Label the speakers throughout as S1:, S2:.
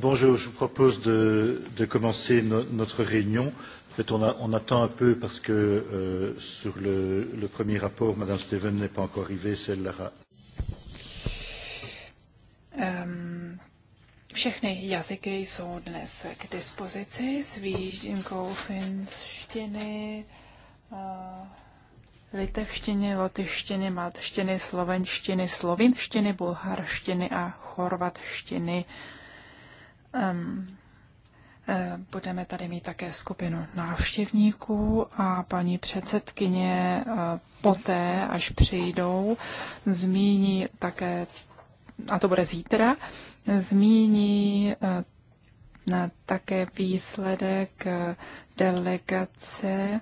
S1: Bonjour, je, je vous propose de, de commencer no, notre réunion. En fait, on, a, on attend un peu parce que euh, sur le, le premier rapport, Madame Steven n'est pas encore arrivée, c'est Lara.
S2: Um, všechny jazyky jsou dnes k dispozici s výjimkou finštiny, uh, litevštiny, lotyštiny, maltštiny, slovenštiny, slovinštiny, bulharštiny a chorvatštiny. Uh, Um, Budeme tady mít také skupinu návštěvníků a paní předsedkyně eh, poté, až přijdou, zmíní také, a to bude zítra, zmíní eh, na také výsledek delegace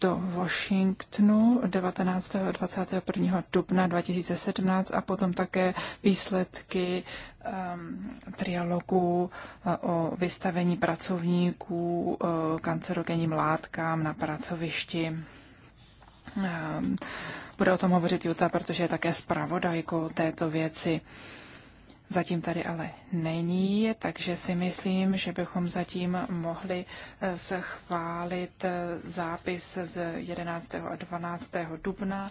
S2: do Washingtonu 19. a 21. dubna 2017 a potom také výsledky um, ehm, trialogu eh, o vystavení pracovníků eh, kancerogenním látkám na pracovišti. Um, bude o tom hovořit Juta, protože je také zpravodajkou této věci. Zatím tady ale není, takže si myslím, že bychom zatím mohli eh, se chválit eh, zápis z 11. a 12. dubna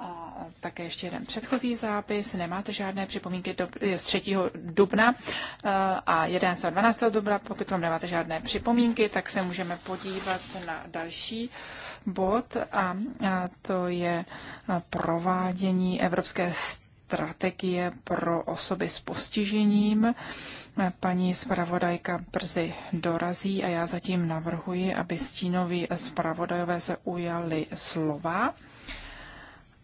S2: a také ještě jeden předchozí zápis. Nemáte žádné připomínky do, eh, z 3. dubna a 11. a 12. dubna. Pokud vám nemáte žádné připomínky, tak se můžeme podívat na další bod a to je provádění Evropské strategie pro osoby s postižením. Paní zpravodajka brzy dorazí a já zatím navrhuji, aby stínoví zpravodajové se ujali slova.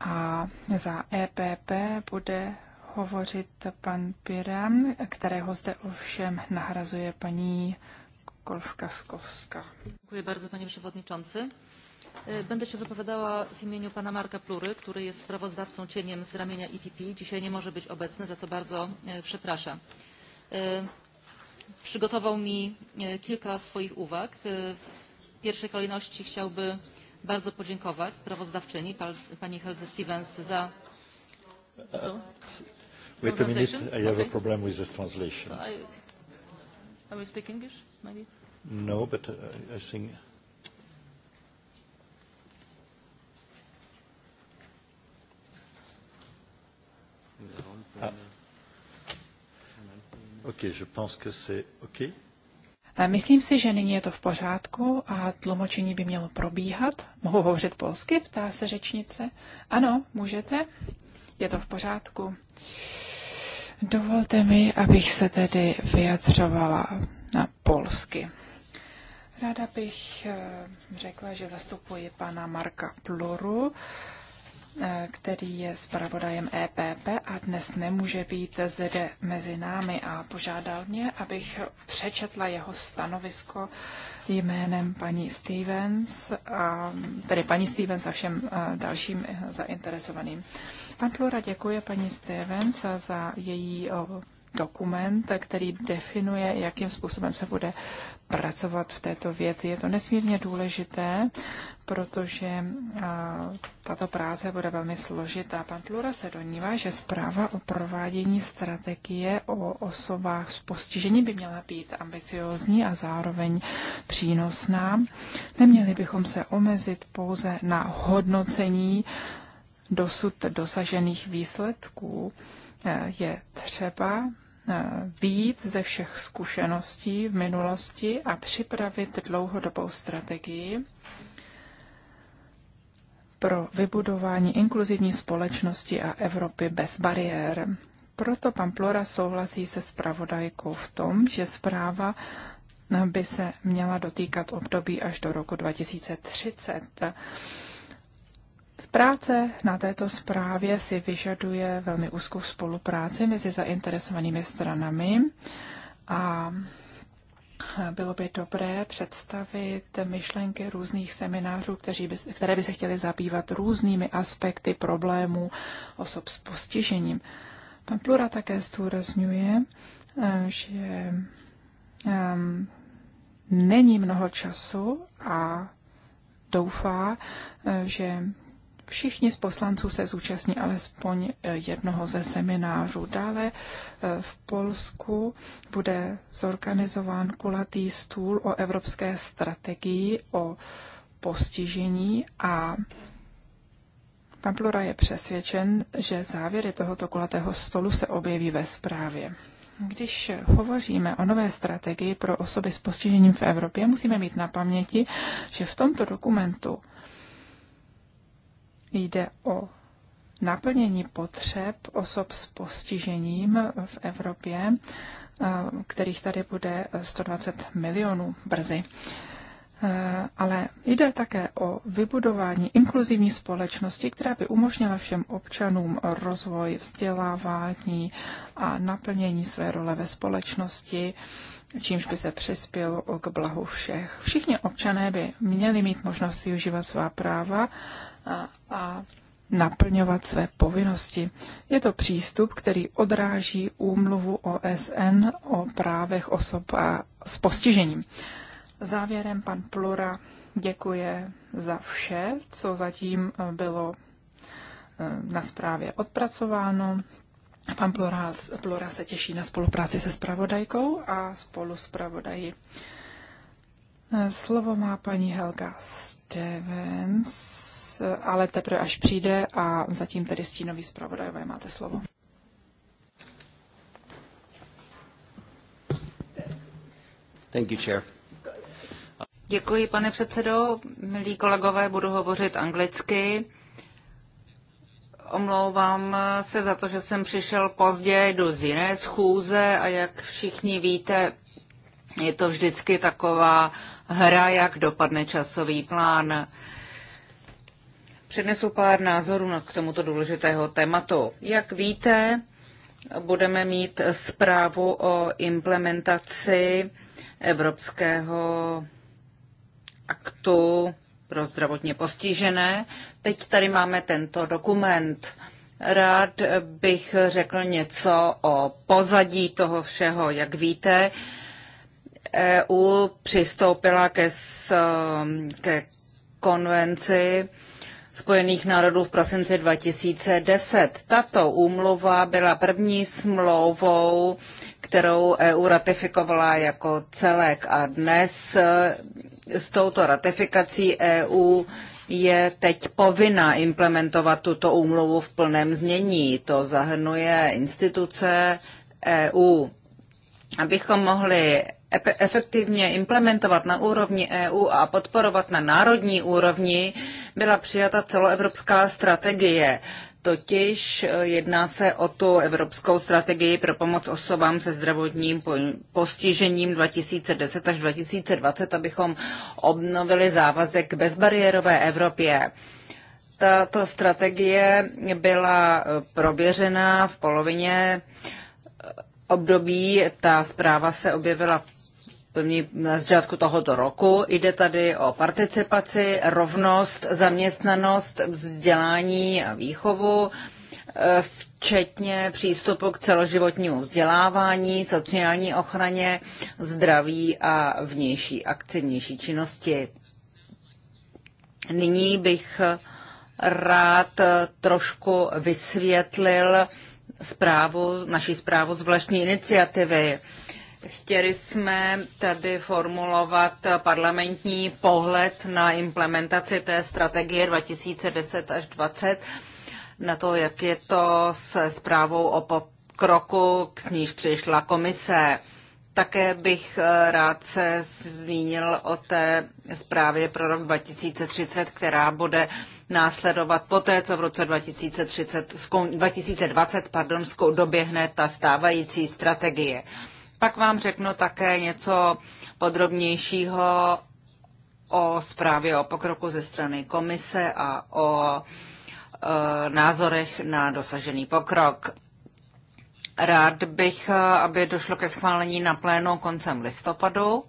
S2: A za EPP bude hovořit pan Piran, kterého zde ovšem nahrazuje paní Kolfkaskovská.
S1: Děkuji bardzo, paní předsedající. E, będę się wypowiadała w imieniu pana Marka Plury, który jest sprawozdawcą cieniem z ramienia IPP. E Dzisiaj nie może być obecny, za co bardzo e, przepraszam. Przygotował mi kilka swoich uwag. W pierwszej kolejności chciałby bardzo podziękować sprawozdawczyni, pani Helze Stevens, za... Co? Wait a minute, I have okay. a
S2: problem with this translation. So I, are we speaking English, maybe? No, but uh, I think... Eh, myslím si, že nyní je to v pořádku a tlumočení by mělo probíhat. Mohu hovořit polsky, ptá se řečnice. Ano, můžete. Je to v pořádku. Dovolte mi, abych se tedy vyjadřovala na polsky. Ráda bych eh, řekla, že zastupuji pana Marka Pluru, Eh, který je zpravodajem EPP a dnes nemůže být zde mezi námi a požádal mě, abych přečetla jeho stanovisko jménem paní Stevens, a, tedy paní Stevens a všem eh, dalším eh, zainteresovaným. Pan Plura děkuje paní Stevens za její dokument, který definuje, jakým způsobem se bude pracovat v této věci. Je to nesmírně důležité, protože tato práce bude velmi složitá. Pan Plura se donívá, že zpráva o provádění strategie o osobách s postižením by měla být ambiciózní a zároveň přínosná. Neměli bychom se omezit pouze na hodnocení dosud dosažených výsledků. Je třeba Eh, výjít ze všech zkušeností v minulosti a připravit dlouhodobou strategii pro vybudování inkluzivní společnosti a Evropy bez bariér. Proto pan Plora souhlasí se spravodajkou v tom, že zpráva by se měla dotýkat období až do roku 2030. Z práce na této zprávě si vyžaduje velmi úzkou spolupráci mezi zainteresovanými stranami a bylo by dobré představit myšlenky různých seminářů, kteří by, které by se chtěly zabývat různými aspekty problémů osob s postižením. Pan Plura také zdůrazňuje, že um, není mnoho času a doufá, že Všichni z poslanců se zúčastní alespoň eh, jednoho ze seminářů. Dále eh, v Polsku bude zorganizován kulatý stůl o evropské strategii o postižení a pan Plura je přesvědčen, že závěry tohoto kulatého stolu se objeví ve zprávě. Když hovoříme o nové strategii pro osoby s postižením v Evropě, musíme mít na paměti, že v tomto dokumentu Jde o naplnění potřeb osob s postižením v Evropě, eh, kterých tady bude 120 milionů brzy. Eh, ale jde také o vybudování inkluzivní společnosti, která by umožnila všem občanům rozvoj, vzdělávání a naplnění své role ve společnosti, čímž by se přispělo k blahu všech. Všichni občané by měli mít možnost využívat svá práva a, a naplňovat své povinnosti. Je to přístup, který odráží úmluvu OSN o právech osob a s postižením. Závěrem pan Plura děkuje za vše, co zatím bylo eh, na zprávě odpracováno. Pan Plura, Plura se těší na spolupráci se spravodajkou a spolu spravodají. Eh, slovo má paní Helga Stevens ale teprve až přijde a zatím tedy stínový zpravodajové máte slovo.
S3: Thank you, Chair.
S1: Děkuji, pane předsedo. Milí kolegové, budu hovořit anglicky. Omlouvám se za to, že jsem přišel pozdě, do z jiné schůze a jak všichni víte, je to vždycky taková hra, jak dopadne časový plán. Přednesu pár názorů k tomuto důležitého tématu. Jak víte, budeme mít zprávu o implementaci Evropského aktu pro zdravotně postižené. Teď tady máme tento dokument. Rád bych řekl něco o pozadí toho všeho. Jak víte, EU přistoupila ke, ke konvenci Spojených národů v prosinci 2010. Tato úmluva byla první smlouvou, kterou EU ratifikovala jako celek a dnes eh, s touto ratifikací EU je teď povinna implementovat tuto úmluvu v plném znění. To zahrnuje instituce EU. Abychom mohli efektivně implementovat na úrovni EU a podporovat na národní úrovni, byla přijata celoevropská strategie. Totiž eh, jedná se o tu Evropskou strategii pro pomoc osobám se zdravotním postižením 2010 až 2020, abychom obnovili závazek k bezbariérové Evropě. Tato strategie byla eh, prověřena v polovině eh, období. Ta zpráva se objevila v první na začátku tohoto roku. Jde tady o participaci, rovnost, zaměstnanost, vzdělání a výchovu, e, včetně přístupu k celoživotnímu vzdělávání, sociální ochraně, zdraví a vnější akci, vnější činnosti. Nyní bych rád trošku vysvětlil zprávu, naší zprávu z vlastní iniciativy. Chtěli jsme tady formulovat parlamentní pohled na implementaci té strategie 2010 až 20, na to, jak je to s zprávou o pokroku, k níž přišla komise. Také bych eh, rád se zmínil o té zprávě pro rok 2030, která bude následovat poté, co v roce 2030, 2020 pardon, doběhne ta stávající strategie. Pak vám řeknu také něco podrobnějšího o zprávě o pokroku ze strany komise a o e, názorech na dosažený pokrok. Rád bych, e, aby došlo ke schválení na plénu koncem listopadu,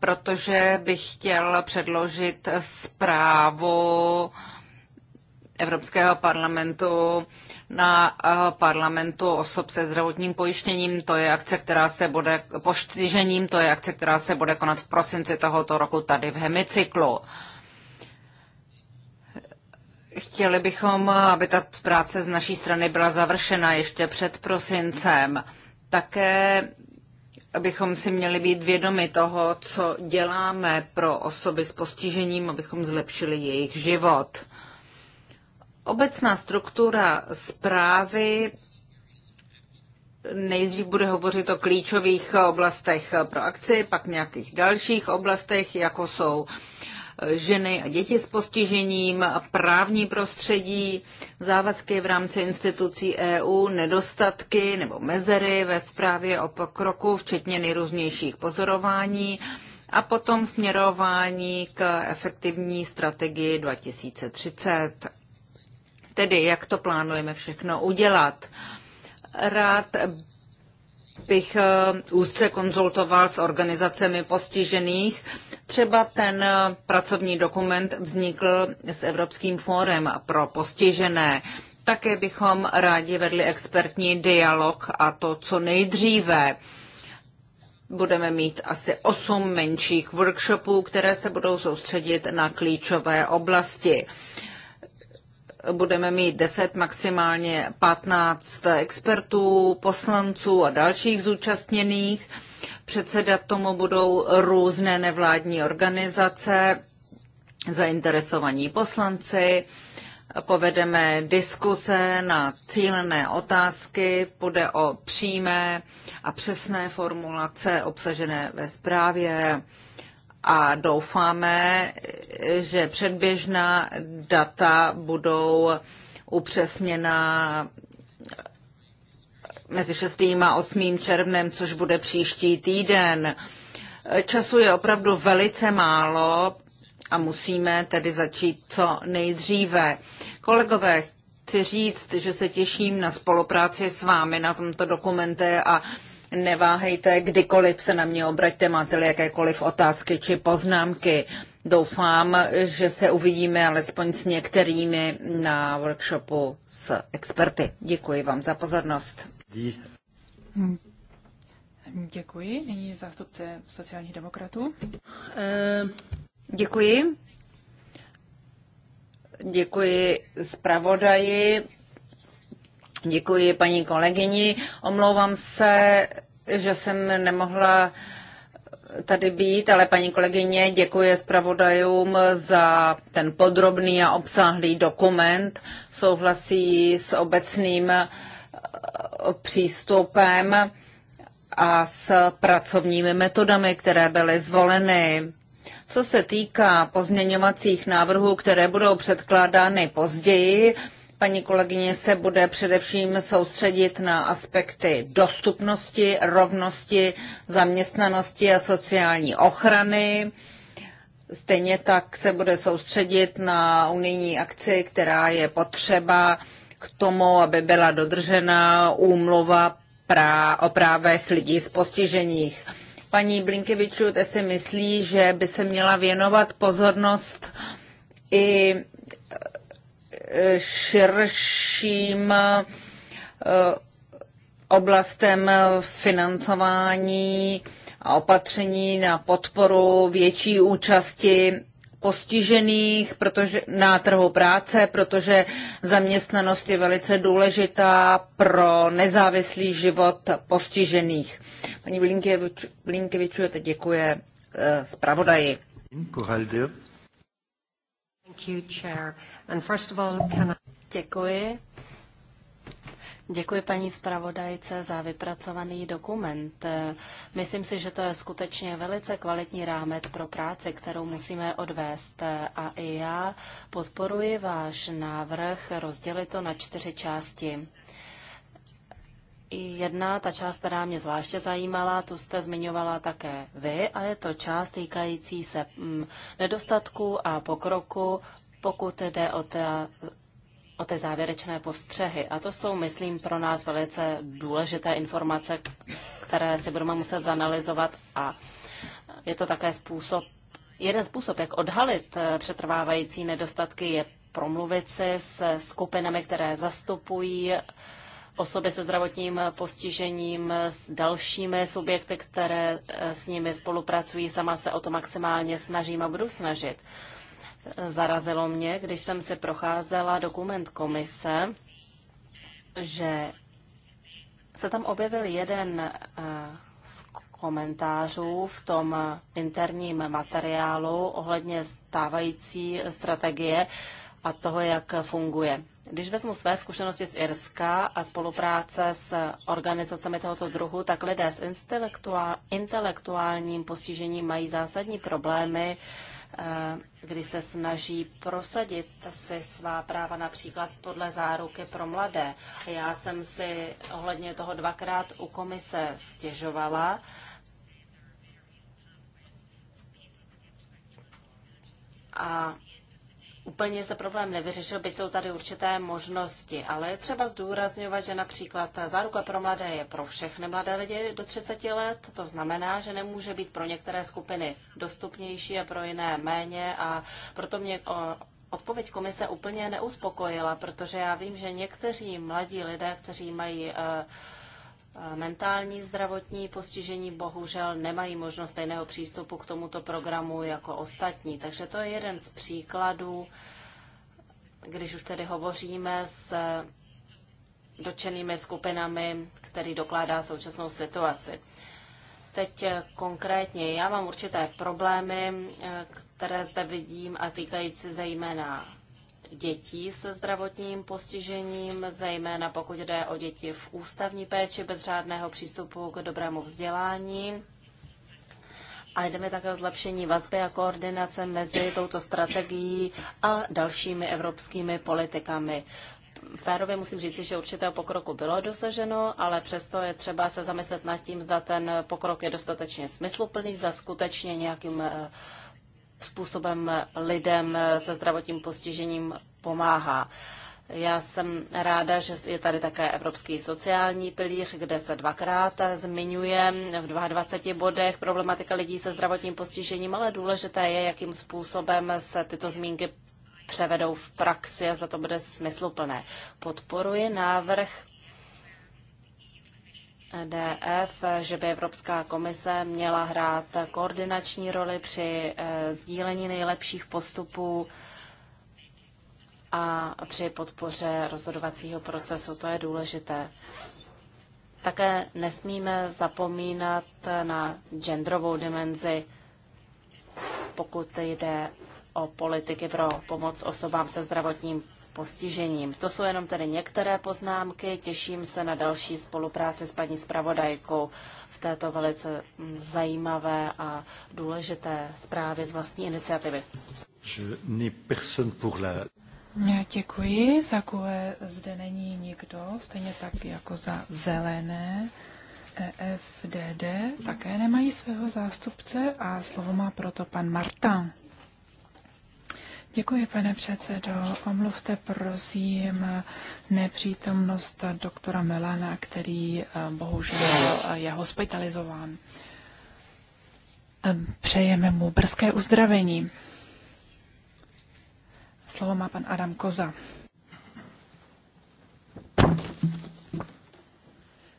S1: protože bych chtěl předložit zprávu Evropského parlamentu na eh, parlamentu osob se zdravotním pojištěním. To je akce, která se bude postižením, to je akce, která se bude konat v prosinci tohoto roku tady v hemicyklu. Chtěli bychom, aby ta práce z naší strany byla završena ještě před prosincem. Také abychom si měli být vědomi toho, co děláme pro osoby s postižením, abychom zlepšili jejich život. Obecná struktura zprávy nejdřív bude hovořit o klíčových oblastech pro akci, pak nějakých dalších oblastech, jako jsou ženy a děti s postižením, právní prostředí, závazky v rámci institucí EU, nedostatky nebo mezery ve zprávě o pokroku, včetně nejrůznějších pozorování a potom směrování k efektivní strategii 2030 tedy jak to plánujeme všechno udělat. Rád bych eh, úzce konzultoval s organizacemi postižených. Třeba ten eh, pracovní dokument vznikl s Evropským fórem pro postižené. Také bychom rádi vedli expertní dialog a to co nejdříve. Budeme mít asi osm menších workshopů, které se budou soustředit na klíčové oblasti budeme mít 10, maximálně 15 expertů, poslanců a dalších zúčastněných. Předsedat tomu budou různé nevládní organizace, zainteresovaní poslanci, povedeme diskuse na cílené otázky, půjde o přímé a přesné formulace obsažené ve zprávě a doufáme, že předběžná data budou upřesněna mezi 6. a 8. červnem, což bude příští týden. Času je opravdu velice málo a musíme tedy začít co nejdříve. Kolegové, chci říct, že se těším na spolupráci s vámi na tomto dokumente a Neváhejte, kdykoliv se na mě obraťte, máte-li jakékoliv otázky či poznámky. Doufám, že se uvidíme alespoň s některými na workshopu s experty. Děkuji vám za pozornost.
S2: Děkuji. Nyní zástupce sociálních demokratů. Eh. Děkuji.
S1: Děkuji zpravodaji Děkuji paní kolegyni. Omlouvám se, že jsem nemohla tady být, ale paní kolegyně děkuje zpravodajům za ten podrobný a obsáhlý dokument. Souhlasí s obecným eh, přístupem a s pracovními metodami, které byly zvoleny. Co se týká pozměňovacích návrhů, které budou předkládány později, Paní kolegyně se bude především soustředit na aspekty dostupnosti, rovnosti, zaměstnanosti a sociální ochrany. Stejně tak se bude soustředit na unijní akci, která je potřeba k tomu, aby byla dodržena úmluva prá- o právech lidí s postiženích. Paní Blinkevičů, te si myslí, že by se měla věnovat pozornost i širším eh, oblastem financování a opatření na podporu větší účasti postižených protože, na trhu práce, protože zaměstnanost je velice důležitá pro nezávislý život postižených. Paní Blinkevič, Blinkevičujete, děkuje eh, zpravodaji. Thank you, Chair. Děkuji.
S3: Děkuji paní zpravodajce za vypracovaný dokument. Myslím si, že to je skutečně velice kvalitní rámec pro práci, kterou musíme odvést. A i já podporuji váš návrh rozdělit to na čtyři části. jedna, ta část, která mě zvláště zajímala, tu jste zmiňovala také vy, a je to část týkající se mm, nedostatku a pokroku pokud jde o, ta, o té závěrečné postřehy. A to jsou, myslím, pro nás velice důležité informace, které si budeme muset zanalizovat a je to také způsob, jeden způsob, jak odhalit eh, přetrvávající nedostatky, je promluvit se s skupinami, které zastupují osoby se zdravotním postižením, s dalšími subjekty, které eh, s nimi spolupracují. Sama se o to maximálně snažím a budu snažit. Zarazilo mě, když jsem se procházela dokument komise, že se tam objevil jeden eh, z komentářů v tom interním materiálu ohledně stávající strategie a toho, jak funguje. Když vezmu své zkušenosti z Irska a spolupráce s organizacemi tohoto druhu, tak lidé s intelektuál, intelektuálním postižením mají zásadní problémy uh, Eh, kdy se snaží prosadit si svá práva například podle záruky pro mladé. Já jsem si ohledně toho dvakrát u komise stěžovala. A úplně se problém nevyřešil, byť jsou tady určité možnosti, ale je třeba zdůrazňovat, že například ta záruka pro mladé je pro všechny mladé lidi do 30 let, to znamená, že nemůže být pro některé skupiny dostupnější a pro jiné méně a proto mě odpověď komise úplně neuspokojila, protože já vím, že někteří mladí lidé, kteří mají uh, mentální zdravotní postižení bohužel nemají možnost stejného přístupu k tomuto programu jako ostatní. Takže to je jeden z příkladů, když už tedy hovoříme s dočenými skupinami, který dokládá současnou situaci. Teď konkrétně já mám určité problémy, eh, které zde vidím a týkající zejména dětí se zdravotním postižením, zejména pokud jde o děti v ústavní péči bez řádného přístupu k dobrému vzdělání. A jdeme také o zlepšení vazby a koordinace mezi touto strategií a dalšími evropskými politikami. Férově musím říct, že určitého pokroku bylo dosaženo, ale přesto je třeba se zamyslet nad tím, zda ten pokrok je dostatečně smysluplný, zda skutečně nějakým uh, způsobem lidem se zdravotním postižením pomáhá. Já jsem ráda, že je tady také Evropský sociální pilíř, kde se dvakrát zmiňuje v 22 bodech problematika lidí se zdravotním postižením, ale důležité je, jakým způsobem se tyto zmínky převedou v praxi a za to bude smysluplné. Podporuji návrh E DF, že by Evropská komise měla hrát koordinační roli při e, sdílení nejlepších postupů a při podpoře rozhodovacího procesu. To je důležité. Také nesmíme zapomínat na genderovou dimenzi, pokud jde o politiky pro pomoc osobám se zdravotním postižením. To jsou jenom tedy některé poznámky. Těším se na další spolupráci s paní zpravodajkou v této velice mm, zajímavé a důležité zprávě z vlastní iniciativy.
S2: Děkuji. Za kule zde není nikdo, stejně tak jako za zelené. EFDD také nemají svého zástupce a slovo má proto pan Martin. Děkuji, pane předsedo. Omluvte prosím nepřítomnost doktora Melana, který eh, bohužel eh, je hospitalizován. Eh, přejeme mu brzké uzdravení. Slovo má pan Adam Koza.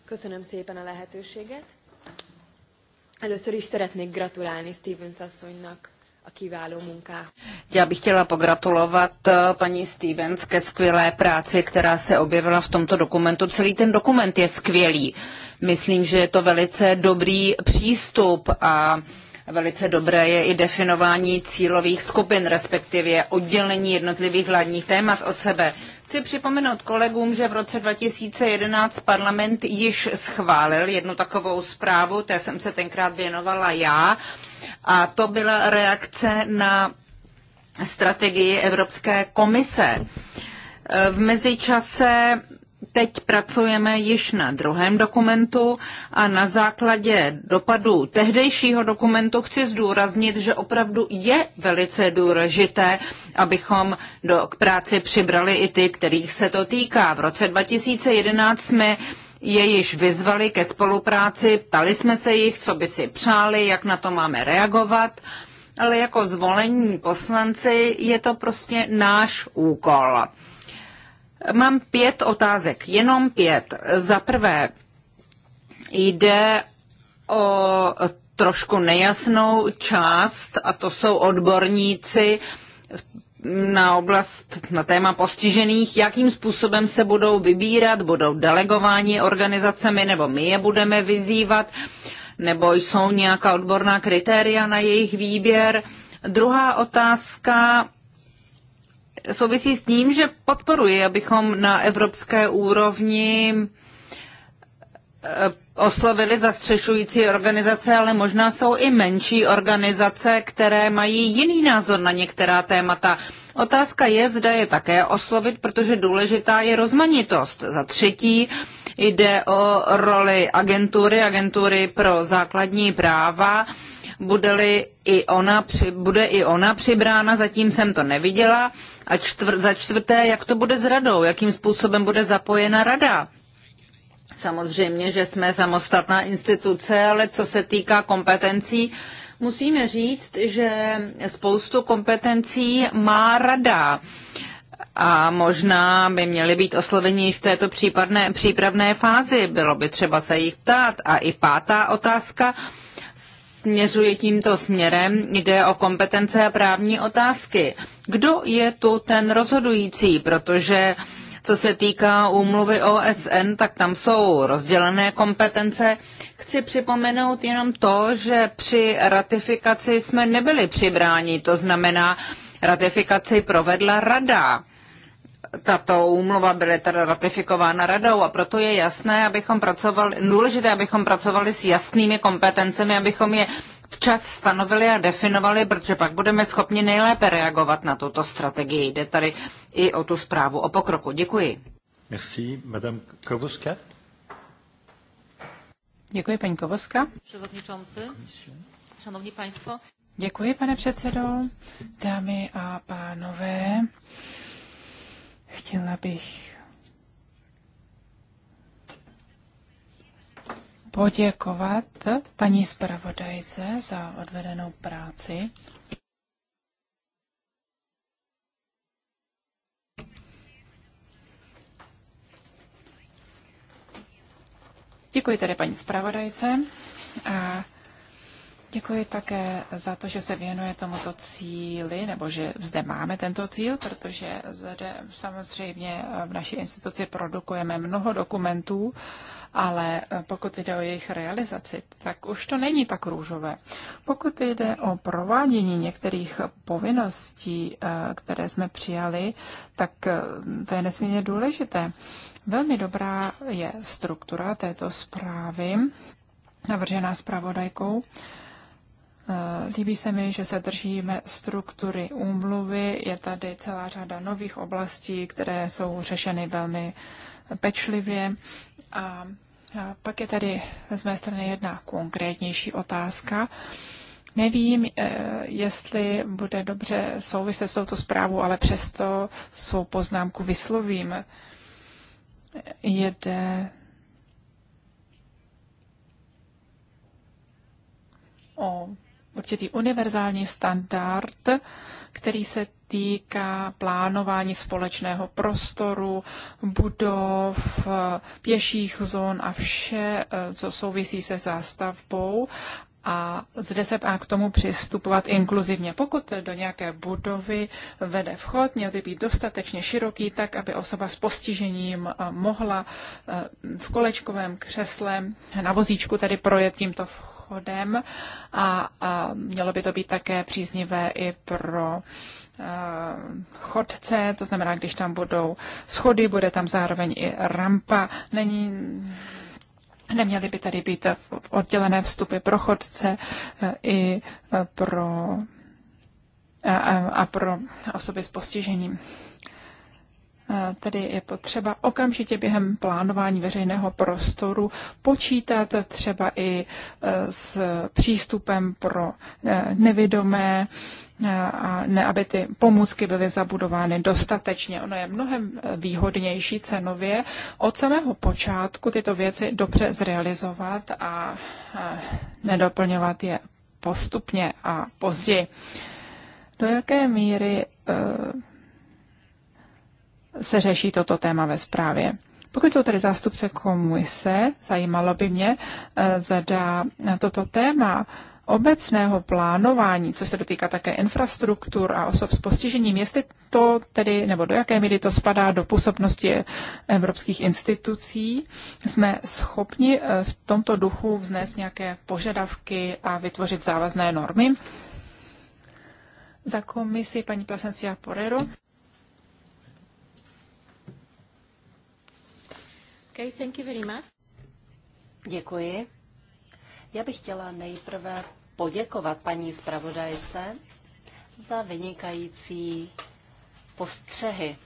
S2: Köszönöm szépen a lehetőséget. Először is szeretnék gratulálni Stevens asszonynak a munká.
S1: Já bych chtěla pogratulovat eh, paní Stevens ke skvělé práci, která se objevila v tomto dokumentu. Celý ten dokument je skvělý. Myslím, že je to velice dobrý přístup a Velice dobré je i definování cílových skupin, respektive oddělení jednotlivých hlavních témat od sebe. Chci připomenout kolegům, že v roce 2011 parlament již schválil jednu takovou zprávu, té jsem se tenkrát věnovala já, a to byla reakce na strategii Evropské komise. V mezičase Teď pracujeme již na druhém dokumentu a na základě dopadu tehdejšího dokumentu chci zdůraznit, že opravdu je velice důležité, abychom do, k práci přibrali i ty, kterých se to týká. V roce 2011 jsme je již vyzvali ke spolupráci, ptali jsme se jich, co by si přáli, jak na to máme reagovat, ale jako zvolení poslanci je to prostě náš úkol. Mám pět otázek, jenom pět. Za prvé, jde o trošku nejasnou část, a to jsou odborníci na oblast, na téma postižených, jakým způsobem se budou vybírat, budou delegováni organizacemi, nebo my je budeme vyzývat, nebo jsou nějaká odborná kritéria na jejich výběr. Druhá otázka souvisí s tím, že podporuji, abychom na evropské úrovni eh, oslovili zastřešující organizace, ale možná jsou i menší organizace, které mají jiný názor na některá témata. Otázka je, zda je také oslovit, protože důležitá je rozmanitost. Za třetí jde o roli agentury, agentury pro základní práva. Bude-li i ona, bude i ona přibrána, zatím jsem to neviděla a čtvr, za čtvrté, jak to bude s radou, jakým způsobem bude zapojena rada. Samozřejmě, že jsme samostatná instituce, ale co se týká kompetencí, musíme říct, že spoustu kompetencí má rada. A možná by měly být osloveni v této případné, přípravné fázi. Bylo by třeba se jich ptát. A i pátá otázka, směřuje tímto směrem, jde o kompetence a právní otázky. Kdo je tu ten rozhodující, protože co se týká úmluvy OSN, tak tam jsou rozdělené kompetence. Chci připomenout jenom to, že při ratifikaci jsme nebyli přibráni, to znamená, ratifikaci provedla Rada tato úmluva byla teda ratifikována radou a proto je jasné, abychom pracovali, důležité, abychom pracovali s jasnými kompetencemi, abychom je včas stanovili a definovali, protože pak budeme schopni nejlépe reagovat na tuto strategii. Jde tady i o tu zprávu o pokroku. Děkuji.
S2: Merci, Madame Kovoska. Děkuji, paní Kovoska. Děkuji, pane předsedo. Dámy a pánové, Chtěla bych poděkovat paní zpravodajce za odvedenou práci. Děkuji tedy paní zpravodajce. A Děkuji také za to, že se věnuje tomuto cíli, nebo že zde máme tento cíl, protože zde samozřejmě v naší instituci produkujeme mnoho dokumentů, ale pokud jde o jejich realizaci, tak už to není tak růžové. Pokud jde o provádění některých povinností, eh, které jsme přijali, tak eh, to je nesmírně důležité. Velmi dobrá je struktura této zprávy, navržená zpravodajkou. Eh, líbí se mi, že se držíme struktury úmluvy. Je tady celá řada nových oblastí, které jsou řešeny velmi pečlivě. A pak je tady z mé strany jedna konkrétnější otázka. Nevím, eh, jestli bude dobře souviset s touto zprávou, ale přesto svou poznámku vyslovím. Jede o určitý univerzální standard, který se týká plánování společného prostoru, budov, pěších zón a vše, eh, co souvisí se zástavbou. A zde se má k tomu přistupovat inkluzivně. Pokud do nějaké budovy vede vchod, měl by být dostatečně široký, tak aby osoba s postižením eh, mohla eh, v kolečkovém křesle na vozíčku tedy projet tímto vchodem obchodem a, a mělo by to být také příznivé i pro chodce, to znamená, když tam budou schody, bude tam zároveň i rampa. Není, neměly by tady být oddělené vstupy pro chodce e, i pro a, a pro osoby s postižením. Tedy je potřeba okamžitě během plánování veřejného prostoru počítat třeba i e, s přístupem pro e, nevidomé, e, a ne, aby ty pomůcky byly zabudovány dostatečně. Ono je mnohem výhodnější cenově od samého počátku tyto věci dobře zrealizovat a nedoplňovat je postupně a později. Do jaké míry se řeší toto téma ve zprávě. Pokud jsou tady zástupce komise, zajímalo by mě, eh, zda toto téma obecného plánování, co se dotýká také infrastruktur a osob s postižením, jestli to tedy, nebo do jaké míry to spadá do působnosti evropských institucí, jsme schopni eh, v tomto duchu vznést nějaké požadavky a vytvořit závazné normy. Za komisi paní Plasencia Porero.
S3: Okay, thank you very much. Děkuji. Já bych chtěla nejprve poděkovat paní zpravodajce za vynikající postřehy.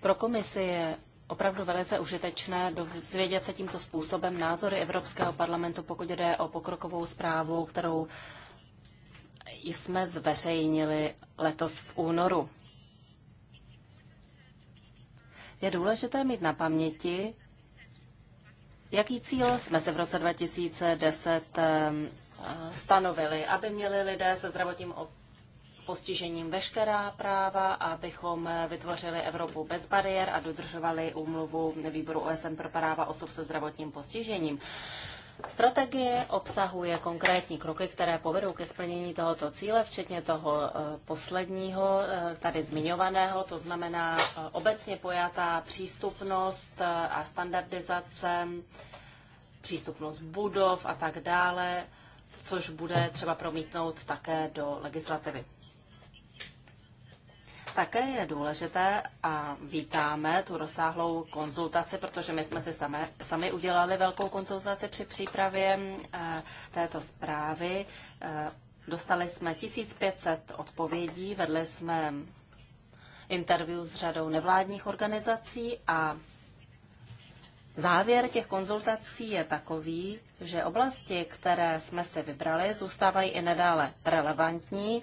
S3: Pro komisi je opravdu velice užitečné dozvědět se tímto způsobem názory Evropského parlamentu, pokud jde o pokrokovou zprávu, kterou jsme zveřejnili letos v únoru je důležité mít na paměti, jaký cíl jsme se v roce 2010 eh, stanovili, aby měli lidé se zdravotním postižením veškerá práva, abychom eh, vytvořili Evropu bez bariér a dodržovali úmluvu výboru OSN pro práva osob se zdravotním postižením. Strategie obsahuje konkrétní kroky, které povedou ke splnění tohoto cíle, včetně toho eh, posledního, eh, tady zmiňovaného, to znamená eh, obecně pojatá přístupnost a standardizace, přístupnost budov a tak dále, což bude třeba promítnout také do legislativy také je důležité a vítáme tu rozsáhlou konzultaci, protože my jsme si sami, sami udělali velkou konzultaci při přípravě eh, této zprávy. Eh, dostali jsme 1500 odpovědí, vedli jsme interview s řadou nevládních organizací a Závěr těch konzultací je takový, že oblasti, které jsme si vybrali, zůstávají i nadále relevantní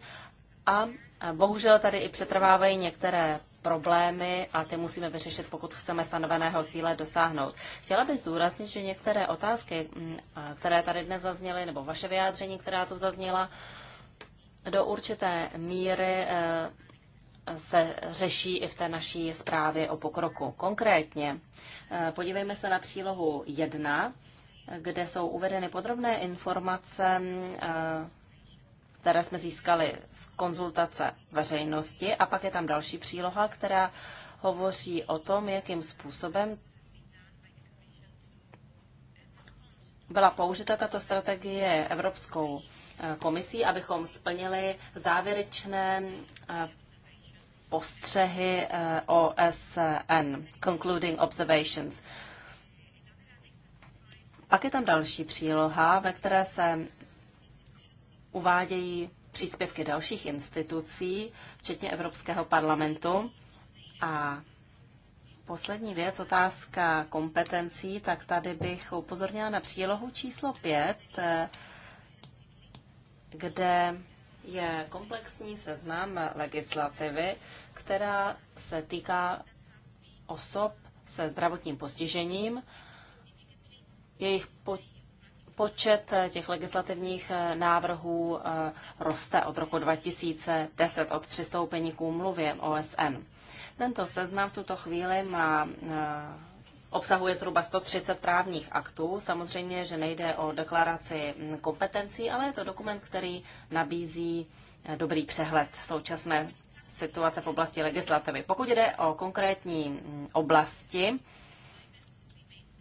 S3: a bohužel tady i přetrvávají některé problémy a ty musíme vyřešit, pokud chceme stanoveného cíle dosáhnout. Chtěla bych zdůraznit, že některé otázky, mm, které tady dnes zazněly, nebo vaše vyjádření, která tu zazněla, do určité míry e, se řeší i v té naší zprávě o pokroku. Konkrétně e, podívejme se na přílohu 1, kde jsou uvedeny podrobné informace mm, které jsme získali z konzultace veřejnosti. A pak je tam další příloha, která hovoří o tom, jakým způsobem byla použita tato strategie Evropskou eh, komisí, abychom splnili závěrečné eh, postřehy eh, OSN, Concluding Observations. Pak je tam další příloha, ve které se uvádějí příspěvky dalších institucí, včetně Evropského parlamentu. A poslední věc, otázka kompetencí, tak tady bych upozornila na přílohu číslo 5, kde je komplexní seznam legislativy, která se týká osob se zdravotním postižením, jejich po počet eh, těch legislativních eh, návrhů eh, roste od roku 2010, od přistoupení k úmluvě OSN. Tento seznam v tuto chvíli má obsahuje zhruba 130 právních aktů. Samozřejmě, že nejde o deklaraci hm, kompetencí, ale je to dokument, který nabízí dobrý přehled současné situace v oblasti legislativy. Pokud jde o konkrétní hm, oblasti,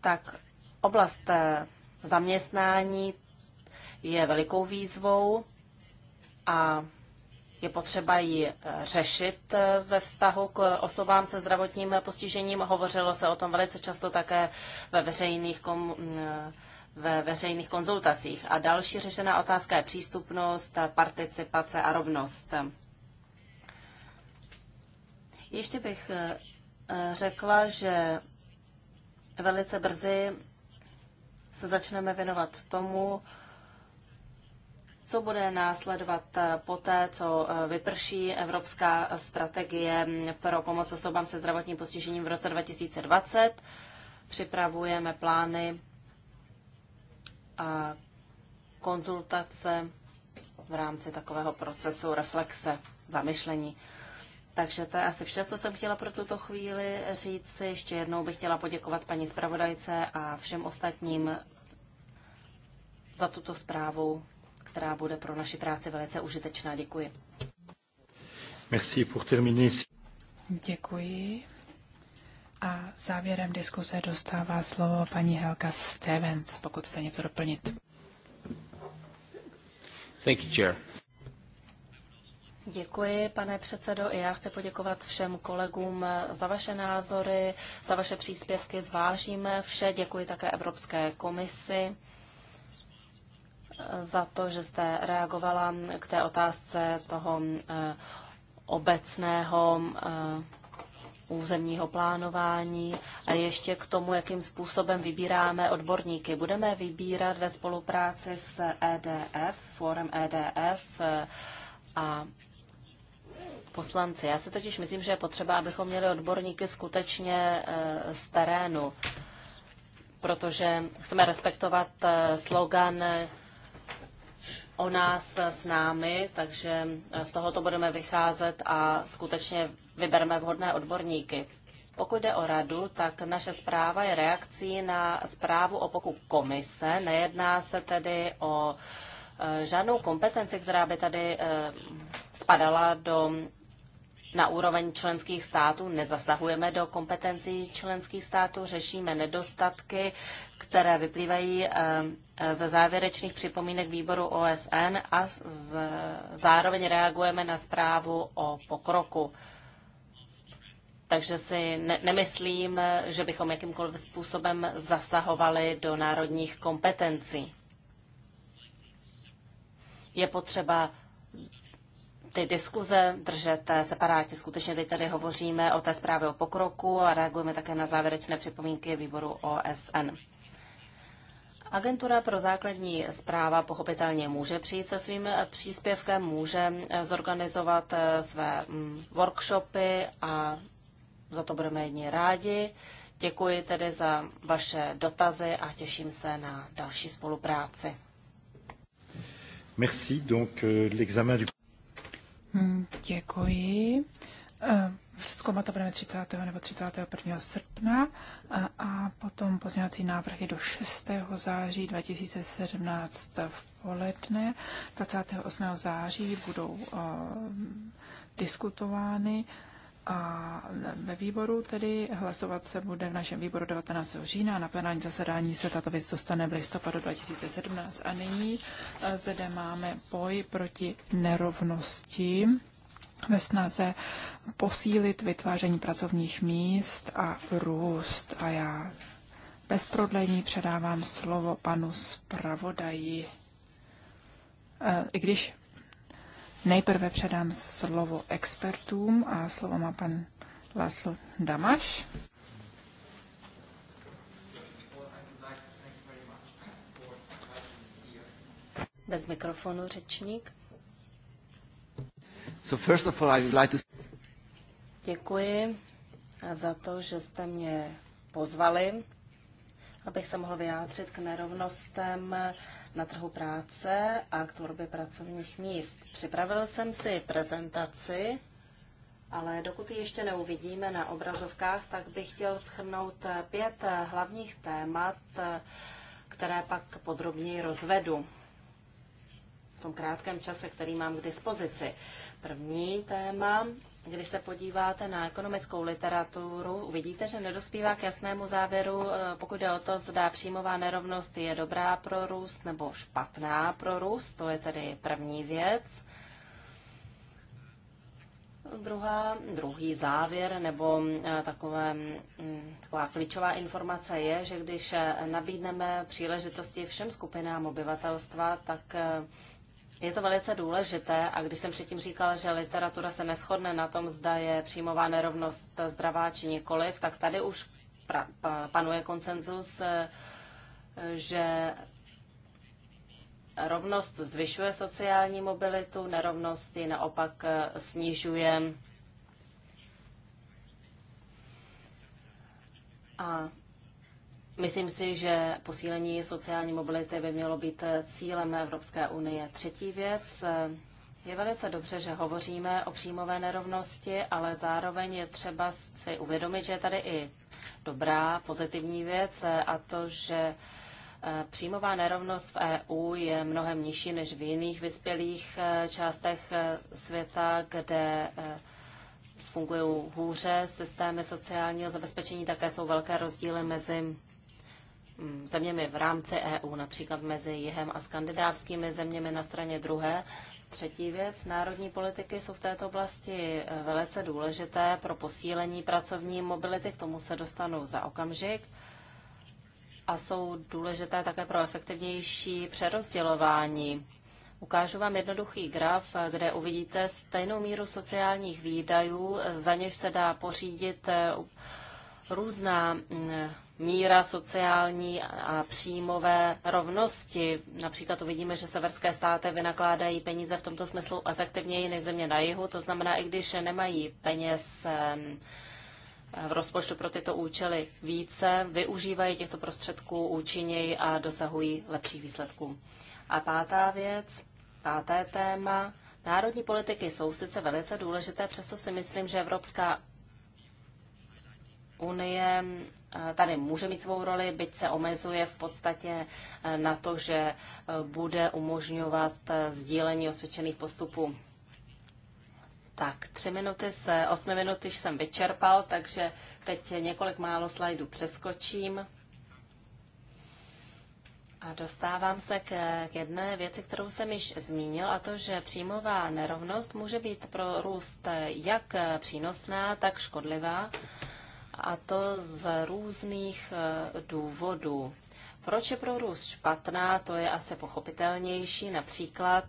S3: tak oblast zaměstnání je velikou výzvou a je potřeba ji eh, řešit eh, ve vztahu k osobám se zdravotním postižením. Hovořilo se o tom velice často také ve veřejných kom mm, eh, ve veřejných konzultacích. A další řešená otázka je přístupnost, participace a rovnost. Ještě bych řekla, že velice brzy se začneme věnovat tomu, co bude následovat poté, co eh, vyprší Evropská strategie pro pomoc osobám se zdravotním postižením v roce 2020. Připravujeme plány a konzultace v rámci takového procesu reflexe, zamyšlení. Takže to je asi vše, co jsem chtěla pro tuto chvíli říct. Ještě jednou bych chtěla poděkovat paní zpravodajce a všem ostatním za tuto zprávu, která bude pro naši práci velice užitečná. Děkuji.
S2: Merci
S1: pour terminer.
S2: Děkuji. A závěrem diskuse dostává slovo paní Helka Stevens, pokud chce něco doplnit.
S3: Thank you, Chair. Děkuji, pane předsedo. I já chci poděkovat všem kolegům za vaše názory, za vaše příspěvky. Zvážíme vše. Děkuji také Evropské komisi za to, že jste reagovala k té otázce toho eh, obecného eh, územního plánování a ještě k tomu, jakým způsobem vybíráme odborníky. Budeme vybírat ve spolupráci s EDF, Fórem EDF eh, a poslanci. Já si totiž myslím, že je potřeba, abychom měli odborníky skutečně eh, z terénu, protože chceme respektovat eh, slogan eh, o nás s námi, takže z tohoto budeme vycházet a skutečně vybereme vhodné odborníky. Pokud jde o radu, tak naše zpráva je reakcí na zprávu o pokup komise. Nejedná se tedy o žádnou kompetenci, která by tady spadala do na úroveň členských států, nezasahujeme do kompetencí členských států, řešíme nedostatky, které vyplývají eh, eh, ze závěrečných připomínek výboru OSN a z, zároveň reagujeme na zprávu o pokroku. Takže si ne- nemyslím, že bychom jakýmkoliv způsobem zasahovali do národních kompetencí. Je potřeba ty diskuze držet separátně. Skutečně teď tady hovoříme o té zprávě o pokroku a reagujeme také na závěrečné připomínky výboru OSN. Agentura pro základní zpráva pochopitelně může přijít se svým příspěvkem, může zorganizovat eh, své mm, workshopy a za to budeme jedni rádi. Děkuji tedy za vaše dotazy a těším se na další spolupráci. Merci. Donc, euh,
S2: Hm, děkuji. Eh, zkoumat to budeme 30. nebo 31. srpna a, a potom pozměňovací návrhy do 6. září 2017 v poledne. 28. září budou uh, diskutovány. Uh, a ve výboru tedy hlasovat se bude v našem výboru 19. října. Na plenární zasedání se tato věc dostane v listopadu 2017. A nyní eh, zde máme boj proti nerovnosti ve snaze posílit vytváření pracovních míst a růst. A já bez prodlení předávám slovo panu zpravodaji. Eh, I když Nejprve předám slovo expertům a slovo má pan Václav Damaš.
S3: Bez mikrofonu řečník.
S2: So first of all, I would like to...
S3: Děkuji za to, že jste mě pozvali abych se mohl vyjádřit k nerovnostem na trhu práce a k tvorbě pracovních míst. Připravil jsem si prezentaci, ale dokud ji ještě neuvidíme na obrazovkách, tak bych chtěl schrnout pět hlavních témat, které pak podrobněji rozvedu v tom krátkém čase, který mám k dispozici. První téma když se podíváte na ekonomickou literaturu, uvidíte, že nedospívá k jasnému závěru, eh, pokud jde o to, zda příjmová nerovnost je dobrá pro růst nebo špatná pro růst. To je tedy první věc. Druhá, druhý závěr nebo eh, takové, mm, taková klíčová informace je, že když eh, nabídneme příležitosti všem skupinám obyvatelstva, tak je to velice důležité a když jsem předtím říkal, že literatura se neschodne na tom, zda je přímová nerovnost zdravá či nikoliv, tak tady už pra, pa, panuje konsenzus, eh, že rovnost zvyšuje sociální mobilitu, nerovnost ji naopak eh, snižuje. A Myslím si, že posílení sociální mobility by mělo být cílem Evropské unie. Třetí věc, je velice dobře, že hovoříme o příjmové nerovnosti, ale zároveň je třeba si uvědomit, že je tady i dobrá, pozitivní věc a to, že eh, příjmová nerovnost v EU je mnohem nižší než v jiných vyspělých eh, částech eh, světa, kde fungují hůře systémy sociálního zabezpečení, také jsou velké rozdíly mezi Mm, zeměmi v rámci EU, například mezi Jihem a skandinávskými zeměmi na straně druhé. Třetí věc, národní politiky jsou v této oblasti eh, velice důležité pro posílení pracovní mobility, k tomu se dostanu za okamžik, a jsou důležité také pro efektivnější přerozdělování. Ukážu vám jednoduchý graf, eh, kde uvidíte stejnou míru sociálních výdajů, eh, za něž se dá pořídit různá mm, míra sociální a příjmové rovnosti. Například to vidíme, že severské státy vynakládají peníze v tomto smyslu efektivněji než země na jihu, to znamená, i když nemají peněz v rozpočtu pro tyto účely více, využívají těchto prostředků účinněji a dosahují lepších výsledků. A pátá věc, páté téma, Národní politiky jsou sice velice důležité, přesto si myslím, že Evropská unie eh, tady může mít svou roli, byť se omezuje v podstatě eh, na to, že eh, bude umožňovat sdílení osvědčených postupů. Tak, tři minuty z osmi minut již jsem vyčerpal, takže teď několik málo slajdů přeskočím. A dostávám se k, k jedné věci, kterou jsem již zmínil, a to, že příjmová nerovnost může být pro růst jak přínosná, tak škodlivá a to z různých e, důvodů. Proč je pro růst špatná, to je asi pochopitelnější. Například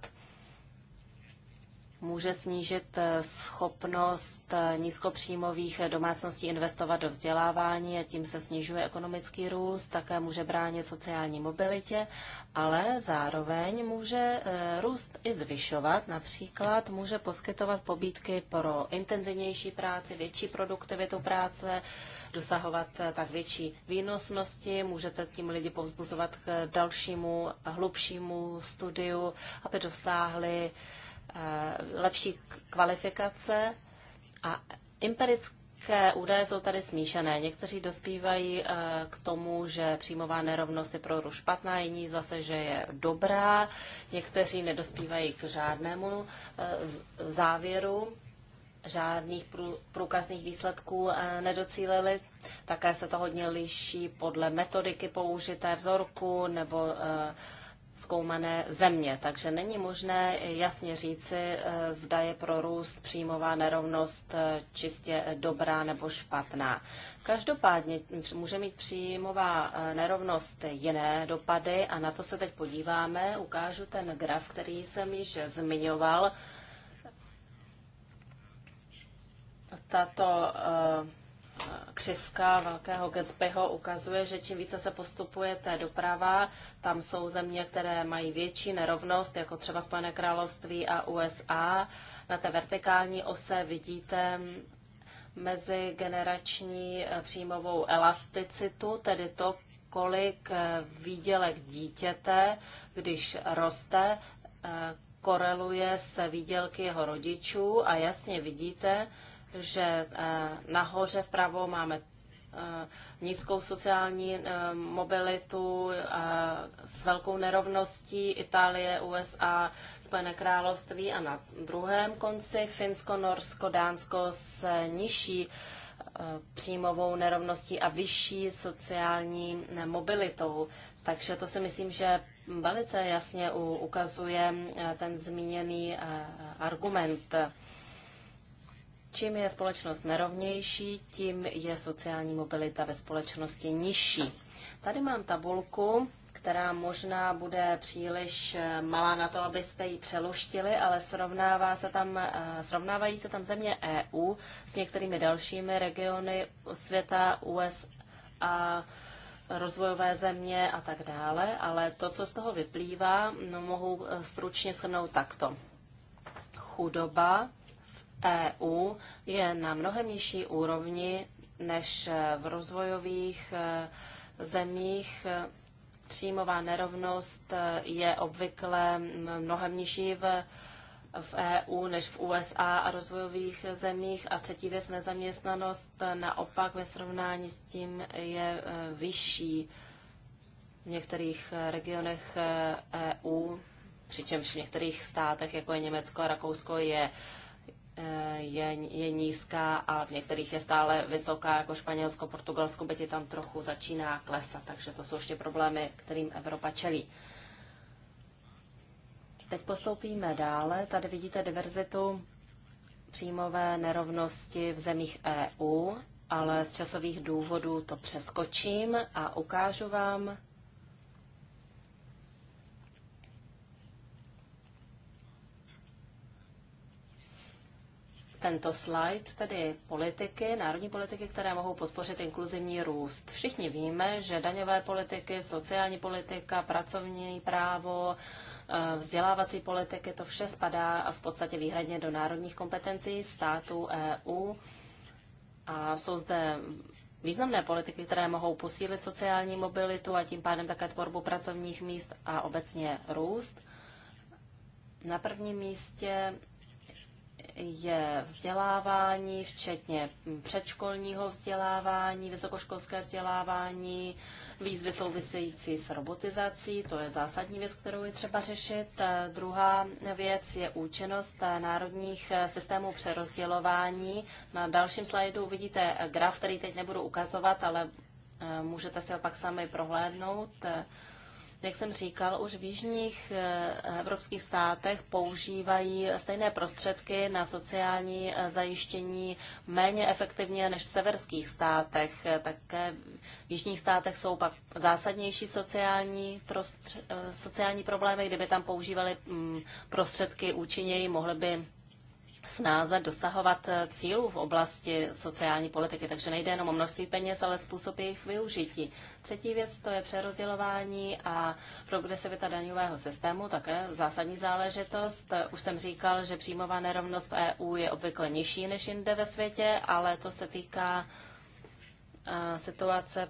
S3: může snížit eh, schopnost eh, nízkopříjmových domácností investovat do vzdělávání a tím se snižuje ekonomický růst, také může bránit sociální mobilitě, ale zároveň může eh, růst i zvyšovat. Například může poskytovat pobídky pro intenzivnější práci, větší produktivitu práce, dosahovat tak větší výnosnosti, můžete tím lidi povzbuzovat k dalšímu, hlubšímu studiu, aby dosáhli Eh, lepší kvalifikace a empirické údaje jsou tady smíšené. Někteří dospívají eh, k tomu, že příjmová nerovnost je pro špatná, jiní zase, že je dobrá, někteří nedospívají k žádnému eh, závěru žádných průkazných výsledků nedocílili. Také se to hodně liší podle metodiky použité vzorku nebo zkoumané země. Takže není možné jasně říci, eh, zda je pro růst příjmová nerovnost eh, čistě dobrá nebo špatná. Každopádně může mít příjmová eh, nerovnost jiné dopady a na to se teď podíváme. Ukážu ten graf, který jsem již zmiňoval. Tato křivka Velkého Gatsbyho ukazuje, že čím více se postupujete doprava, tam jsou země, které mají větší nerovnost, jako třeba Spojené království a USA. Na té vertikální ose vidíte mezigenerační eh, příjmovou elasticitu, tedy to, kolik eh, výdělek dítěte, když roste, eh, koreluje s výdělky jeho rodičů a jasně vidíte, že eh, nahoře vpravo máme eh, nízkou sociální eh, mobilitu s velkou nerovností Itálie, USA, Spojené království a na druhém konci Finsko, Norsko, Dánsko s nižší příjmovou nerovností a vyšší sociální mobilitou. Takže to si myslím, že velice jasně ukazuje ten zmíněný argument. Čím je společnost nerovnější, tím je sociální mobilita ve společnosti nižší. Tady mám tabulku, která možná bude příliš eh, malá na to, abyste ji přeluštili, ale srovnává se tam, eh, srovnávají se tam země EU s některými dalšími regiony světa, USA, rozvojové země a tak dále, ale to, co z toho vyplývá, no, mohu eh, stručně shrnout takto. Chudoba EU je na mnohem nižší úrovni než e, v rozvojových e, zemích. E, příjmová nerovnost je obvykle mnohem nižší v v EU než v USA a rozvojových zemích. A třetí věc, nezaměstnanost naopak ve srovnání s tím je vyšší v některých regionech EU, přičemž v některých státech, jako je Německo a Rakousko, je je, je nízká a v některých je stále vysoká, jako Španělsko, Portugalsko, byť je tam trochu začíná klesat. Takže to jsou ještě problémy, kterým Evropa čelí. Teď postoupíme dále. Tady vidíte diverzitu příjmové nerovnosti v zemích EU, ale z časových důvodů to přeskočím a ukážu vám tento slide, tedy politiky, národní politiky, které mohou podpořit inkluzivní růst. Všichni víme, že daňové politiky, sociální politika, pracovní právo, eh, vzdělávací politiky, to vše spadá v podstatě výhradně do národních kompetencí států EU. A jsou zde významné politiky, které mohou posílit sociální mobilitu a tím pádem také tvorbu pracovních míst a obecně růst. Na prvním místě je vzdělávání, včetně předškolního vzdělávání, vysokoškolské vzdělávání, výzvy související s robotizací, to je zásadní věc, kterou je třeba řešit. Eh, druhá věc je účinnost eh, národních eh, systémů přerozdělování. Na dalším slajdu uvidíte graf, který teď nebudu ukazovat, ale můžete si ho pak sami prohlédnout jak jsem říkal, už v jižních eh, evropských státech používají stejné prostředky na sociální eh, zajištění méně efektivně než v severských státech. Eh, také v jižních státech jsou pak zásadnější sociální, prostř- sociální problémy. Kdyby tam používali mm, prostředky účinněji, mohly by snáze dosahovat eh, cílů v oblasti sociální politiky. Takže nejde jenom o množství peněz, ale způsob jejich využití. Třetí věc to je přerozdělování a progresivita daňového systému, také zásadní záležitost. Eh, už jsem říkal, že příjmová nerovnost v EU je obvykle nižší než jinde ve světě, ale to se týká eh, situace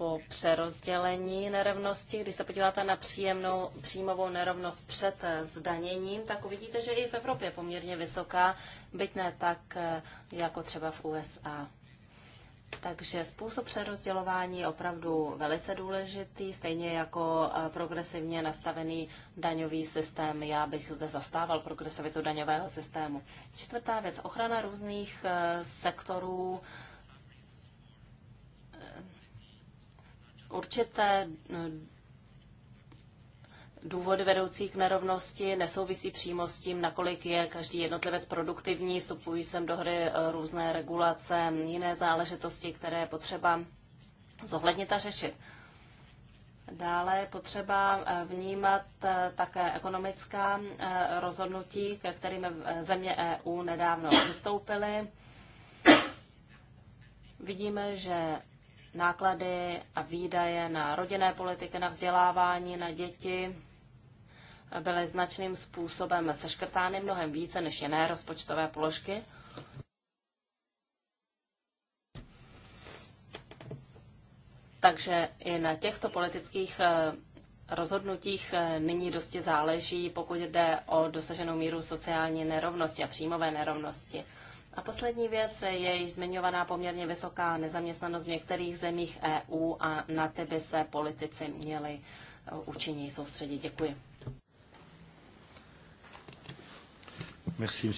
S3: po přerozdělení nerovnosti. Když se podíváte na příjemnou, příjmovou nerovnost před eh, zdaněním, tak uvidíte, že i v Evropě je poměrně vysoká, byť ne tak eh, jako třeba v USA. Takže způsob přerozdělování je opravdu velice důležitý, stejně jako eh, progresivně nastavený daňový systém. Já bych zde zastával progresivitu daňového systému. Čtvrtá věc, ochrana různých sektorů určité eh, důvody vedoucí k nerovnosti nesouvisí přímo s tím, nakolik je každý jednotlivec produktivní, vstupují sem do hry eh, různé regulace, jiné záležitosti, které je potřeba zohlednit a řešit. Dále je potřeba eh, vnímat také ekonomická rozhodnutí, ke kterým země EU nedávno přistoupily. Vidíme, že náklady a výdaje na rodinné politiky, na vzdělávání, na děti byly značným způsobem seškrtány mnohem více než jiné rozpočtové položky. Takže i na těchto politických eh, rozhodnutích eh, nyní dosti záleží, pokud jde o dosaženou míru sociální nerovnosti a příjmové nerovnosti. A poslední věc je již zmiňovaná poměrně vysoká nezaměstnanost v některých zemích EU a na ty by se politici měli eh, účinněji soustředit. Děkuji. Merci,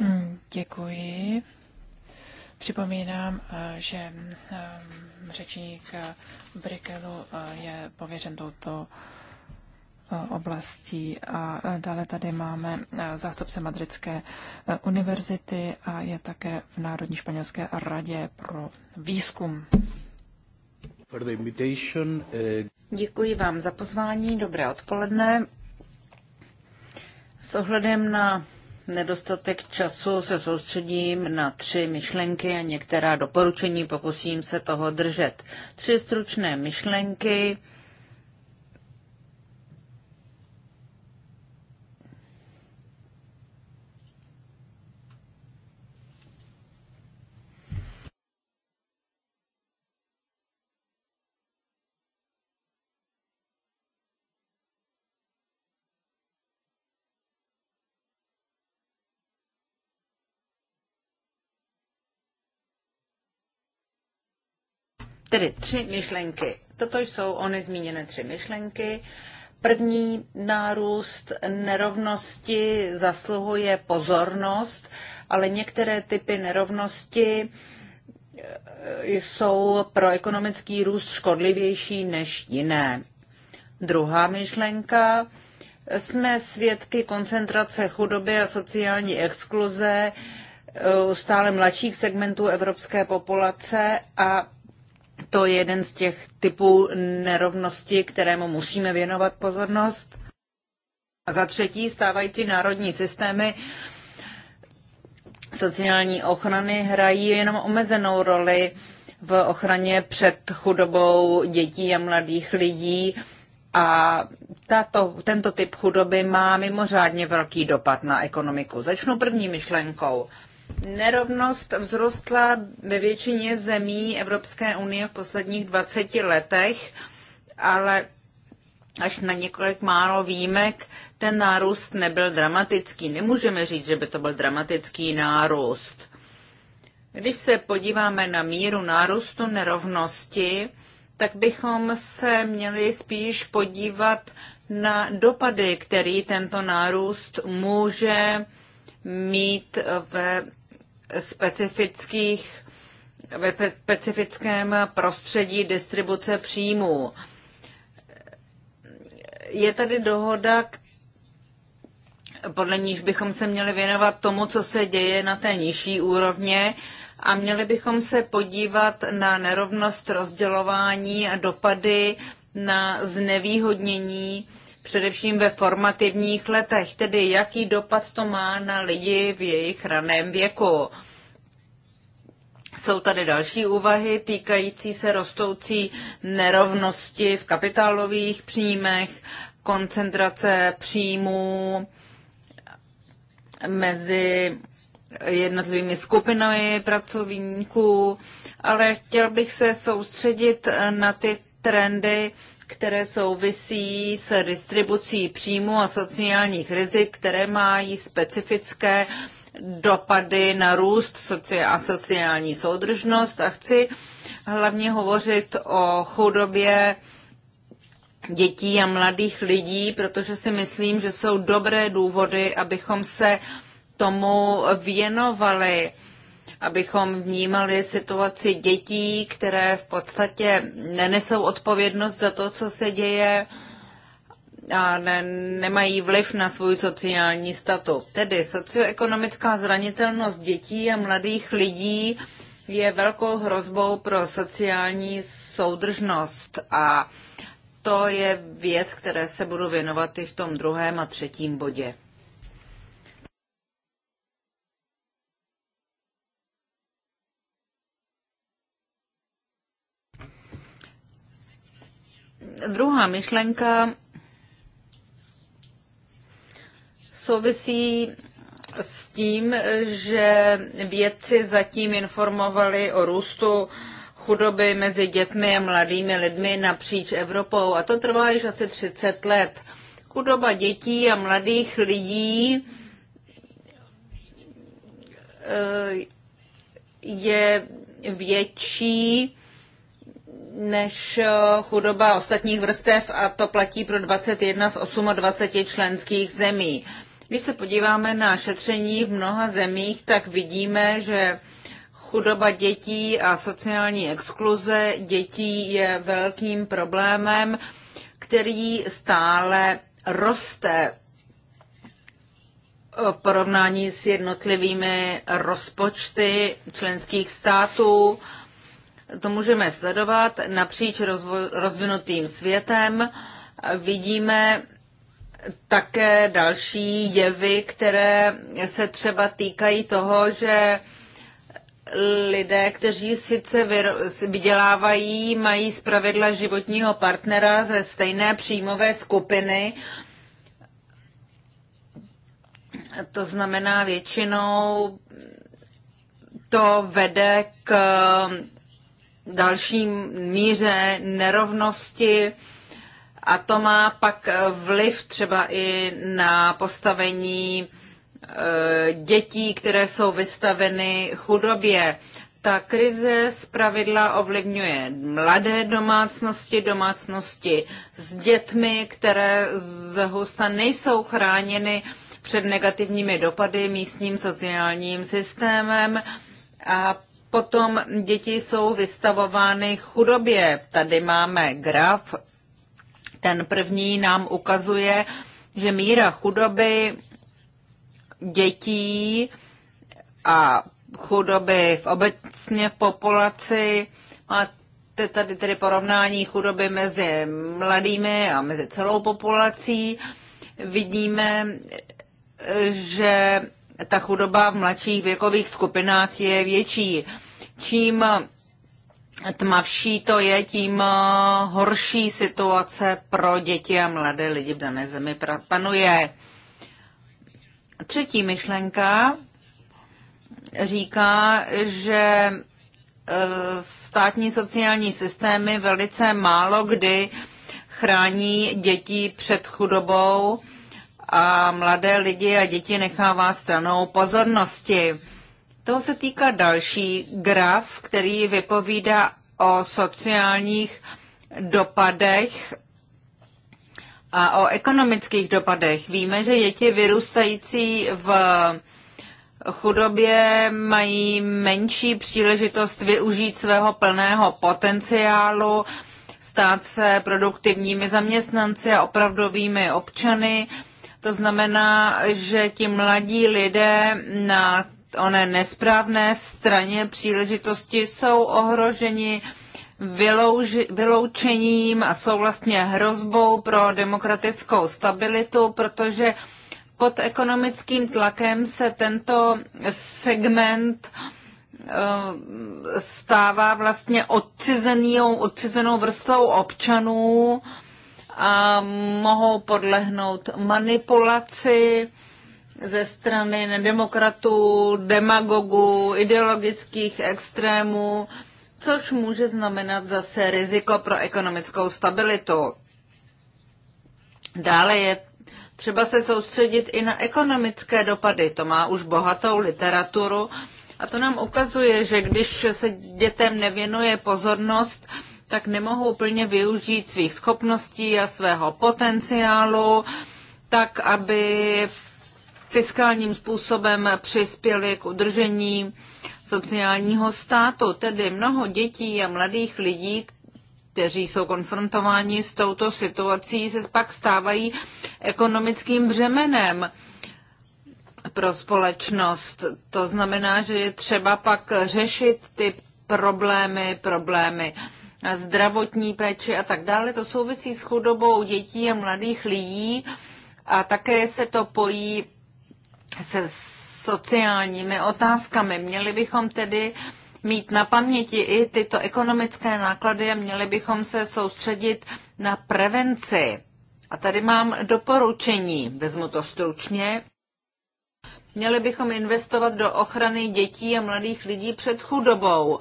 S2: hmm, Děkuji. Připomínám, eh, že eh, řečník Brikelu je pověřen touto oblastí. A dále tady máme e, zástupce Madridské e, univerzity a je také v Národní španělské radě pro výzkum. E, Děkuji vám za pozvání, dobré odpoledne.
S1: S ohledem na nedostatek času se soustředím na tři myšlenky a některá doporučení, pokusím se toho držet. Tři stručné myšlenky tedy tři myšlenky. Toto jsou ony zmíněné tři myšlenky. První nárůst nerovnosti zasluhuje pozornost, ale některé typy nerovnosti eh, jsou pro ekonomický růst škodlivější než jiné. Druhá myšlenka. Jsme svědky koncentrace chudoby a sociální exkluze eh, u stále mladších segmentů evropské populace a to je jeden z těch typů nerovnosti, kterému musíme věnovat pozornost. A za třetí, stávající národní systémy sociální ochrany hrají jenom omezenou roli v ochraně před chudobou dětí a mladých lidí. A tato, tento typ chudoby má mimořádně velký dopad na ekonomiku. Začnu první myšlenkou. Nerovnost vzrostla ve většině zemí Evropské unie v posledních 20 letech, ale až na několik málo výjimek ten nárůst nebyl dramatický. Nemůžeme říct, že by to byl dramatický nárůst. Když se podíváme na míru nárůstu nerovnosti, tak bychom se měli spíš podívat na dopady, který tento nárůst může mít ve specifických, ve specifickém prostředí distribuce příjmů. Je tady dohoda, podle níž bychom se měli věnovat tomu, co se děje na té nižší úrovně a měli bychom se podívat na nerovnost rozdělování a dopady na znevýhodnění především ve formativních letech, tedy jaký dopad to má na lidi v jejich raném věku. Jsou tady další úvahy týkající se rostoucí nerovnosti v kapitálových příjmech, koncentrace příjmů mezi jednotlivými skupinami pracovníků, ale chtěl bych se soustředit na ty trendy, které souvisí s distribucí příjmu a sociálních rizik, které mají specifické dopady na růst a sociální soudržnost. A chci hlavně hovořit o chudobě dětí a mladých lidí, protože si myslím, že jsou dobré důvody, abychom se tomu věnovali abychom vnímali situaci dětí, které v podstatě nenesou odpovědnost za to, co se děje a ne, nemají vliv na svůj sociální status. Tedy socioekonomická zranitelnost dětí a mladých lidí je velkou hrozbou pro sociální soudržnost a to je věc, které se budu věnovat i v tom druhém a třetím bodě. Druhá myšlenka souvisí s tím, že vědci zatím informovali o růstu chudoby mezi dětmi a mladými lidmi napříč Evropou. A to trvá již asi 30 let. Chudoba dětí a mladých lidí eh, je větší než eh, chudoba ostatních vrstev a to platí pro 21 z 28 členských zemí. Když se podíváme na šetření v mnoha zemích, tak vidíme, že chudoba dětí a sociální exkluze dětí je velkým problémem, který stále roste eh, v porovnání s jednotlivými rozpočty členských států to můžeme sledovat napříč rozvinutým světem. Vidíme také další jevy, které se třeba týkají toho, že lidé, kteří sice vydělávají, mají z pravidla životního partnera ze stejné příjmové skupiny. To znamená většinou to vede k další míře nerovnosti a to má pak vliv třeba i na postavení eh, dětí, které jsou vystaveny chudobě. Ta krize zpravidla ovlivňuje mladé domácnosti, domácnosti s dětmi, které z husta nejsou chráněny před negativními dopady místním sociálním systémem a Potom děti jsou vystavovány chudobě. Tady máme graf. Ten první nám ukazuje, že míra chudoby dětí a chudoby v obecně populaci má tady tedy porovnání chudoby mezi mladými a mezi celou populací, vidíme, že ta chudoba v mladších věkových skupinách je větší. Čím tmavší to je, tím eh, horší situace pro děti a mladé lidi v dané zemi panuje. Třetí myšlenka říká, že eh, státní sociální systémy velice málo kdy chrání děti před chudobou a mladé lidi a děti nechává stranou pozornosti. Toho se týká další graf, který vypovídá o sociálních dopadech a o ekonomických dopadech. Víme, že děti vyrůstající v chudobě mají menší příležitost využít svého plného potenciálu, stát se produktivními zaměstnanci a opravdovými občany. To znamená, že ti mladí lidé na oné nesprávné straně příležitosti jsou ohroženi vylouži, vyloučením a jsou vlastně hrozbou pro demokratickou stabilitu, protože pod ekonomickým tlakem se tento segment eh, stává vlastně odcizenou, odcizenou vrstvou občanů a mohou podlehnout manipulaci ze strany nedemokratů, demagogů, ideologických extrémů, což může znamenat zase riziko pro ekonomickou stabilitu. Dále je třeba se soustředit i na ekonomické dopady. To má už bohatou literaturu a to nám ukazuje, že když se dětem nevěnuje pozornost, tak nemohou plně využít svých schopností a svého potenciálu, tak aby fiskálním způsobem přispěli k udržení sociálního státu. Tedy mnoho dětí a mladých lidí, kteří jsou konfrontováni s touto situací, se pak stávají ekonomickým břemenem pro společnost. To znamená, že je třeba pak řešit ty problémy, problémy zdravotní péči a tak dále. To souvisí s chudobou dětí a mladých lidí a také se to pojí se sociálními otázkami. Měli bychom tedy mít na paměti i tyto ekonomické náklady a měli bychom se soustředit na prevenci. A tady mám doporučení, vezmu to stručně. Měli bychom investovat do ochrany dětí a mladých lidí před chudobou.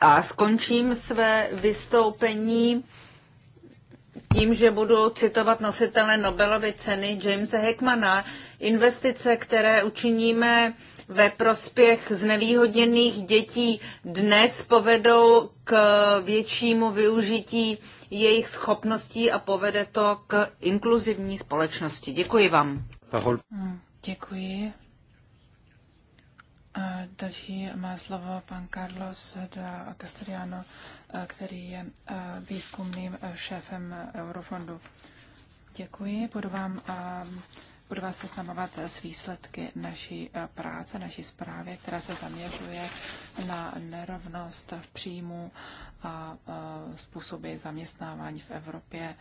S1: A skončím své vystoupení tím, že budu citovat nositele Nobelovy ceny Jamesa Heckmana. Investice, které učiníme ve prospěch znevýhodněných dětí dnes povedou k většímu využití jejich schopností a povede to k inkluzivní společnosti. Děkuji
S2: vám. Hmm, děkuji. A další má slovo pan Carlos da Castellano Eh, který je eh, výzkumným eh, šéfem Eurofondu. Děkuji, budu, vám, budu vás seznamovat s výsledky naší práce, naší zprávy, která se zaměřuje na nerovnost v příjmu a způsoby zaměstnávání v Evropě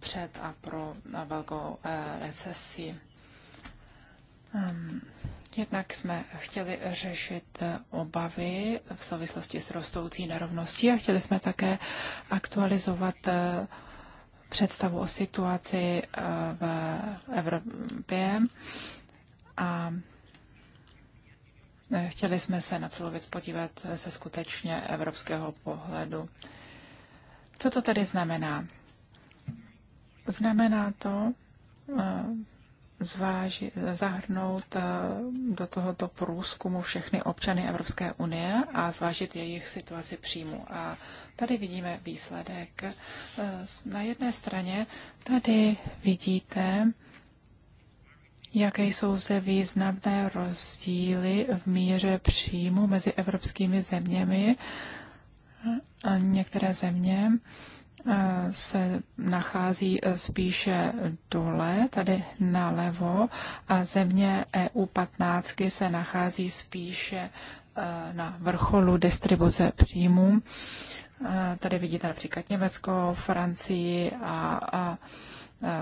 S2: před a pro velkou recesi. Ehm, Jednak jsme chtěli řešit obavy v souvislosti s rostoucí nerovností a chtěli jsme také aktualizovat eh, představu o situaci eh, v Evropě a eh, chtěli jsme se na celou věc podívat ze skutečně evropského pohledu. Co to tedy znamená? Znamená to, zváži, zahrnout eh, do tohoto průzkumu všechny občany Evropské unie a zvážit jejich situaci příjmu. A tady vidíme výsledek. Eh, na jedné straně tady vidíte, jaké jsou zde významné rozdíly v míře příjmu mezi evropskými zeměmi. A některé země se nachází eh, spíše dole, tady nalevo, a země EU 15 se nachází spíše eh, na vrcholu distribuce příjmů. Eh, tady vidíte například Německo, Francii a, a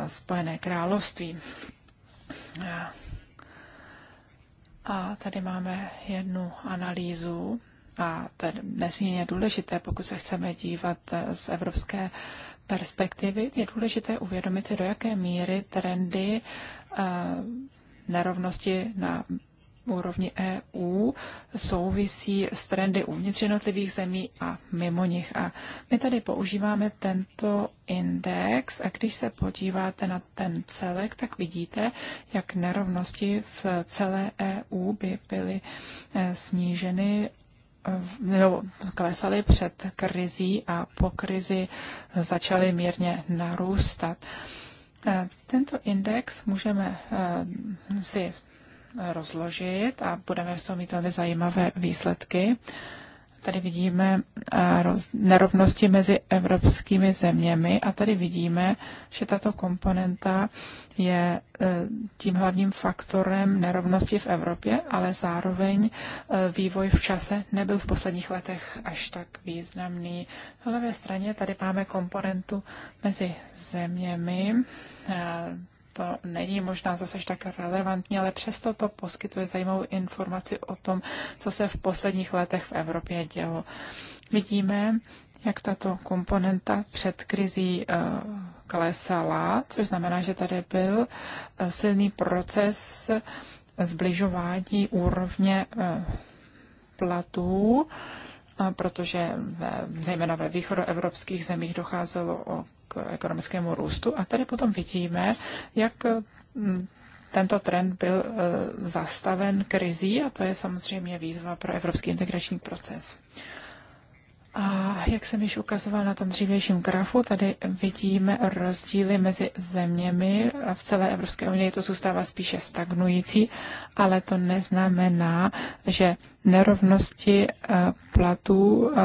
S2: Spojené království. A tady máme jednu analýzu a to je nesmírně důležité, pokud se chceme dívat eh, z evropské perspektivy, je důležité uvědomit si, do jaké míry trendy eh, nerovnosti na úrovni EU souvisí s trendy uvnitř jednotlivých zemí a mimo nich. A my tady používáme tento index a když se podíváte na ten celek, tak vidíte, jak nerovnosti v celé EU by byly eh, sníženy nebo klesaly před krizí a po krizi začaly mírně narůstat. Eh, tento index můžeme eh, si rozložit a budeme v tom mít velmi zajímavé výsledky. Tady vidíme eh, nerovnosti mezi evropskými zeměmi a tady vidíme, že tato komponenta je eh, tím hlavním faktorem nerovnosti v Evropě, ale zároveň eh, vývoj v čase nebyl v posledních letech až tak významný. Na levé straně tady máme komponentu mezi zeměmi to není možná zase tak relevantní, ale přesto to poskytuje zajímavou informaci o tom, co se v posledních letech v Evropě dělo. Vidíme, jak tato komponenta před krizí eh, klesala, což znamená, že tady byl eh, silný proces zbližování úrovně eh, platů protože ve, zejména ve východoevropských zemích docházelo o, k ekonomickému růstu. A tady potom vidíme, jak mm, tento trend byl e, zastaven krizí a to je samozřejmě výzva pro evropský integrační proces. A jak jsem již ukazoval na tom dřívějším grafu, tady vidíme rozdíly mezi zeměmi. V celé Evropské unii to zůstává spíše stagnující, ale to neznamená, že nerovnosti eh, platů eh,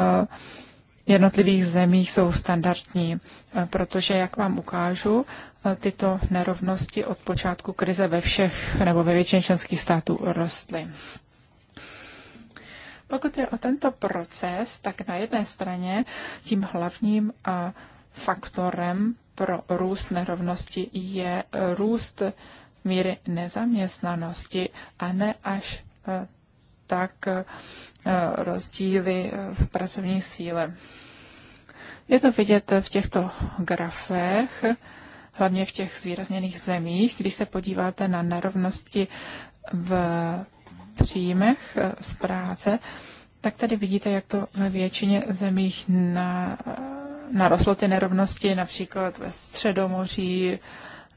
S2: jednotlivých zemích jsou standardní, eh, protože, jak vám ukážu, tyto nerovnosti od počátku krize ve všech nebo ve většině členských států rostly. Pokud je o tento proces, tak na jedné straně tím hlavním faktorem pro růst nerovnosti je růst míry nezaměstnanosti a ne až e, tak e, rozdíly v pracovní síle. Je to vidět v těchto grafech, hlavně v těch zvýrazněných zemích. Když se podíváte na nerovnosti v příjmech eh, z práce, tak tady vidíte, jak to ve většině zemích na, narostlo ty nerovnosti, například ve Středomoří,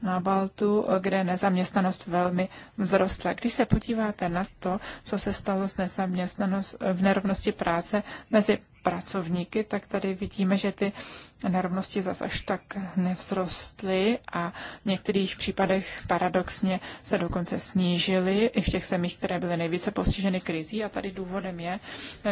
S2: na Baltu, kde nezaměstnanost velmi vzrostla. Když se podíváte na to, co se stalo s nezaměstnanost v nerovnosti práce mezi pracovníky, tak tady vidíme, že ty nerovnosti zase až tak nevzrostly a v některých případech paradoxně se dokonce snížily i v těch zemích, které byly nejvíce postiženy krizí. A tady důvodem je,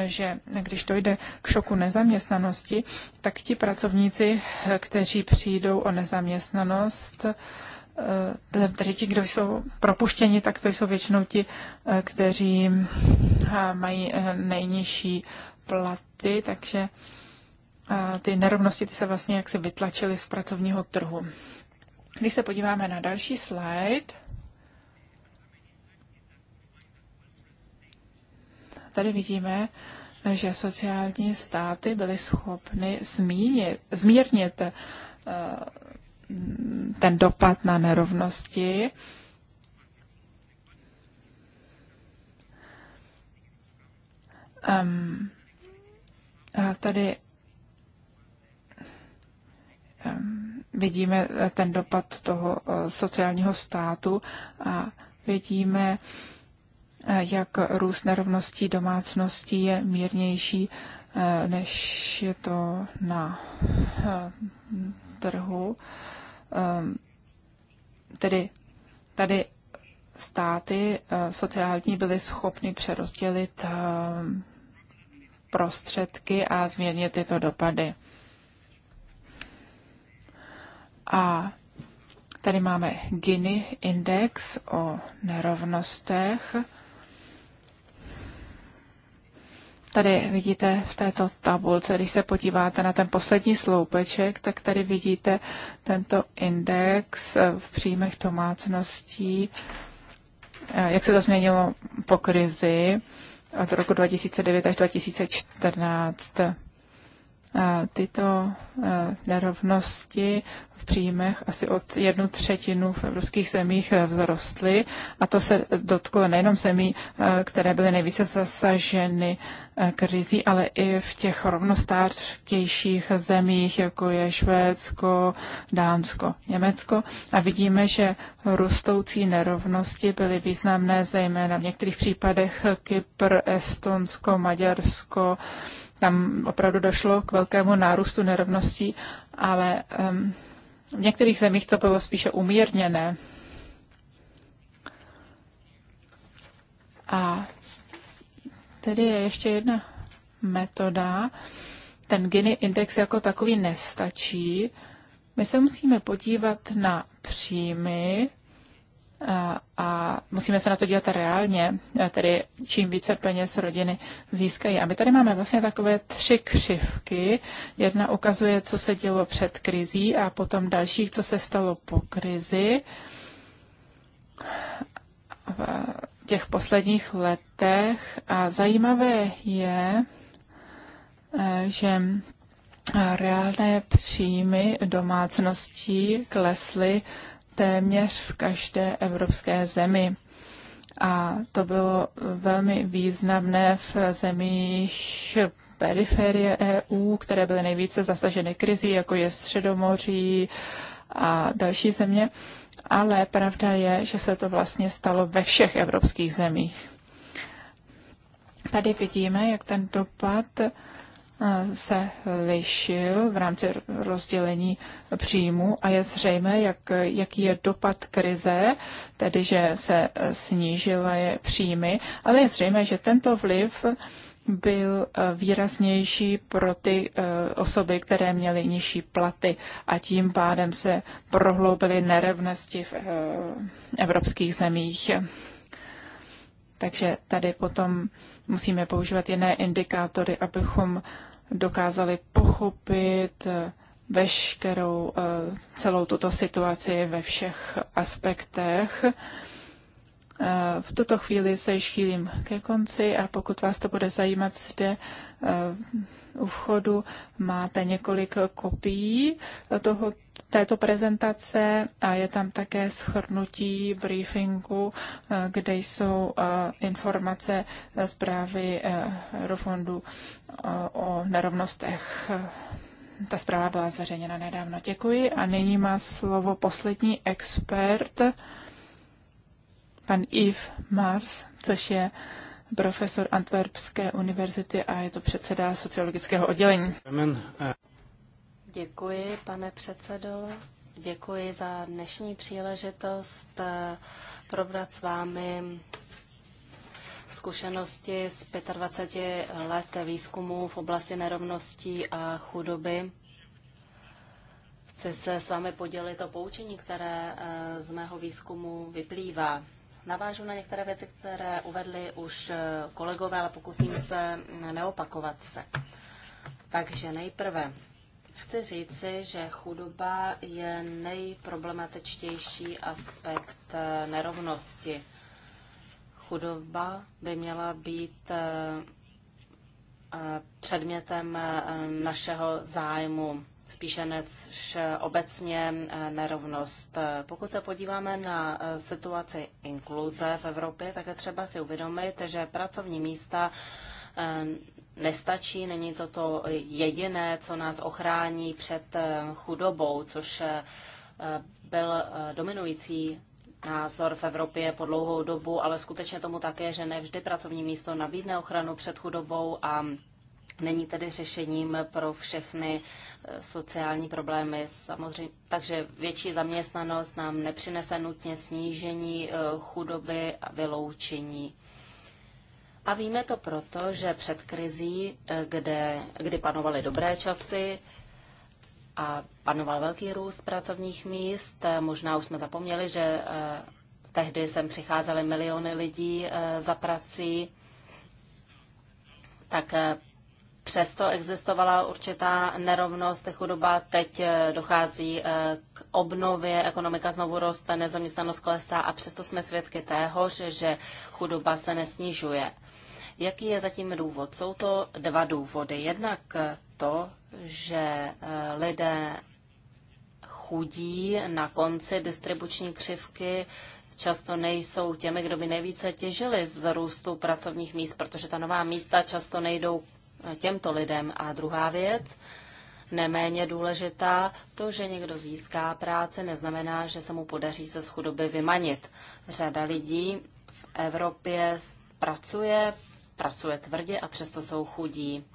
S2: že když to jde k šoku nezaměstnanosti, tak ti pracovníci, kteří přijdou o nezaměstnanost, eh, tedy ti, kdo jsou propuštěni, tak to jsou většinou ti, eh, kteří eh, mají nejnižší platy, takže ty nerovnosti ty se vlastně jaksi vytlačily z pracovního trhu. Když se podíváme na další slide, tady vidíme, že sociální státy byly schopny zmínit, zmírnit ten dopad na nerovnosti. Um, tady vidíme eh, ten dopad toho eh, sociálního státu a vidíme, eh, jak růst nerovností domácností je mírnější, než je to na trhu. Tedy tady státy sociální byly schopny přerozdělit prostředky a změnit tyto dopady. A tady máme Gini index o nerovnostech. Tady vidíte v této tabulce, když se podíváte na ten poslední sloupeček, tak tady vidíte tento index v příjmech domácností, eh, jak se to změnilo po krizi od roku 2009 až 2014 tyto e, nerovnosti v příjmech asi od jednu třetinu v evropských zemích e, vzrostly a to se dotklo nejenom zemí, e, které byly nejvíce zasaženy krizí, ale i v těch rovnostářtějších zemích, jako je Švédsko, Dánsko, Německo. A vidíme, že rostoucí nerovnosti byly významné zejména v některých případech Kypr, Estonsko, Maďarsko, tam opravdu došlo k velkému nárůstu nerovností, ale um, v některých zemích to bylo spíše umírněné. A tedy je ještě jedna metoda. Ten Gini index jako takový nestačí. My se musíme podívat na příjmy a musíme se na to dívat reálně, tedy čím více peněz rodiny získají. A my tady máme vlastně takové tři křivky. Jedna ukazuje, co se dělo před krizí a potom dalších, co se stalo po krizi. V těch posledních letech. A zajímavé je, e, že e, reálné příjmy domácností klesly téměř v každé evropské zemi. A to bylo velmi významné v zemích periferie EU, které byly nejvíce zasaženy krizí, jako je Středomoří a další země. Ale pravda je, že se to vlastně stalo ve všech evropských zemích. Tady vidíme, jak ten dopad se lišil v rámci rozdělení příjmu a je zřejmé, jak, jaký je dopad krize, tedy že se snížily příjmy, ale je zřejmé, že tento vliv byl eh, výraznější pro ty eh, osoby, které měly nižší platy a tím pádem se prohloubily nerovnosti v eh, evropských zemích. Takže tady potom musíme používat jiné indikátory, abychom uh, dokázali pochopit eh, veškerou eh, celou tuto situaci ve všech aspektech. Eh, v tuto chvíli se již chýlím ke konci a pokud vás to bude zajímat, zde u vchodu máte několik kopií toho, této prezentace a je tam také schrnutí briefingu, kde jsou eh, informace zprávy Eurofondu eh, eh, o nerovnostech. Ta zpráva byla zveřejněna nedávno. Děkuji a nyní má slovo poslední expert, pan Yves Mars, což je profesor Antwerpské univerzity a je to předseda sociologického oddělení.
S3: Děkuji, pane předsedo. Děkuji za dnešní příležitost eh, probrat s vámi zkušenosti z 25 let výzkumu v oblasti nerovností a chudoby. Chci se s vámi podělit o poučení, které eh, z mého výzkumu vyplývá. Navážu na některé věci, které uvedli už eh, kolegové, ale pokusím se neopakovat se. Takže nejprve chci říci, že chudoba je nejproblematičtější aspekt eh, nerovnosti. Chudoba by měla být eh, předmětem našeho zájmu spíše než obecně eh, nerovnost. Eh, pokud se podíváme na eh, situaci inkluze v Evropě, tak je třeba si uvědomit, že pracovní místa nestačí, není to to jediné, co nás ochrání před chudobou, což byl dominující názor v Evropě po dlouhou dobu, ale skutečně tomu také, že nevždy pracovní místo nabídne ochranu před chudobou a není tedy řešením pro všechny uh, sociální problémy samozřejmě. Takže větší zaměstnanost nám nepřinese nutně snížení eh, chudoby a vyloučení. A víme to proto, že před krizí, eh, kde, kdy panovaly dobré časy, a panoval velký růst pracovních míst. Eh, možná už jsme zapomněli, že tehdy sem přicházely miliony lidí za prací, tak Přesto existovala určitá nerovnost, chudoba, teď eh, dochází eh, k obnově, ekonomika znovu roste, nezaměstnanost klesá a přesto jsme svědky téhož, že chudoba se nesnižuje. Jaký je zatím důvod? Jsou to dva důvody. Jednak eh, to, že lidé chudí na konci distribuční křivky často nejsou těmi, kdo by nejvíce těžili z růstu pracovních míst, protože ta nová místa často nejdou těmto lidem. A druhá věc, neméně důležitá, to, že někdo získá práci, neznamená, že se mu podaří se z chudoby vymanit. Řada lidí v Evropě pracuje, pracuje tvrdě a přesto jsou chudí.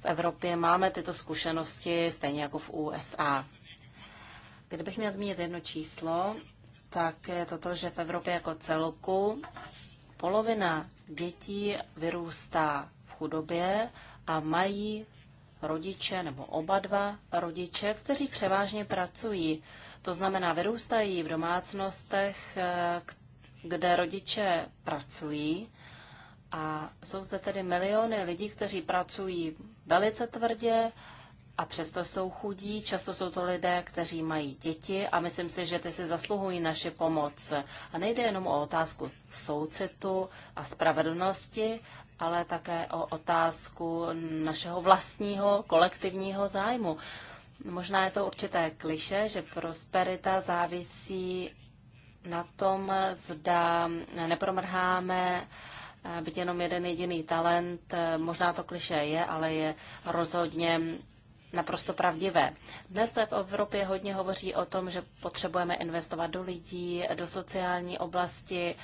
S3: V Evropě máme tyto zkušenosti stejně jako v USA. Kdybych měl zmínit jedno číslo, tak je to to, že v Evropě jako celku polovina dětí vyrůstá v chudobě a mají rodiče nebo oba dva rodiče, kteří převážně pracují. To znamená, vyrůstají v domácnostech, eh, kde rodiče pracují a jsou zde tedy miliony lidí, kteří pracují velice tvrdě a přesto jsou chudí. Často jsou to lidé, kteří mají děti a myslím si, že ty si zasluhují naše pomoc. A nejde jenom o otázku soucitu a spravedlnosti, ale také o otázku našeho vlastního kolektivního zájmu. Možná je to určité kliše, že prosperita závisí na tom, zda nepromrháme eh, byť jenom jeden jediný talent. Eh, možná to kliše je, ale je rozhodně naprosto pravdivé. Dnes v Evropě hodně hovoří o tom, že potřebujeme investovat do lidí, do sociální oblasti,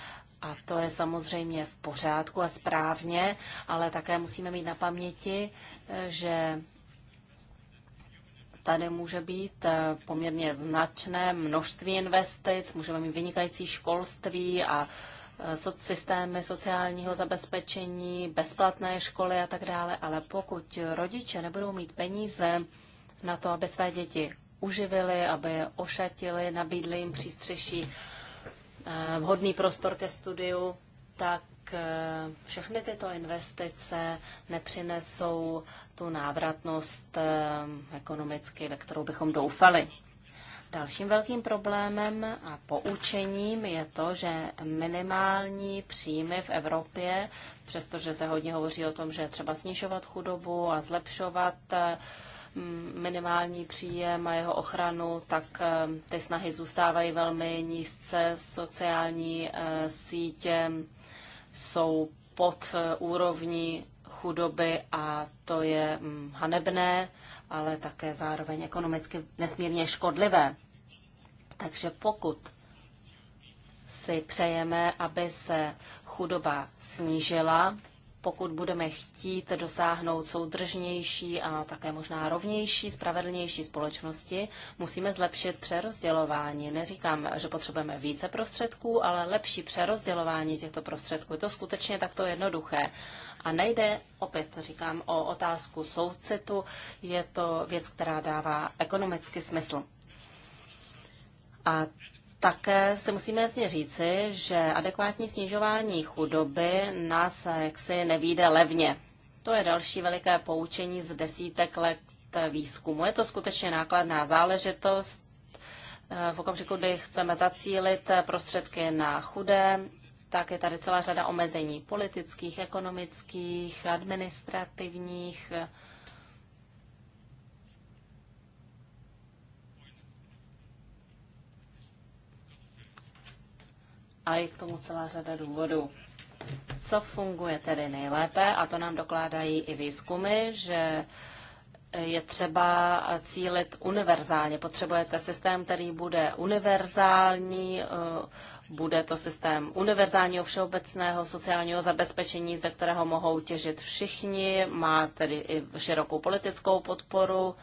S3: a to je samozřejmě v pořádku a správně, ale také musíme mít na paměti, že tady může být eh, poměrně značné množství investic, můžeme mít vynikající školství a Eh, systémy sociálního zabezpečení, bezplatné školy a tak dále, ale pokud rodiče nebudou mít peníze na to, aby své děti uživili, aby je ošatili, nabídli jim přístřeší, eh, vhodný prostor ke studiu, tak eh, všechny tyto investice nepřinesou tu návratnost ekonomicky, ve kterou bychom doufali. Dalším velkým problémem a poučením je to, že minimální příjmy v Evropě, přestože se hodně hovoří o tom, že třeba snižovat chudobu a zlepšovat eh, minimální příjem a jeho ochranu, tak eh, ty snahy zůstávají velmi nízce. Sociální eh, sítě jsou pod úrovní chudoby a to je hanebné ale také zároveň ekonomicky nesmírně škodlivé. Takže pokud si přejeme, aby se chudoba snížila, pokud budeme chtít dosáhnout soudržnější a také možná rovnější, spravedlnější společnosti, musíme zlepšit přerozdělování. Neříkám, že potřebujeme více prostředků, ale lepší přerozdělování těchto prostředků. Je to skutečně takto jednoduché. A nejde, opět říkám, o otázku soucitu, je to věc, která dává ekonomický smysl. A tak si musíme jasně říci, že adekvátní snižování chudoby nás eh, jaksi nevíde levně. To je další veliké poučení z desítek let eh, výzkumu. Je to skutečně nákladná záležitost. Eh, v okamžiku, kdy chceme zacílit prostředky na chudé, tak je tady celá řada omezení politických, ekonomických, administrativních, a je k tomu celá řada důvodů. Co funguje tedy nejlépe, a to nám dokládají i výzkumy, že je třeba cílit univerzálně. Potřebujete systém, který bude univerzální, eh, bude to systém univerzálního všeobecného sociálního zabezpečení, ze kterého mohou těžit všichni, má tedy i širokou politickou podporu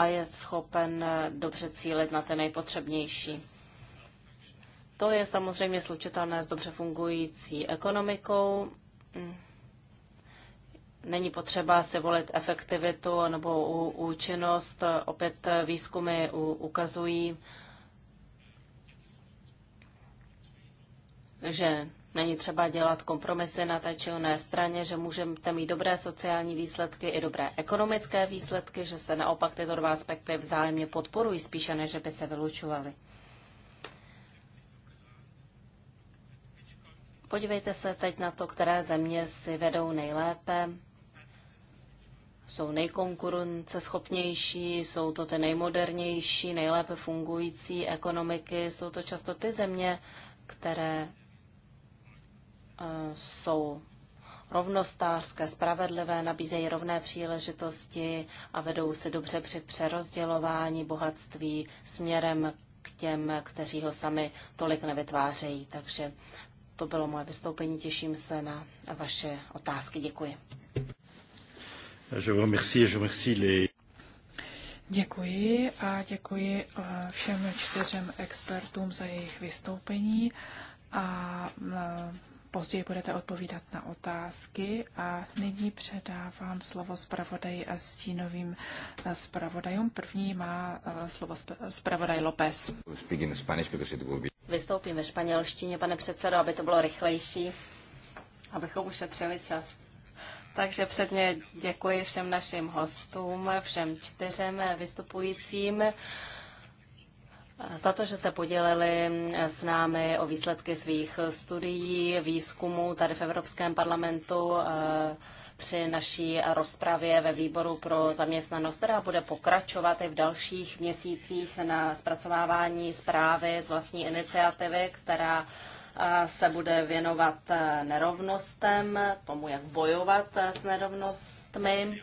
S3: a je schopen eh, dobře cílit na ty nejpotřebnější. To je samozřejmě slučitelné s dobře fungující ekonomikou. Mm. Není potřeba si volit efektivitu nebo účinnost. Opět eh, výzkumy ukazují, že Není třeba dělat kompromisy na té či oné straně, že můžete mít dobré sociální výsledky i dobré ekonomické výsledky, že se naopak tyto dva aspekty vzájemně podporují spíše, než by se vylučovaly. Podívejte se teď na to, které země si vedou nejlépe, jsou nejkonkurenceschopnější, jsou to ty nejmodernější, nejlépe fungující ekonomiky. Jsou to často ty země, které E, jsou rovnostářské, spravedlivé, nabízejí rovné příležitosti a vedou se dobře při přerozdělování bohatství směrem k těm, kteří ho sami tolik nevytvářejí. Takže to bylo moje vystoupení. Těším se na vaše otázky. Děkuji.
S2: Děkuji a děkuji e, všem čtyřem expertům za jejich vystoupení a e, Později budete odpovídat na otázky a nyní předávám slovo zpravodaji a stínovým eh, zpravodajům. První má eh, slovo zpravodaj López. Vystoupím ve španělštině,
S3: pane předsedo, aby to bylo rychlejší, abychom ušetřili čas. Takže předně děkuji všem našim hostům, všem čtyřem vystupujícím za to, že se podělili s námi o výsledky svých studií, výzkumu tady v Evropském parlamentu eh, při naší rozpravě ve výboru pro zaměstnanost, která bude pokračovat i v dalších měsících na zpracovávání zprávy z vlastní iniciativy, která eh, se bude věnovat eh, nerovnostem, tomu, jak bojovat s nerovnostmi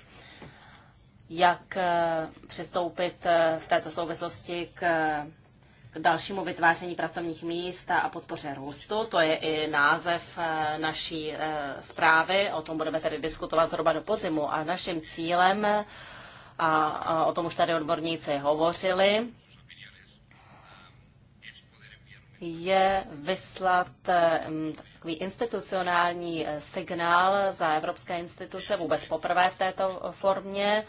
S3: jak přistoupit v této souvislosti k dalšímu vytváření pracovních míst a podpoře růstu. To je i název eh, naší eh, zprávy, o tom budeme tedy diskutovat zhruba do podzimu. A naším cílem, a o tom už tady odborníci hovořili, je vyslat eh, takový institucionální signál za evropské instituce vůbec poprvé v této formě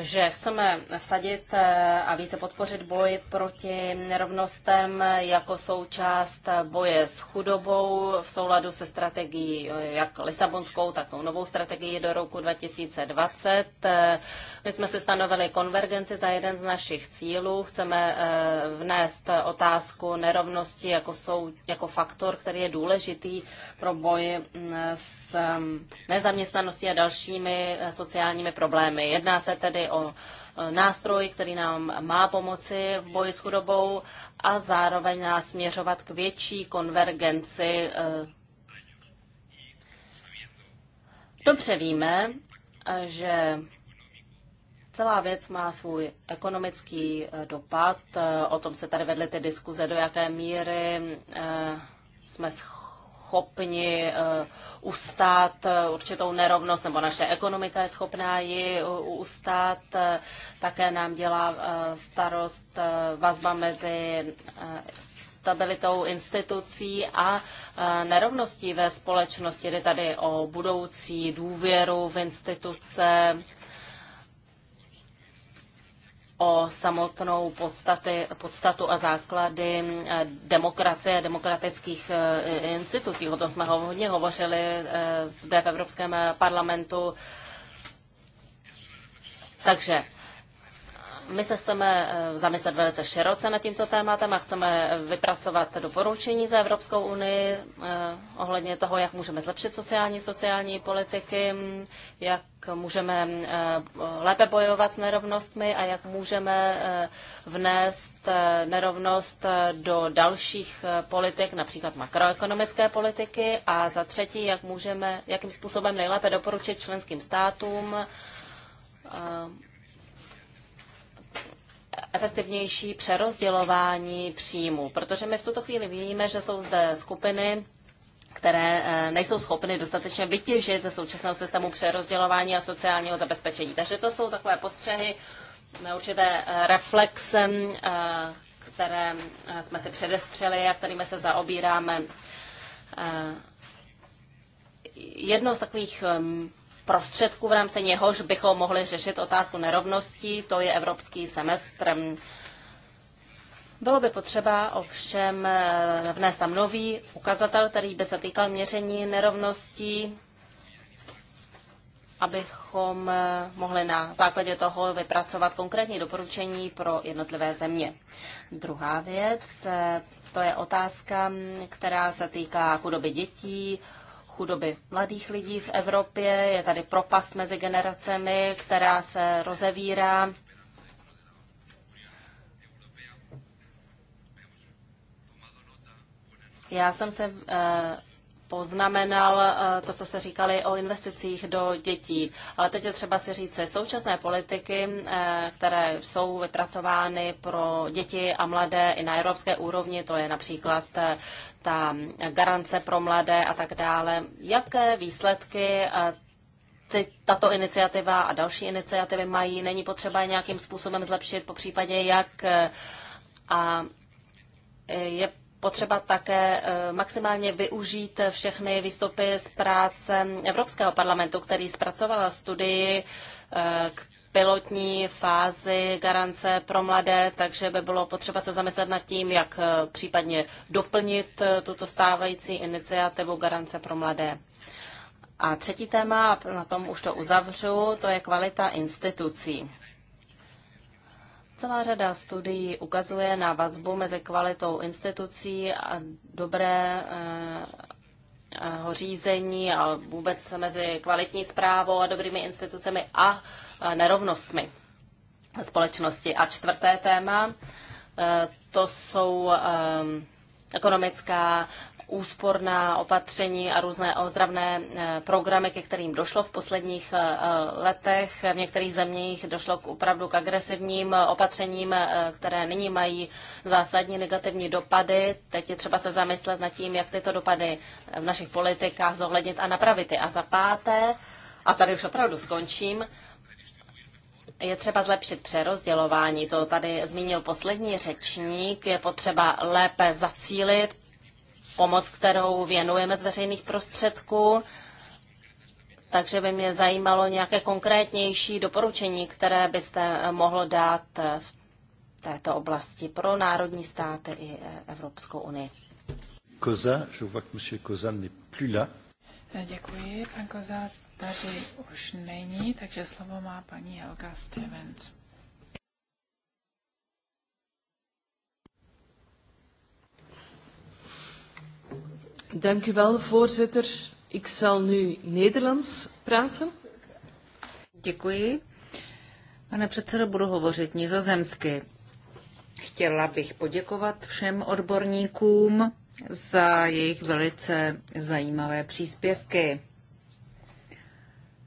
S3: že chceme vsadit eh, a více podpořit boj proti nerovnostem jako součást boje s chudobou v souladu se strategií jak Lisabonskou, tak tou novou strategii do roku 2020. Eh, my jsme si stanovili konvergenci za jeden z našich cílů. Chceme eh, vnést otázku nerovnosti jako, sou, jako faktor, který je důležitý pro boj mm, s mm, nezaměstnaností a dalšími sociálními problémy. Jedná se tedy tedy o e, nástroj, který nám má pomoci v boji s chudobou a zároveň nás směřovat k větší konvergenci. E. Dobře víme, e, že Celá věc má svůj ekonomický dopad. O tom se tady vedly ty diskuze, do jaké míry jsme schopni schopni eh, ustát eh, určitou nerovnost, nebo naše ekonomika je schopná ji eh, ustát. Také nám dělá starost vazba mezi stabilitou institucí a nerovností ve společnosti. Jde tady o budoucí důvěru v instituce, o samotnou podstaty, podstatu a základy eh, demokracie a demokratických eh, institucí. O tom jsme hodně hovořili eh, zde v Evropském parlamentu. Takže my se chceme eh, zamyslet velice široce nad tímto tématem a chceme vypracovat doporučení za Evropskou unii eh, ohledně toho, jak můžeme zlepšit sociální sociální politiky, jak můžeme eh, lépe bojovat s nerovnostmi a jak můžeme vnést nerovnost do dalších politik, například makroekonomické politiky a za třetí, jak můžeme, jakým způsobem nejlépe doporučit členským státům efektivnější přerozdělování příjmů, protože my v tuto chvíli víme, že jsou zde skupiny, které eh, nejsou schopny dostatečně vytěžit ze současného systému přerozdělování a sociálního zabezpečení. Takže to jsou takové postřehy, eh, určité eh, reflexe, které jsme si předestřeli a kterými se zaobíráme. Jedno z takových prostředku, v rámci něhož bychom mohli řešit otázku nerovností, to je evropský semestr. Bylo by potřeba ovšem eh, vnést tam nový ukazatel, který by se týkal měření nerovností, abychom eh, mohli na základě toho vypracovat konkrétní doporučení pro jednotlivé země. Druhá věc, eh, to je otázka, mm, která se týká chudoby dětí, chudoby mladých lidí v Evropě, je tady propast mezi generacemi, která se rozevírá. Já jsem se eh, poznamenal eh, to, co jste říkali o investicích do dětí. Ale teď je třeba si říct, současné politiky, eh, které jsou vypracovány pro děti a mladé i na evropské úrovni, to je například eh, ta garance pro mladé a tak dále. Jaké výsledky ty, tato iniciativa a další iniciativy mají? Není potřeba je nějakým způsobem zlepšit, po případě jak a je potřeba také eh, maximálně využít všechny výstupy z práce Evropského parlamentu, který zpracovala studii eh, k pilotní fázi garance pro mladé, takže by bylo potřeba se zamyslet nad tím, jak eh, případně doplnit tuto stávající iniciativu garance pro mladé. A třetí téma, na tom už to uzavřu, to je kvalita institucí. Celá řada studií ukazuje na vazbu mezi kvalitou institucí a dobré eh, eh, řízení a vůbec mezi kvalitní zprávou a dobrými institucemi a eh, nerovnostmi společnosti. A čtvrté téma, to jsou ekonomická úsporná opatření a různé ozdravné eh, programy, ke kterým došlo v posledních eh, eh, letech. V některých zemích došlo k opravdu k agresivním opatřením, které nyní mají zásadní negativní dopady. Teď je třeba se zamyslet nad tím, jak tyto dopady v našich politikách zohlednit a napravit je. A za páté, a tady už opravdu skončím, je třeba zlepšit přerozdělování, to tady zmínil poslední řečník, je potřeba lépe zacílit pomoc, kterou věnujeme z veřejných prostředků. Takže by mě zajímalo nějaké konkrétnější doporučení, které byste mohl dát v této oblasti pro národní státy i Evropskou unii.
S2: Koza, je vois que monsieur Koza n'est plus là. Děkuji, pan Koza tady už není, takže slovo má paní Helga Stevens. Dank u wel, voorzitter. Ik zal nu Nederlands
S1: praten. Pane předsedo, budu hovořit nizozemsky. Chtěla bych poděkovat všem odborníkům za jejich velice zajímavé příspěvky.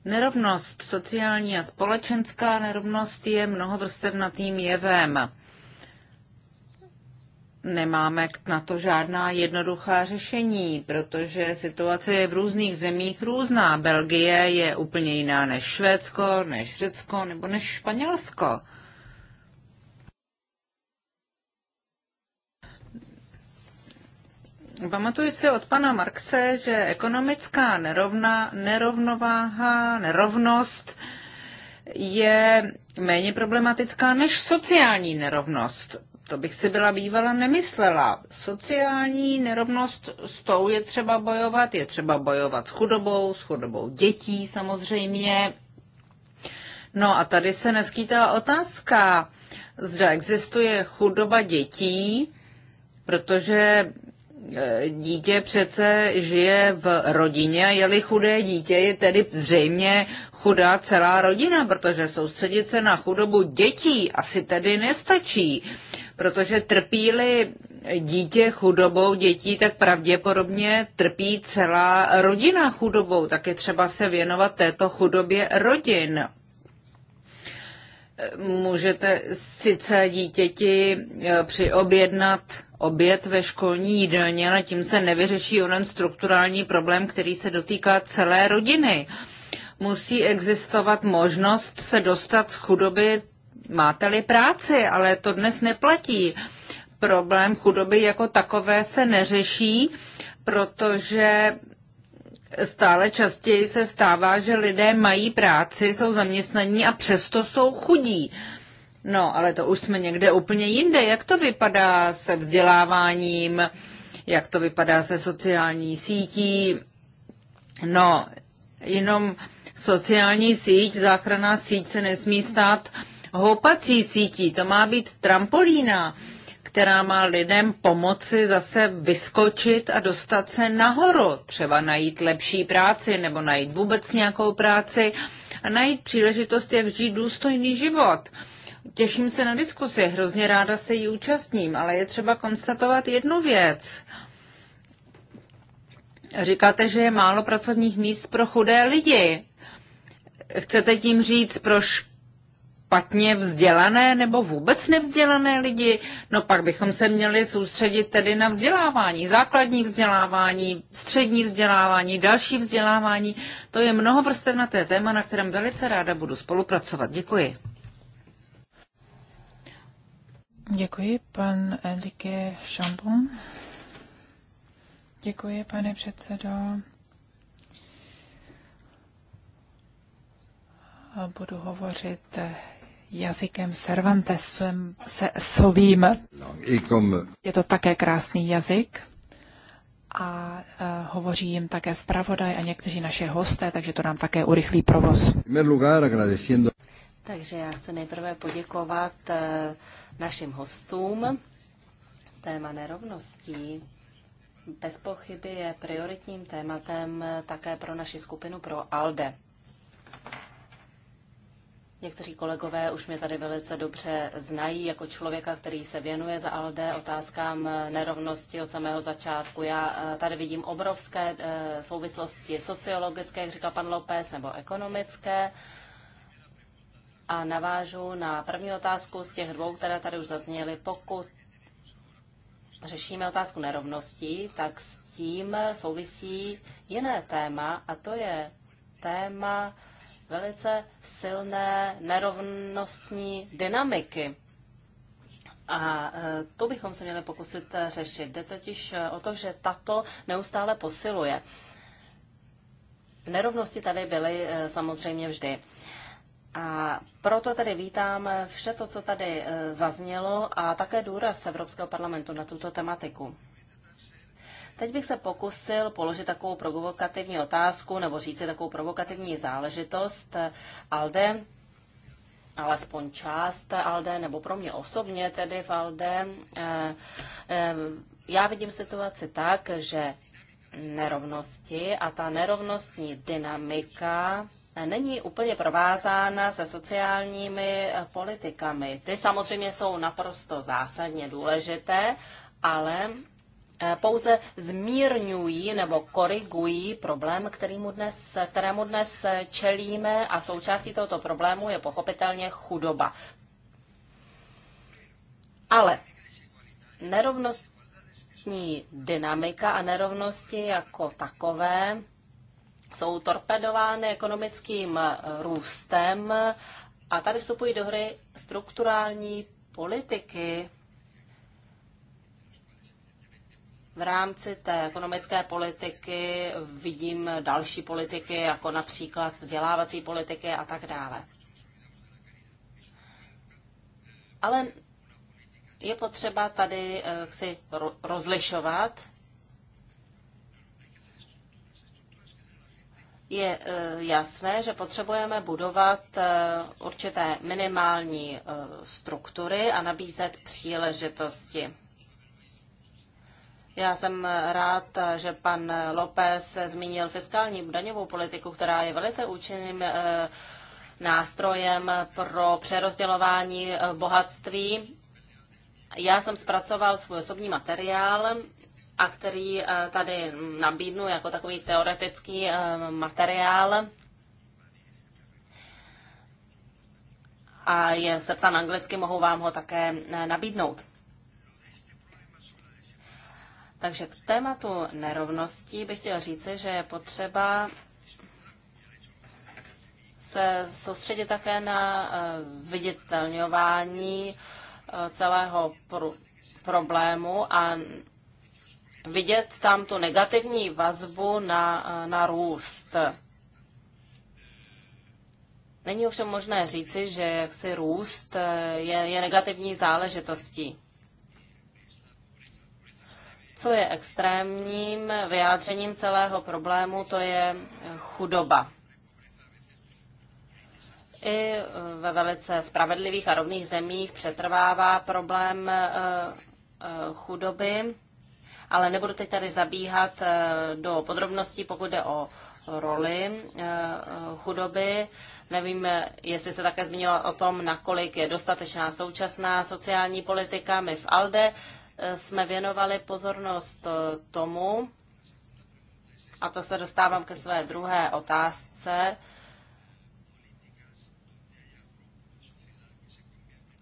S1: Nerovnost sociální a společenská nerovnost je mnohovrstevnatým jevem nemáme na to žádná jednoduchá řešení, protože situace je v různých zemích různá. Belgie je úplně jiná než Švédsko, než Řecko nebo než Španělsko. Pamatuji si od pana Markse, že ekonomická nerovna, nerovnováha, nerovnost je méně problematická než sociální nerovnost to bych si byla bývala nemyslela. Sociální nerovnost s tou je třeba bojovat, je třeba bojovat s chudobou, s chudobou dětí samozřejmě. No a tady se neskýtá otázka, zda existuje chudoba dětí, protože e, dítě přece žije v rodině a je-li chudé dítě, je tedy zřejmě chudá celá rodina, protože soustředit se na chudobu dětí asi tedy nestačí protože trpí-li dítě chudobou dětí, tak pravděpodobně trpí celá rodina chudobou. Tak je třeba se věnovat této chudobě rodin. Můžete sice dítěti eh, přiobjednat oběd ve školní jídelně, ale tím se nevyřeší onen strukturální problém, který se dotýká celé rodiny. Musí existovat možnost se dostat z chudoby máte-li práci, ale to dnes neplatí. Problém chudoby jako takové se neřeší, protože stále častěji se stává, že lidé mají práci, jsou zaměstnaní a přesto jsou chudí. No, ale to už jsme někde úplně jinde. Jak to vypadá se vzděláváním, jak to vypadá se sociální sítí? No, jenom sociální síť, záchranná síť se nesmí stát uh, houpací sítí, to má být trampolína, která má lidem pomoci zase vyskočit a dostat se nahoru, třeba najít lepší práci nebo najít vůbec nějakou práci a najít příležitost, jak žít důstojný život. Těším se na diskusi, hrozně ráda se jí účastním, ale je třeba konstatovat jednu věc. Říkáte, že je málo pracovních míst pro chudé lidi. Chcete tím říct pro špatně vzdělané nebo vůbec nevzdělané lidi. No pak bychom se měli soustředit tedy na vzdělávání, základní vzdělávání, střední vzdělávání, další vzdělávání. To je mnoho vrstev na té téma, na kterém velice ráda budu spolupracovat. Děkuji.
S2: Děkuji, pan Elike Šampon. Děkuji, pane předsedo. budu hovořit jazykem Cervantesem se sovým. Je to také krásný jazyk a uh, hovoří jim také zpravodaj a někteří naše hosté, takže to nám také urychlí provoz. Takže
S3: já chci nejprve poděkovat e, našim hostům. Téma nerovností bez pochyby je prioritním tématem e, také pro naši skupinu pro ALDE. Někteří kolegové už mě tady velice dobře znají jako člověka, který se věnuje za ALDE otázkám eh, nerovnosti od samého začátku. Já eh, tady vidím obrovské eh, souvislosti sociologické, jak říká pan López, nebo ekonomické. A navážu na první otázku z těch dvou, které tady už zazněly. Pokud řešíme otázku nerovností, tak s tím souvisí jiné téma a to je téma velice silné nerovnostní dynamiky. A e, to bychom se měli pokusit e, řešit. Jde totiž e, o to, že tato neustále posiluje. Nerovnosti tady byly samozřejmě vždy. A proto tady vítám vše to, co tady zaznělo a také důraz Evropského parlamentu na tuto tematiku. Teď bych se pokusil položit takovou provokativní otázku nebo říct takovou provokativní záležitost. Alde, alespoň část ALDE, nebo pro mě osobně tedy v ALDE, eh, eh, já vidím situaci tak, že nerovnosti a ta nerovnostní dynamika není úplně provázána se sociálními eh, politikami. Ty samozřejmě jsou naprosto zásadně důležité, ale Eh, pouze zmírňují nebo korigují problém, kterému dnes, kterému dnes eh, čelíme a součástí tohoto problému je pochopitelně chudoba. Ale nerovnostní dynamika a nerovnosti jako takové jsou torpedovány ekonomickým eh, růstem a tady vstupují do hry strukturální politiky V rámci té ekonomické politiky vidím další politiky, jako například vzdělávací politiky a tak dále. Ale je potřeba tady eh, si rozlišovat. Je eh, jasné, že potřebujeme budovat eh, určité minimální struktury a nabízet příležitosti. Já jsem rád, že pan López zmínil fiskální daňovou politiku, která je velice účinným eh, nástrojem pro přerozdělování eh, bohatství. Já jsem zpracoval svůj osobní materiál, a který eh, tady nabídnu jako takový teoretický materiál. A je sepsan anglicky, mohu vám ho také nabídnout. Takže k tématu nerovností bych chtěl říci, že je potřeba se soustředit také na eh, zviditelňování eh, celého pro- problému a vidět tam tu negativní vazbu na, eh, na růst. Není ovšem možné říci, že jaksi růst je, je negativní záležitostí. Co je extrémním vyjádřením celého problému, to je chudoba. I ve velice spravedlivých a rovných zemích přetrvává problém eh, eh, chudoby, ale nebudu teď tady zabíhat eh, do podrobností, pokud jde o roli chudoby. Nevím, jestli se také zmínila o tom, nakolik je dostatečná současná sociální politika. My v ALDE jsme věnovali pozornost e, tomu,
S2: a to se dostávám ke své druhé
S3: otázce,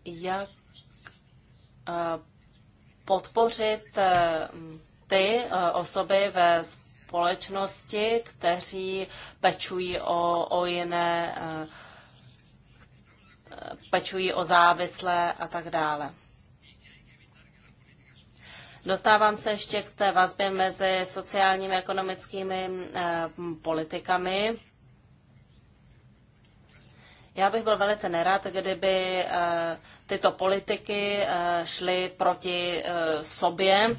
S3: jak e, podpořit e, ty osoby ve společnosti, kteří pečují o, o jiné, pečují o závislé a tak dále. Dostávám se ještě k té vazbě mezi sociálními a ekonomickými eh, politikami. Já bych byl velice nerad, kdyby eh, tyto politiky eh, šly proti sobě.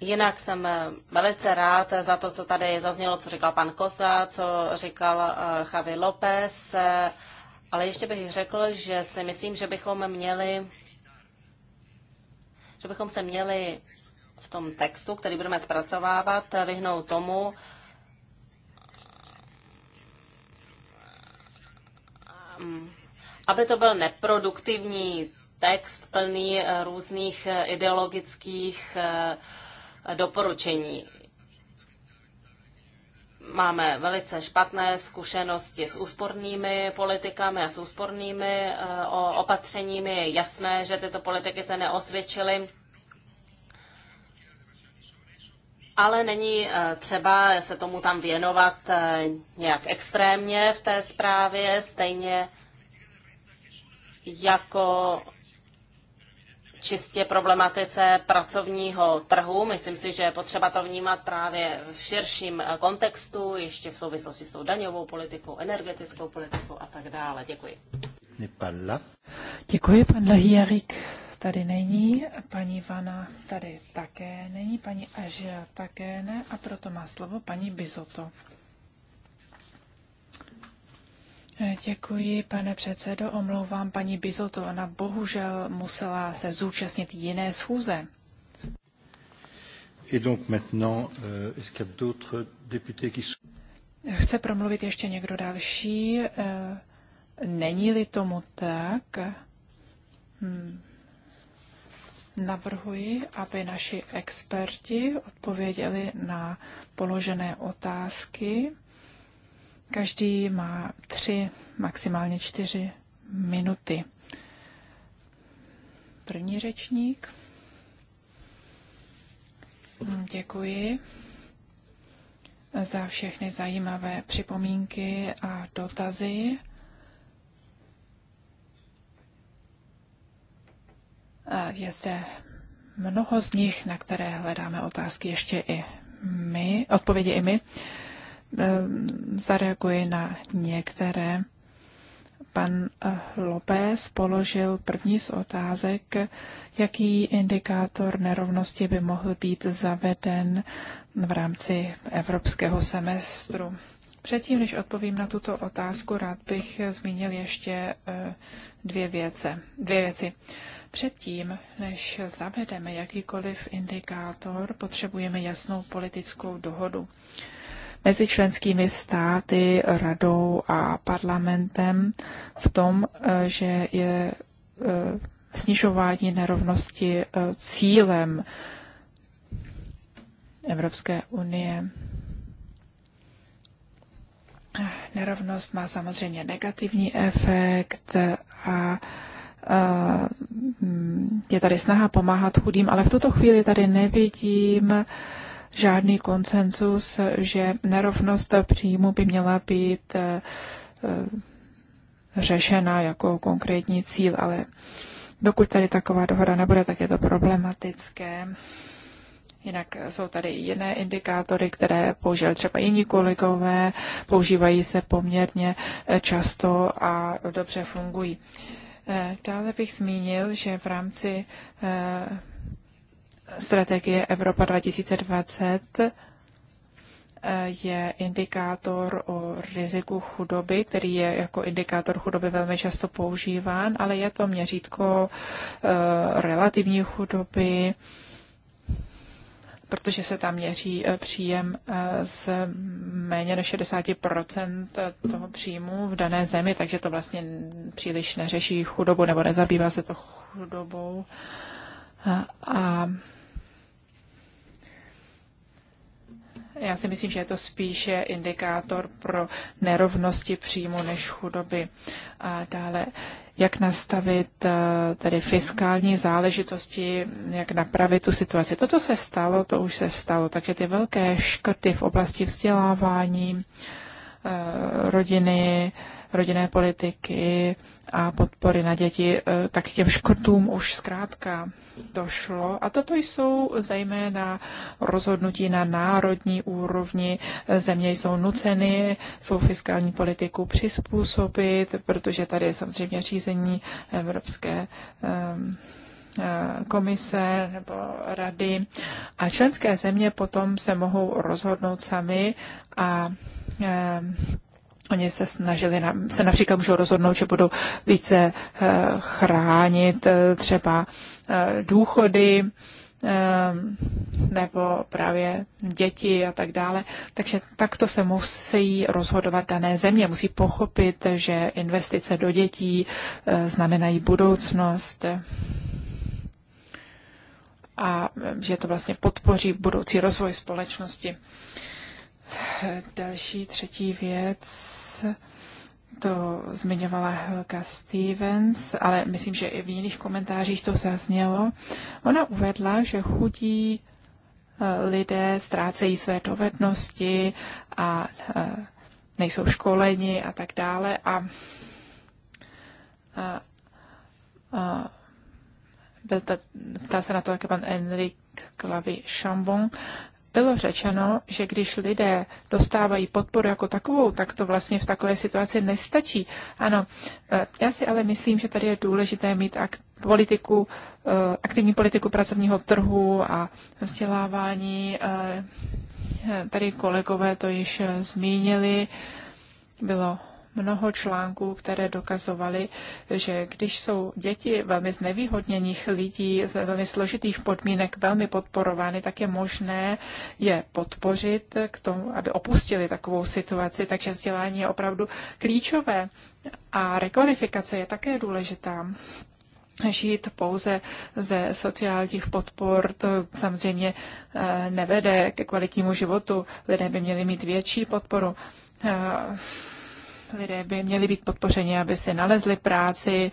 S3: Jinak jsem velice rád za to, co tady zaznělo, co říkal pan Kosa, co říkal Javi López. Ale ještě bych řekl, že si myslím, že bychom měli že bychom se měli v tom textu, který budeme zpracovávat, vyhnout tomu, aby to byl neproduktivní text plný různých ideologických eh, doporučení máme velice špatné zkušenosti s úspornými politikami a s úspornými eh, opatřeními. Je jasné, že tyto politiky se neosvědčily. Ale není eh, třeba se tomu tam věnovat eh, nějak extrémně v té zprávě, stejně jako čistě problematice pracovního trhu. Myslím si, že je potřeba to vnímat právě v širším eh, kontextu, ještě v souvislosti s tou daňovou politikou, energetickou politikou a tak dále. Děkuji.
S2: Děkuji, pan Lahijarik tady není, paní Vana tady také není, paní Ažia také ne a proto má slovo paní Bizoto. Děkuji, pane předsedo. Omlouvám paní Bizoto. Ona bohužel musela se zúčastnit jiné schůze.
S1: Et donc maintenant, euh, est-ce qu'il y a d'autres députés qui sont...
S2: Chce promluvit ještě někdo další? Eh, není-li tomu tak, hmm. navrhuji, aby naši experti odpověděli na položené otázky. Každý má tři, maximálně čtyři minuty. První řečník. Děkuji za všechny zajímavé připomínky a dotazy. Je zde mnoho z nich, na které hledáme otázky ještě i my, odpovědi i my. Ehm, zareaguji na některé. Pan eh, López položil první z otázek, jaký indikátor nerovnosti by mohl být zaveden v rámci evropského semestru. Předtím, než odpovím na tuto otázku, rád bych zmínil ještě eh, dvě, věce, dvě věci. Předtím, než zavedeme jakýkoliv indikátor, potřebujeme jasnou politickou dohodu mezi členskými státy, radou a parlamentem v tom, eh, že je eh, snižování nerovnosti eh, cílem Evropské unie. Nerovnost má samozřejmě negativní efekt a je tady snaha pomáhat chudým, ale v tuto chvíli tady nevidím žádný konsenzus, že nerovnost příjmu by měla být eh, řešena jako konkrétní cíl, ale dokud tady taková dohoda nebude, tak je to problematické. Jinak jsou tady jiné indikátory, které použil třeba jiní kolegové, používají se poměrně eh, často a dobře fungují. Eh, dále bych zmínil, že v rámci strategie Evropa 2020 eh, je indikátor o riziku chudoby, který je jako indikátor chudoby velmi často používán, ale je to měřítko eh, relativní chudoby, protože se tam měří eh, příjem z méně než 60 toho příjmu v dané zemi, takže to vlastně příliš neřeší chudobu nebo nezabývá se to chudobou. A, a Já si myslím, že je to spíše indikátor pro nerovnosti příjmu než chudoby. A dále, jak nastavit eh, tedy fiskální záležitosti, jak napravit tu situaci. To, co se stalo, to už se stalo. Takže ty velké škrty v oblasti vzdělávání, eh, rodiny, rodinné politiky, a podpory na děti, e, tak těm škrtům už zkrátka došlo. A toto jsou zejména rozhodnutí na národní úrovni. Země jsou nuceny svou fiskální politiku přizpůsobit, protože tady je samozřejmě řízení Evropské e, komise nebo rady. A členské země potom se mohou rozhodnout sami a Oni se snažili, se například můžou rozhodnout, že budou více eh, chránit eh, třeba eh, důchody nebo právě děti a tak dále. Takže takto se musí rozhodovat dané země. Musí pochopit, že investice do dětí znamenají budoucnost a že to vlastně podpoří budoucí rozvoj společnosti. Další třetí věc, to zmiňovala Helga Stevens, ale myslím, že i v jiných komentářích to zaznělo. Ona uvedla, že chudí eh, lidé ztrácejí své dovednosti a eh, nejsou školeni a tak dále. A, a, a byl ta, ptá se na to také pan Enrik Klavi Chambon bylo řečeno, že když lidé dostávají podporu jako takovou, tak to vlastně v takové situaci nestačí. Ano, eh, já si ale myslím, že tady je důležité mít ak- politiku, eh, aktivní politiku pracovního trhu a vzdělávání. Eh, tady kolegové to již zmínili. Bylo mnoho článků, které dokazovaly, že když jsou děti velmi znevýhodněných lidí z velmi složitých podmínek velmi podporovány, tak je možné je podpořit k tomu, aby opustili takovou situaci. Takže vzdělání je opravdu klíčové a rekvalifikace je také důležitá žít pouze ze sociálních podpor, to samozřejmě eh, nevede ke kvalitnímu životu. Lidé by měli mít větší podporu. Eh, lidé by měli být podpořeni, aby si nalezli práci,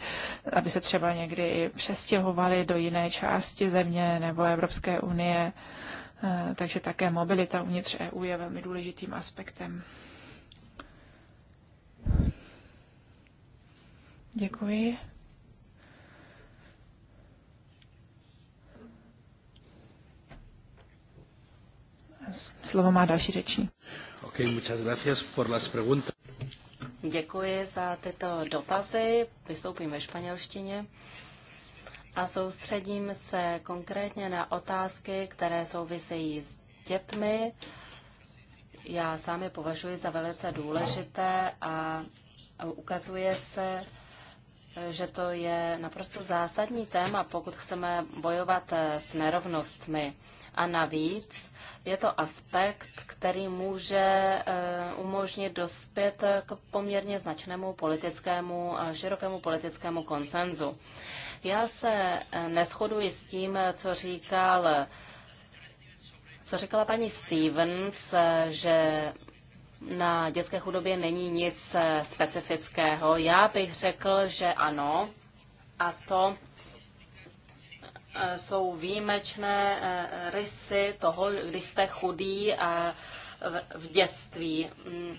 S2: aby se třeba někdy přestěhovali do jiné části země nebo Evropské unie. Eh, takže také mobilita uvnitř EU je velmi důležitým aspektem. Děkuji. Slovo má další řečník. Okay, muchas gracias por las preguntas.
S3: Děkuji za tyto dotazy, vystoupím ve španělštině a soustředím se konkrétně na otázky, které souvisejí s dětmi. Já sám je považuji za velice důležité a ukazuje se, že to je naprosto zásadní téma, pokud chceme bojovat s nerovnostmi. A navíc je to aspekt, který může eh, umožnit dospět k poměrně značnému politickému, a širokému politickému konsenzu. Já se eh, neschoduji s tím, co říkal co říkala paní Stevens, že na dětské chudobě není nic eh, specifického. Já bych řekl, že ano, a to Eh, jsou výjimečné eh, rysy toho, když jste chudý eh, v dětství. Mm.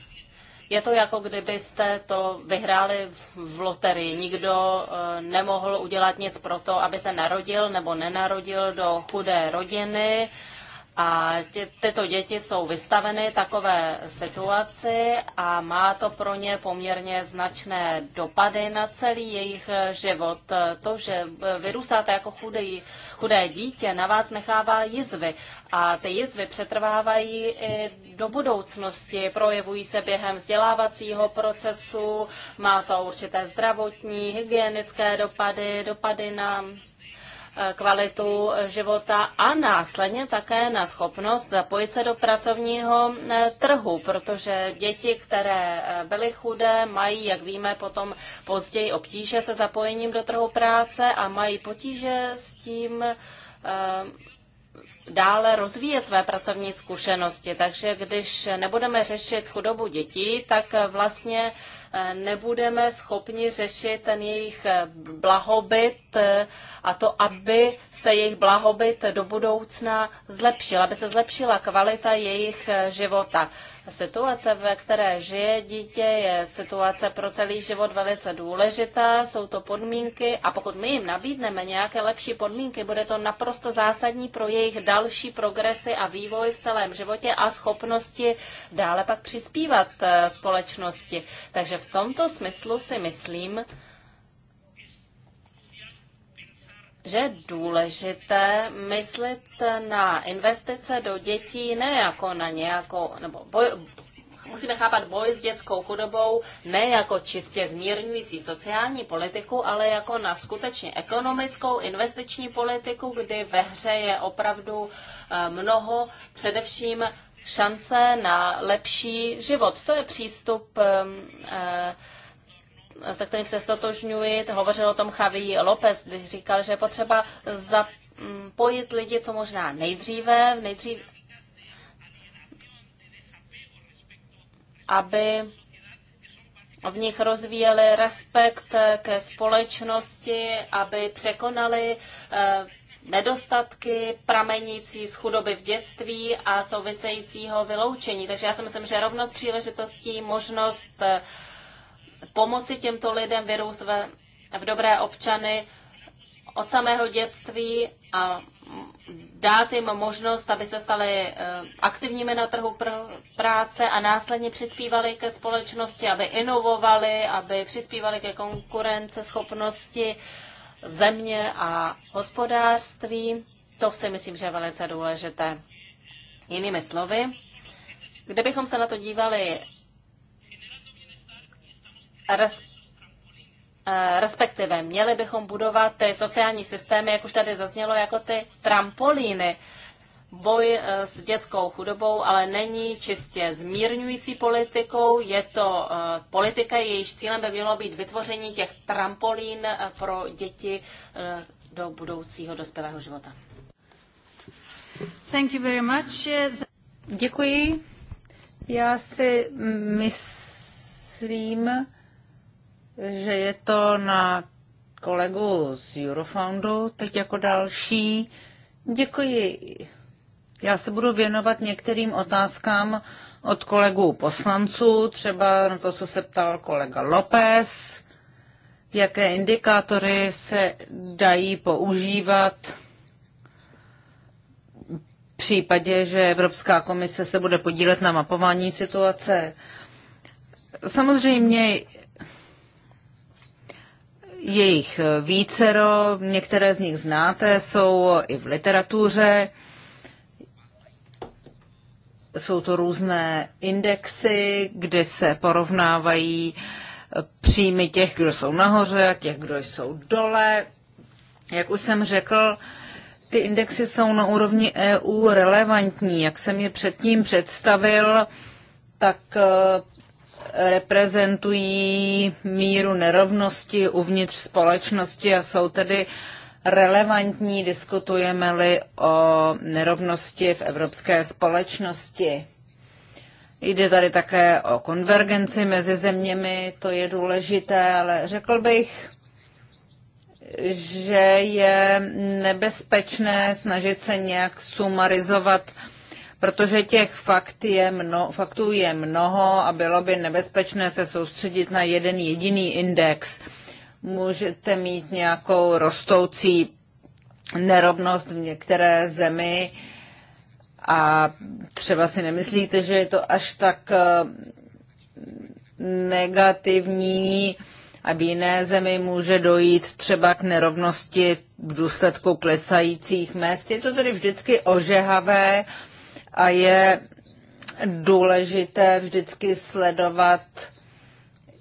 S3: Je to jako kdybyste to vyhráli v loterii. Nikdo nemohl udělat nic pro to, aby se narodil nebo nenarodil do chudé rodiny. A tě, tyto děti jsou vystaveny takové situaci a má to pro ně poměrně značné dopady na celý jejich život. To, že vyrůstáte jako chudý, chudé dítě, na vás nechává jizvy. A ty jizvy přetrvávají i do budoucnosti, projevují se během vzdělávacího procesu, má to určité zdravotní, hygienické dopady, dopady na kvalitu života a následně také na schopnost zapojit se do pracovního eh, trhu, protože děti, které eh, byly chudé, mají, jak víme, potom později obtíže se zapojením do trhu práce a mají potíže s tím, eh, dále rozvíjet své pracovní zkušenosti. Takže když nebudeme řešit chudobu dětí, tak vlastně Eh, nebudeme schopni řešit ten jejich eh, blahobyt eh, a to, aby se jejich blahobyt do budoucna zlepšil, aby se zlepšila kvalita jejich života. Situace, ve které žije dítě, je situace pro celý život velice důležitá, jsou to podmínky a pokud my jim nabídneme nějaké lepší podmínky, bude to naprosto zásadní pro jejich další progresy a vývoj v celém životě a schopnosti dále pak přispívat společnosti. Takže takže v tomto smyslu si myslím, že je důležité myslet na investice do dětí ne jako na nějakou, nebo boj, musíme chápat boj s dětskou chudobou ne jako čistě zmírňující sociální politiku, ale jako na skutečně ekonomickou investiční politiku, kdy ve hře je opravdu eh, mnoho především šance na lepší život. To je přístup um, eh, se kterým se stotožňuji, hovořil o tom Javi López, když říkal, že je potřeba zapojit mm, lidi co možná nejdříve, nejdříve aby v nich rozvíjeli respekt ke společnosti, aby překonali eh, nedostatky pramenící z chudoby v dětství a souvisejícího vyloučení. Takže já si myslím, že rovnost příležitostí, možnost eh, pomoci těmto lidem vyrůst ve, v dobré občany od samého dětství a dát jim možnost, aby se stali eh, aktivními na trhu pr- práce a následně přispívali ke společnosti, aby inovovali, aby přispívali ke konkurenceschopnosti schopnosti země a hospodářství. To si myslím, že je velice důležité. Jinými slovy, kdybychom se na to dívali res, eh, respektive měli bychom budovat ty sociální systémy, jak už tady zaznělo, jako ty trampolíny, boj eh, s dětskou chudobou, ale není čistě zmírňující politikou, je to eh, politika, jejíž cílem by mělo být vytvoření těch trampolín eh, pro děti do budoucího dospělého života.
S1: Thank you very much. Děkuji. Já si myslím, že je to na kolegu z Eurofoundu, teď jako další. Děkuji já se budu věnovat některým otázkám od kolegů poslanců, třeba na to, co se ptal kolega López, jaké indikátory se dají používat v případě, že Evropská komise se bude podílet na mapování situace. Samozřejmě jejich vícero, některé z nich znáte, jsou i v literatuře. Jsou to různé indexy, kde se porovnávají eh, příjmy těch, kdo jsou nahoře a těch, kdo jsou dole. Jak už jsem řekl, ty indexy jsou na úrovni EU relevantní. Jak jsem je předtím představil, tak eh, reprezentují míru nerovnosti uvnitř společnosti a jsou tedy relevantní, diskutujeme-li o nerovnosti v evropské společnosti. Jde tady také o konvergenci mezi zeměmi, to je důležité, ale řekl bych, že je nebezpečné snažit se nějak sumarizovat, protože těch fakt je mno, faktů je mnoho a bylo by nebezpečné se soustředit na jeden jediný index můžete mít nějakou rostoucí nerovnost v některé zemi a třeba si nemyslíte, že je to až tak eh, negativní a v jiné zemi může dojít třeba k nerovnosti v důsledku klesajících mest. Je to tedy vždycky ožehavé a je důležité vždycky sledovat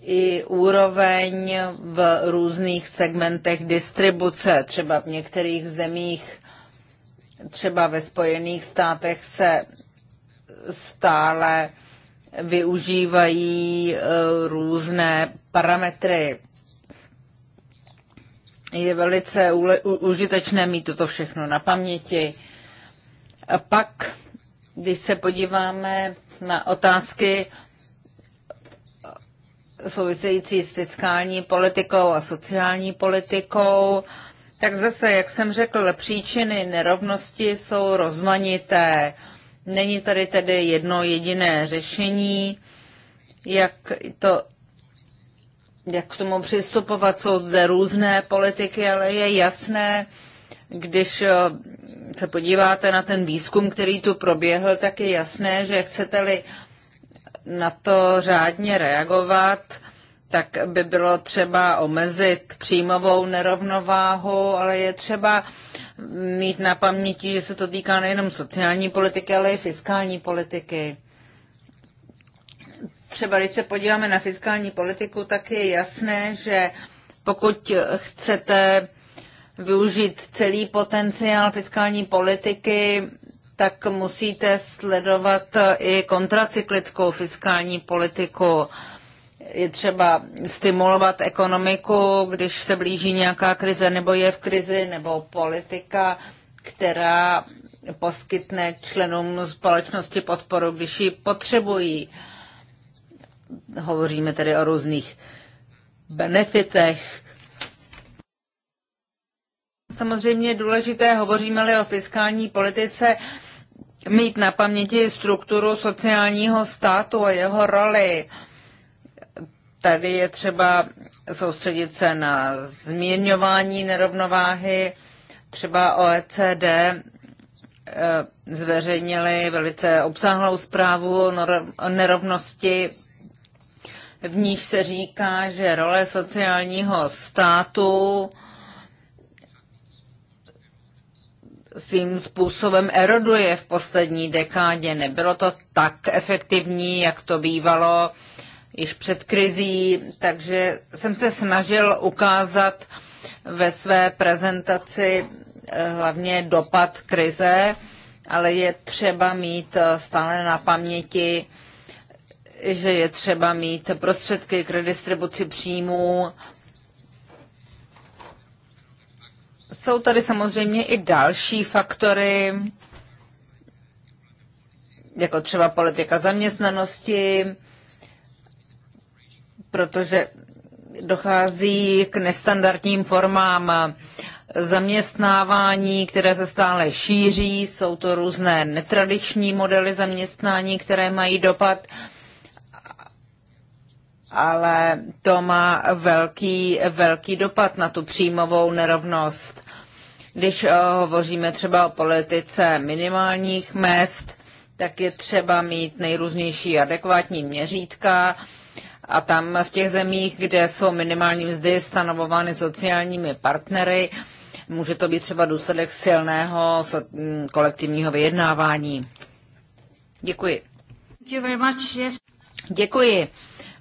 S1: i úroveň v různých segmentech distribuce. Třeba v některých zemích, třeba ve Spojených státech se stále využívají eh, různé parametry. Je velice užitečné mít toto všechno na paměti. A pak, když se podíváme na otázky, související s fiskální politikou a sociální politikou. Tak zase, jak jsem řekl, příčiny nerovnosti jsou rozmanité. Není tady tedy jedno jediné řešení, jak, to, jak k tomu přistupovat. Jsou zde různé politiky, ale je jasné, když eh, se podíváte na ten výzkum, který tu proběhl, tak je jasné, že chcete-li uh, na to řádně reagovat, tak by bylo třeba omezit příjmovou nerovnováhu, ale je třeba mít na paměti, že se to týká nejenom sociální politiky, ale i fiskální politiky. Třeba když se podíváme na fiskální politiku, tak je jasné, že pokud chcete využít celý potenciál fiskální politiky, tak musíte sledovat i kontracyklickou fiskální politiku. Je třeba stimulovat ekonomiku, když se blíží nějaká krize nebo je v krizi, nebo politika, která poskytne členům společnosti podporu, když ji potřebují. Hovoříme tedy o různých benefitech. Samozřejmě je důležité, hovoříme-li o fiskální politice, mít na paměti strukturu sociálního státu a jeho roli. Tady je třeba soustředit se na změňování nerovnováhy. Třeba OECD eh, zveřejnili velice obsáhlou zprávu o nerovnosti, v níž se říká, že role sociálního státu svým způsobem eroduje v poslední dekádě. Nebylo to tak efektivní, jak to bývalo již před krizí, takže jsem se snažil ukázat ve své prezentaci eh, hlavně dopad krize, ale je třeba mít eh, stále na paměti, že je třeba mít prostředky k redistribuci příjmů, Jsou tady samozřejmě i další faktory, jako třeba politika zaměstnanosti, protože dochází k nestandardním formám zaměstnávání, které se stále šíří, jsou to různé netradiční modely zaměstnání, které mají dopad, ale to má velký, velký dopad na tu příjmovou nerovnost. Když eh, hovoříme třeba o politice minimálních mest, tak je třeba mít nejrůznější adekvátní měřítka a tam v těch zemích, kde jsou minimální mzdy stanovovány sociálními partnery, může to být třeba důsledek silného mm, kolektivního vyjednávání. Děkuji. Děkuji.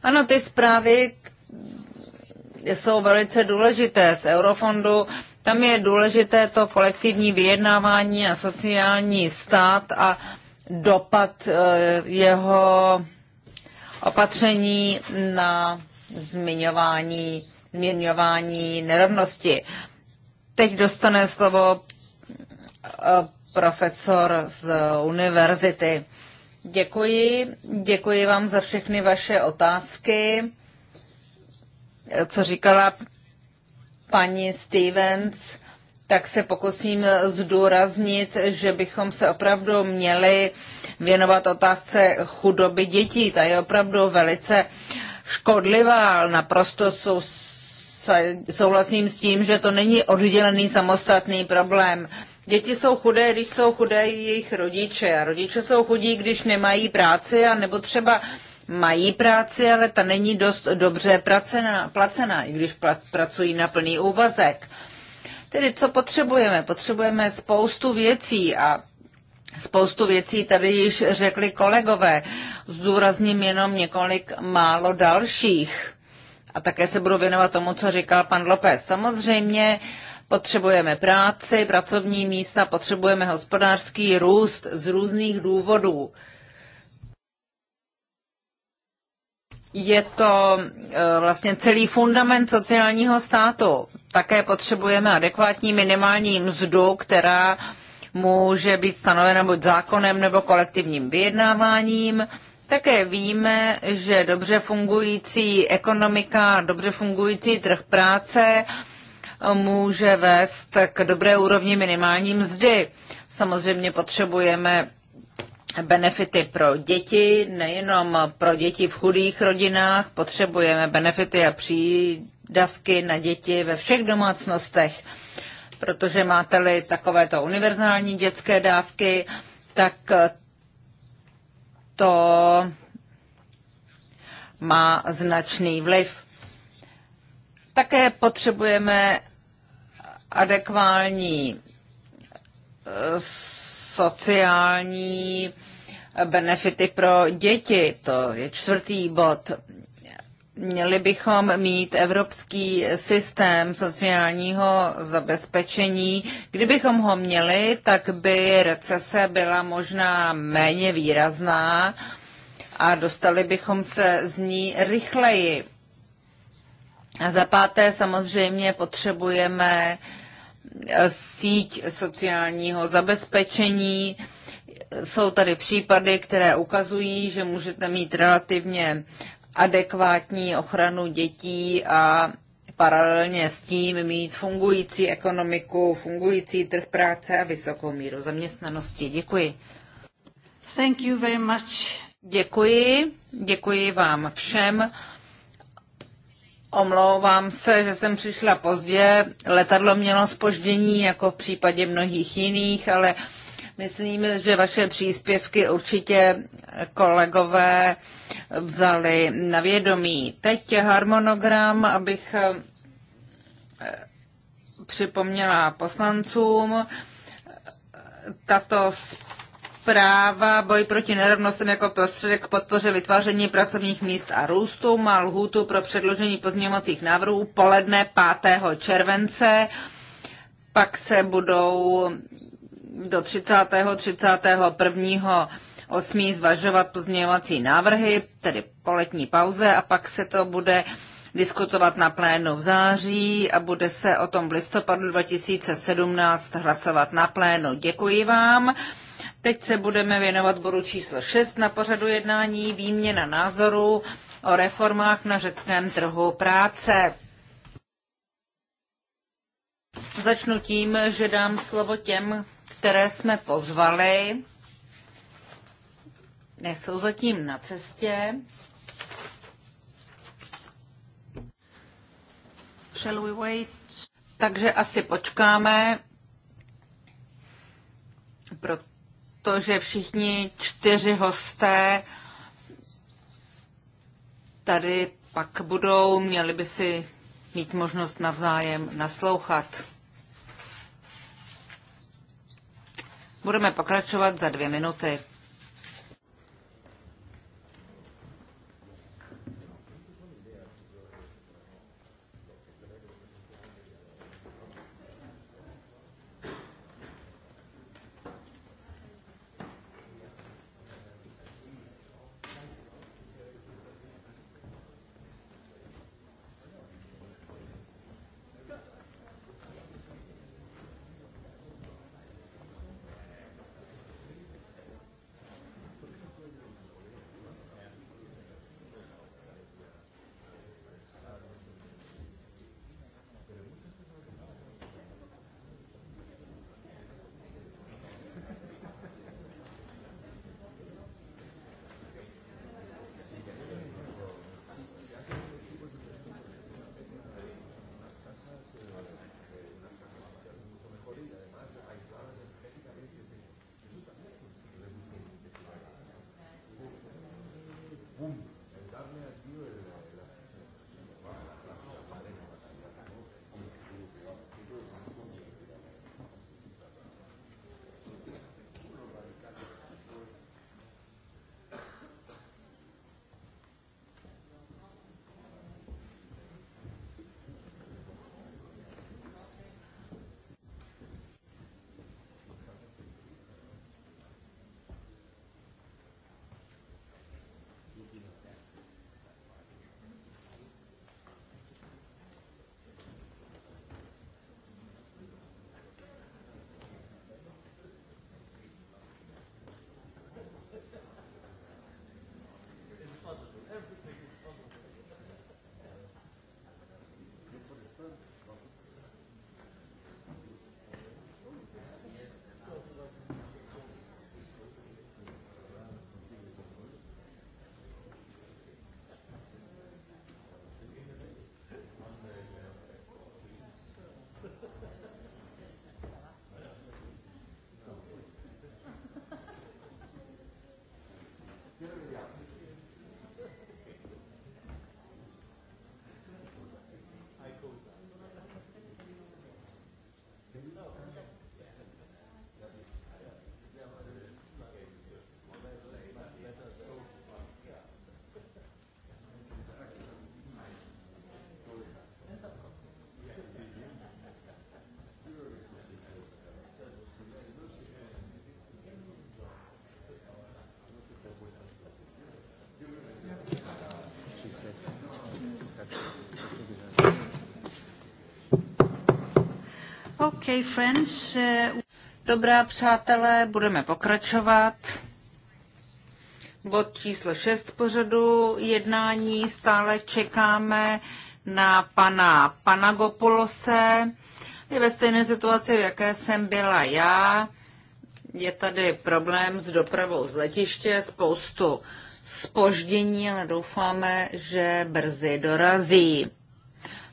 S1: Ano, ty zprávy jsou velice důležité z Eurofondu tam je důležité to kolektivní vyjednávání a sociální stát a dopad eh, jeho opatření na zmiňování, změňování nerovnosti. Teď dostane slovo eh, profesor z univerzity. Děkuji, děkuji vám za všechny vaše otázky. Co říkala paní Stevens, tak se pokusím zdůraznit, že bychom se opravdu měli věnovat otázce chudoby dětí. Ta je opravdu velice škodlivá, naprosto sou, souhlasím s tím, že to není oddělený samostatný problém. Děti jsou chudé, když jsou chudé jejich rodiče a rodiče jsou chudí, když nemají práci a nebo třeba mají práci, ale ta není dost dobře placená, placená i když pracují na plný úvazek. Tedy co potřebujeme? Potřebujeme spoustu věcí a Spoustu věcí tady již řekli kolegové. Zdůrazním jenom několik málo dalších. A také se budu věnovat tomu, co říkal pan López. Samozřejmě potřebujeme práci, pracovní místa, potřebujeme hospodářský růst z různých důvodů. je to e, vlastně celý fundament sociálního státu. Také potřebujeme adekvátní minimální mzdu, která může být stanovena buď zákonem nebo kolektivním vyjednáváním. Také víme, že dobře fungující ekonomika, dobře fungující trh práce může vést k dobré úrovni minimální mzdy. Samozřejmě potřebujeme benefity pro děti, nejenom pro děti v chudých rodinách, potřebujeme benefity a přídavky na děti ve všech domácnostech, protože máte-li takovéto univerzální dětské dávky, tak to má značný vliv. Také potřebujeme adekvální sociální benefity pro děti. To je čtvrtý bod. Měli bychom mít evropský systém sociálního zabezpečení. Kdybychom ho měli, tak by recese byla možná méně výrazná a dostali bychom se z ní rychleji. A za páté samozřejmě potřebujeme uh, síť sociálního zabezpečení. Jsou tady případy, které ukazují, že můžete mít relativně adekvátní ochranu dětí a paralelně s tím mít fungující ekonomiku, fungující trh práce a vysokou míru zaměstnanosti. Děkuji. Thank you very much. Děkuji. Děkuji vám všem. Omlouvám se, že jsem přišla pozdě. Letadlo mělo spoždění, jako v případě mnohých jiných, ale myslím, že vaše příspěvky určitě kolegové vzali na vědomí. Teď harmonogram, abych eh, připomněla poslancům. Tato práva, boj proti nerovnostem jako prostředek k podpoře vytváření pracovních míst a růstu má lhůtu pro předložení pozměňovacích návrhů poledne 5. července. Pak se budou do 30. 31. 8. zvažovat pozměňovací návrhy, tedy po letní pauze, a pak se to bude diskutovat na plénu v září a bude se o tom v listopadu 2017 hlasovat na plénu. Děkuji vám. Teď se budeme věnovat bodu číslo 6 na pořadu jednání výměna názorů o reformách na řeckém trhu práce. Začnu tím, že dám slovo těm, které jsme pozvali. nesou zatím na cestě. Shall we wait? Takže asi počkáme, protože to, že všichni čtyři hosté tady pak budou, měli by si mít možnost navzájem naslouchat. Budeme pokračovat za dvě minuty. Okay, friends. Uh, Dobrá, přátelé, budeme pokračovat. Bod číslo 6 pořadu jednání. Stále čekáme na pana Panagopolose. Je ve stejné situaci, v jaké jsem byla já. Je tady problém s dopravou z letiště, spoustu spoždění, ale doufáme, že brzy dorazí.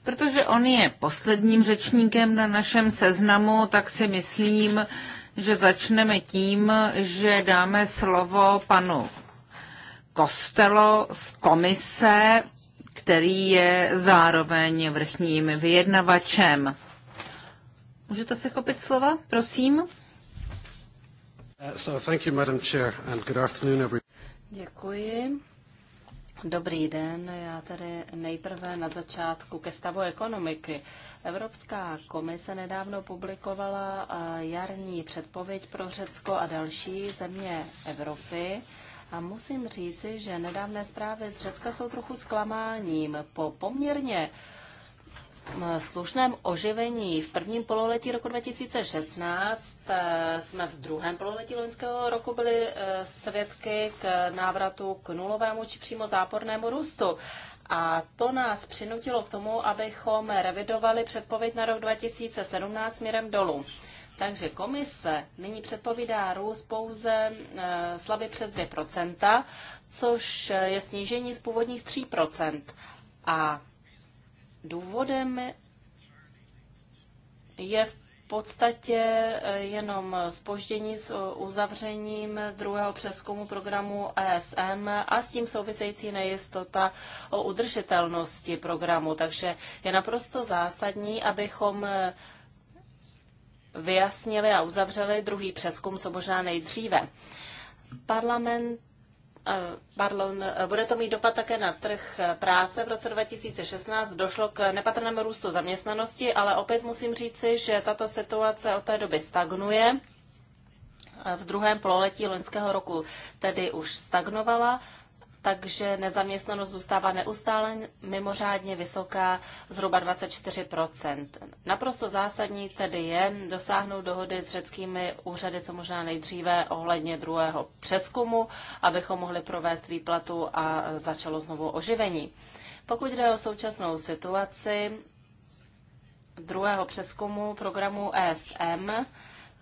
S1: Protože on je posledním řečníkem na našem seznamu, tak si myslím, že začneme tím, že dáme slovo panu Kostelo z komise, který je zároveň vrchním vyjednavačem. Můžete se chopit slova, prosím? Uh,
S3: so, thank you, Madam Chair, and good afternoon, Děkuji. Dobrý den, já tady nejprve na začátku ke stavu ekonomiky. Evropská komise nedávno publikovala eh, jarní předpověď pro Řecko a další země Evropy. A musím říci, že nedávné zprávy z Řecka jsou trochu zklamáním. Po poměrně uh, Eh, slušném oživení. V prvním pololetí roku 2016 eh, jsme v druhém pololetí loňského roku byli eh, svědky k návratu k nulovému či přímo zápornému růstu. A to nás přinutilo k tomu, abychom revidovali předpověď na rok 2017 směrem dolů. Takže komise nyní předpovídá růst pouze slabě přes 2%, což je snížení z původních 3%. A důvodem je v podstatě eh, jenom spoždění s eh, uzavřením druhého přeskumu programu ESM a s tím související nejistota o udržitelnosti programu. Takže je naprosto zásadní, abychom eh, vyjasnili a uzavřeli druhý přeskum co možná nejdříve. Parlament Pardon, bude to mít dopad také na trh práce. V roce 2016 došlo k nepatrnému růstu zaměstnanosti, ale opět musím říci, že tato situace od té doby stagnuje. V druhém pololetí loňského roku tedy už stagnovala takže nezaměstnanost zůstává neustále mimořádně vysoká, zhruba 24 Naprosto zásadní tedy je dosáhnout dohody s řeckými úřady, co možná nejdříve ohledně druhého přeskumu, abychom mohli provést výplatu a začalo znovu oživení. Pokud jde o současnou situaci druhého přeskumu programu ESM,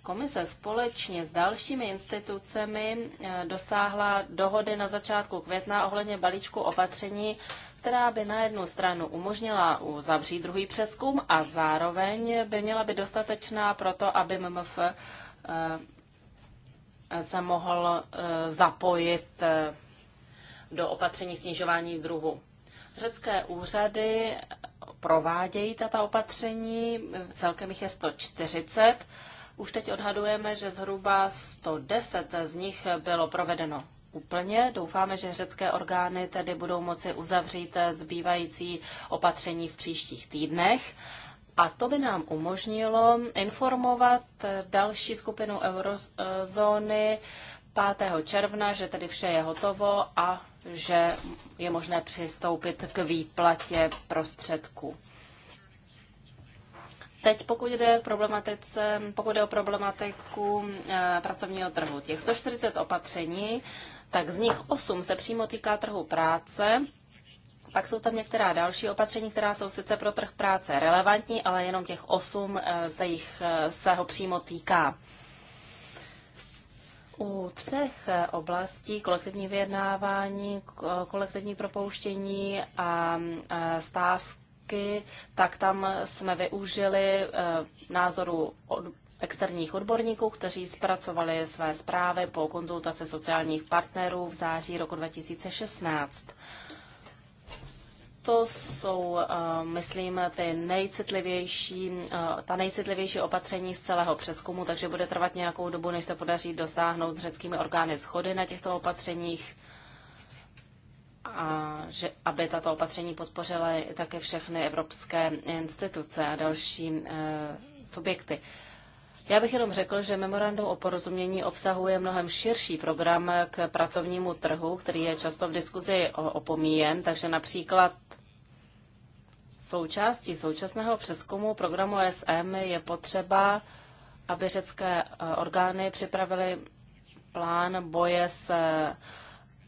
S3: komise společně s dalšími institucemi eh, dosáhla dohody na začátku května ohledně balíčku opatření, která by na jednu stranu umožnila uzavřít druhý přeskum a zároveň by měla být dostatečná pro to, aby MMF eh, se mohl eh, zapojit do opatření snižování druhu. Řecké úřady provádějí tato opatření, celkem jich je 140 už teď odhadujeme, že zhruba 110 z nich bylo provedeno úplně. Doufáme, že řecké orgány tedy budou moci uzavřít zbývající opatření v příštích týdnech. A to by nám umožnilo informovat další skupinu eurozóny 5. června, že tedy vše je hotovo a že je možné přistoupit k výplatě prostředků. Teď pokud jde, problematice, pokud jde o problematiku eh, pracovního trhu, těch 140 opatření, tak z nich 8 se přímo týká trhu práce, pak jsou tam některá další opatření, která jsou sice pro trh práce relevantní, ale jenom těch 8 eh, se, jich, eh, se ho přímo týká. U třech oblastí kolektivní vyjednávání, kolektivní propouštění a stávky, roky, tak tam jsme využili eh, názoru od externích odborníků, kteří zpracovali své zprávy po konzultaci sociálních partnerů v září roku 2016. To jsou, eh, myslím, ty nejcitlivější, eh, ta nejcitlivější opatření z celého přeskumu, takže bude trvat nějakou dobu, než se podaří dosáhnout s řeckými orgány schody na těchto opatřeních a že, aby tato opatření podpořily také všechny evropské instituce a další eh, subjekty. Já bych jenom řekl, že memorandum o porozumění obsahuje mnohem širší program k pracovnímu trhu, který je často v diskuzi opomíjen, takže například součástí současného přeskumu programu SM je potřeba, aby řecké eh, orgány připravily plán boje s eh,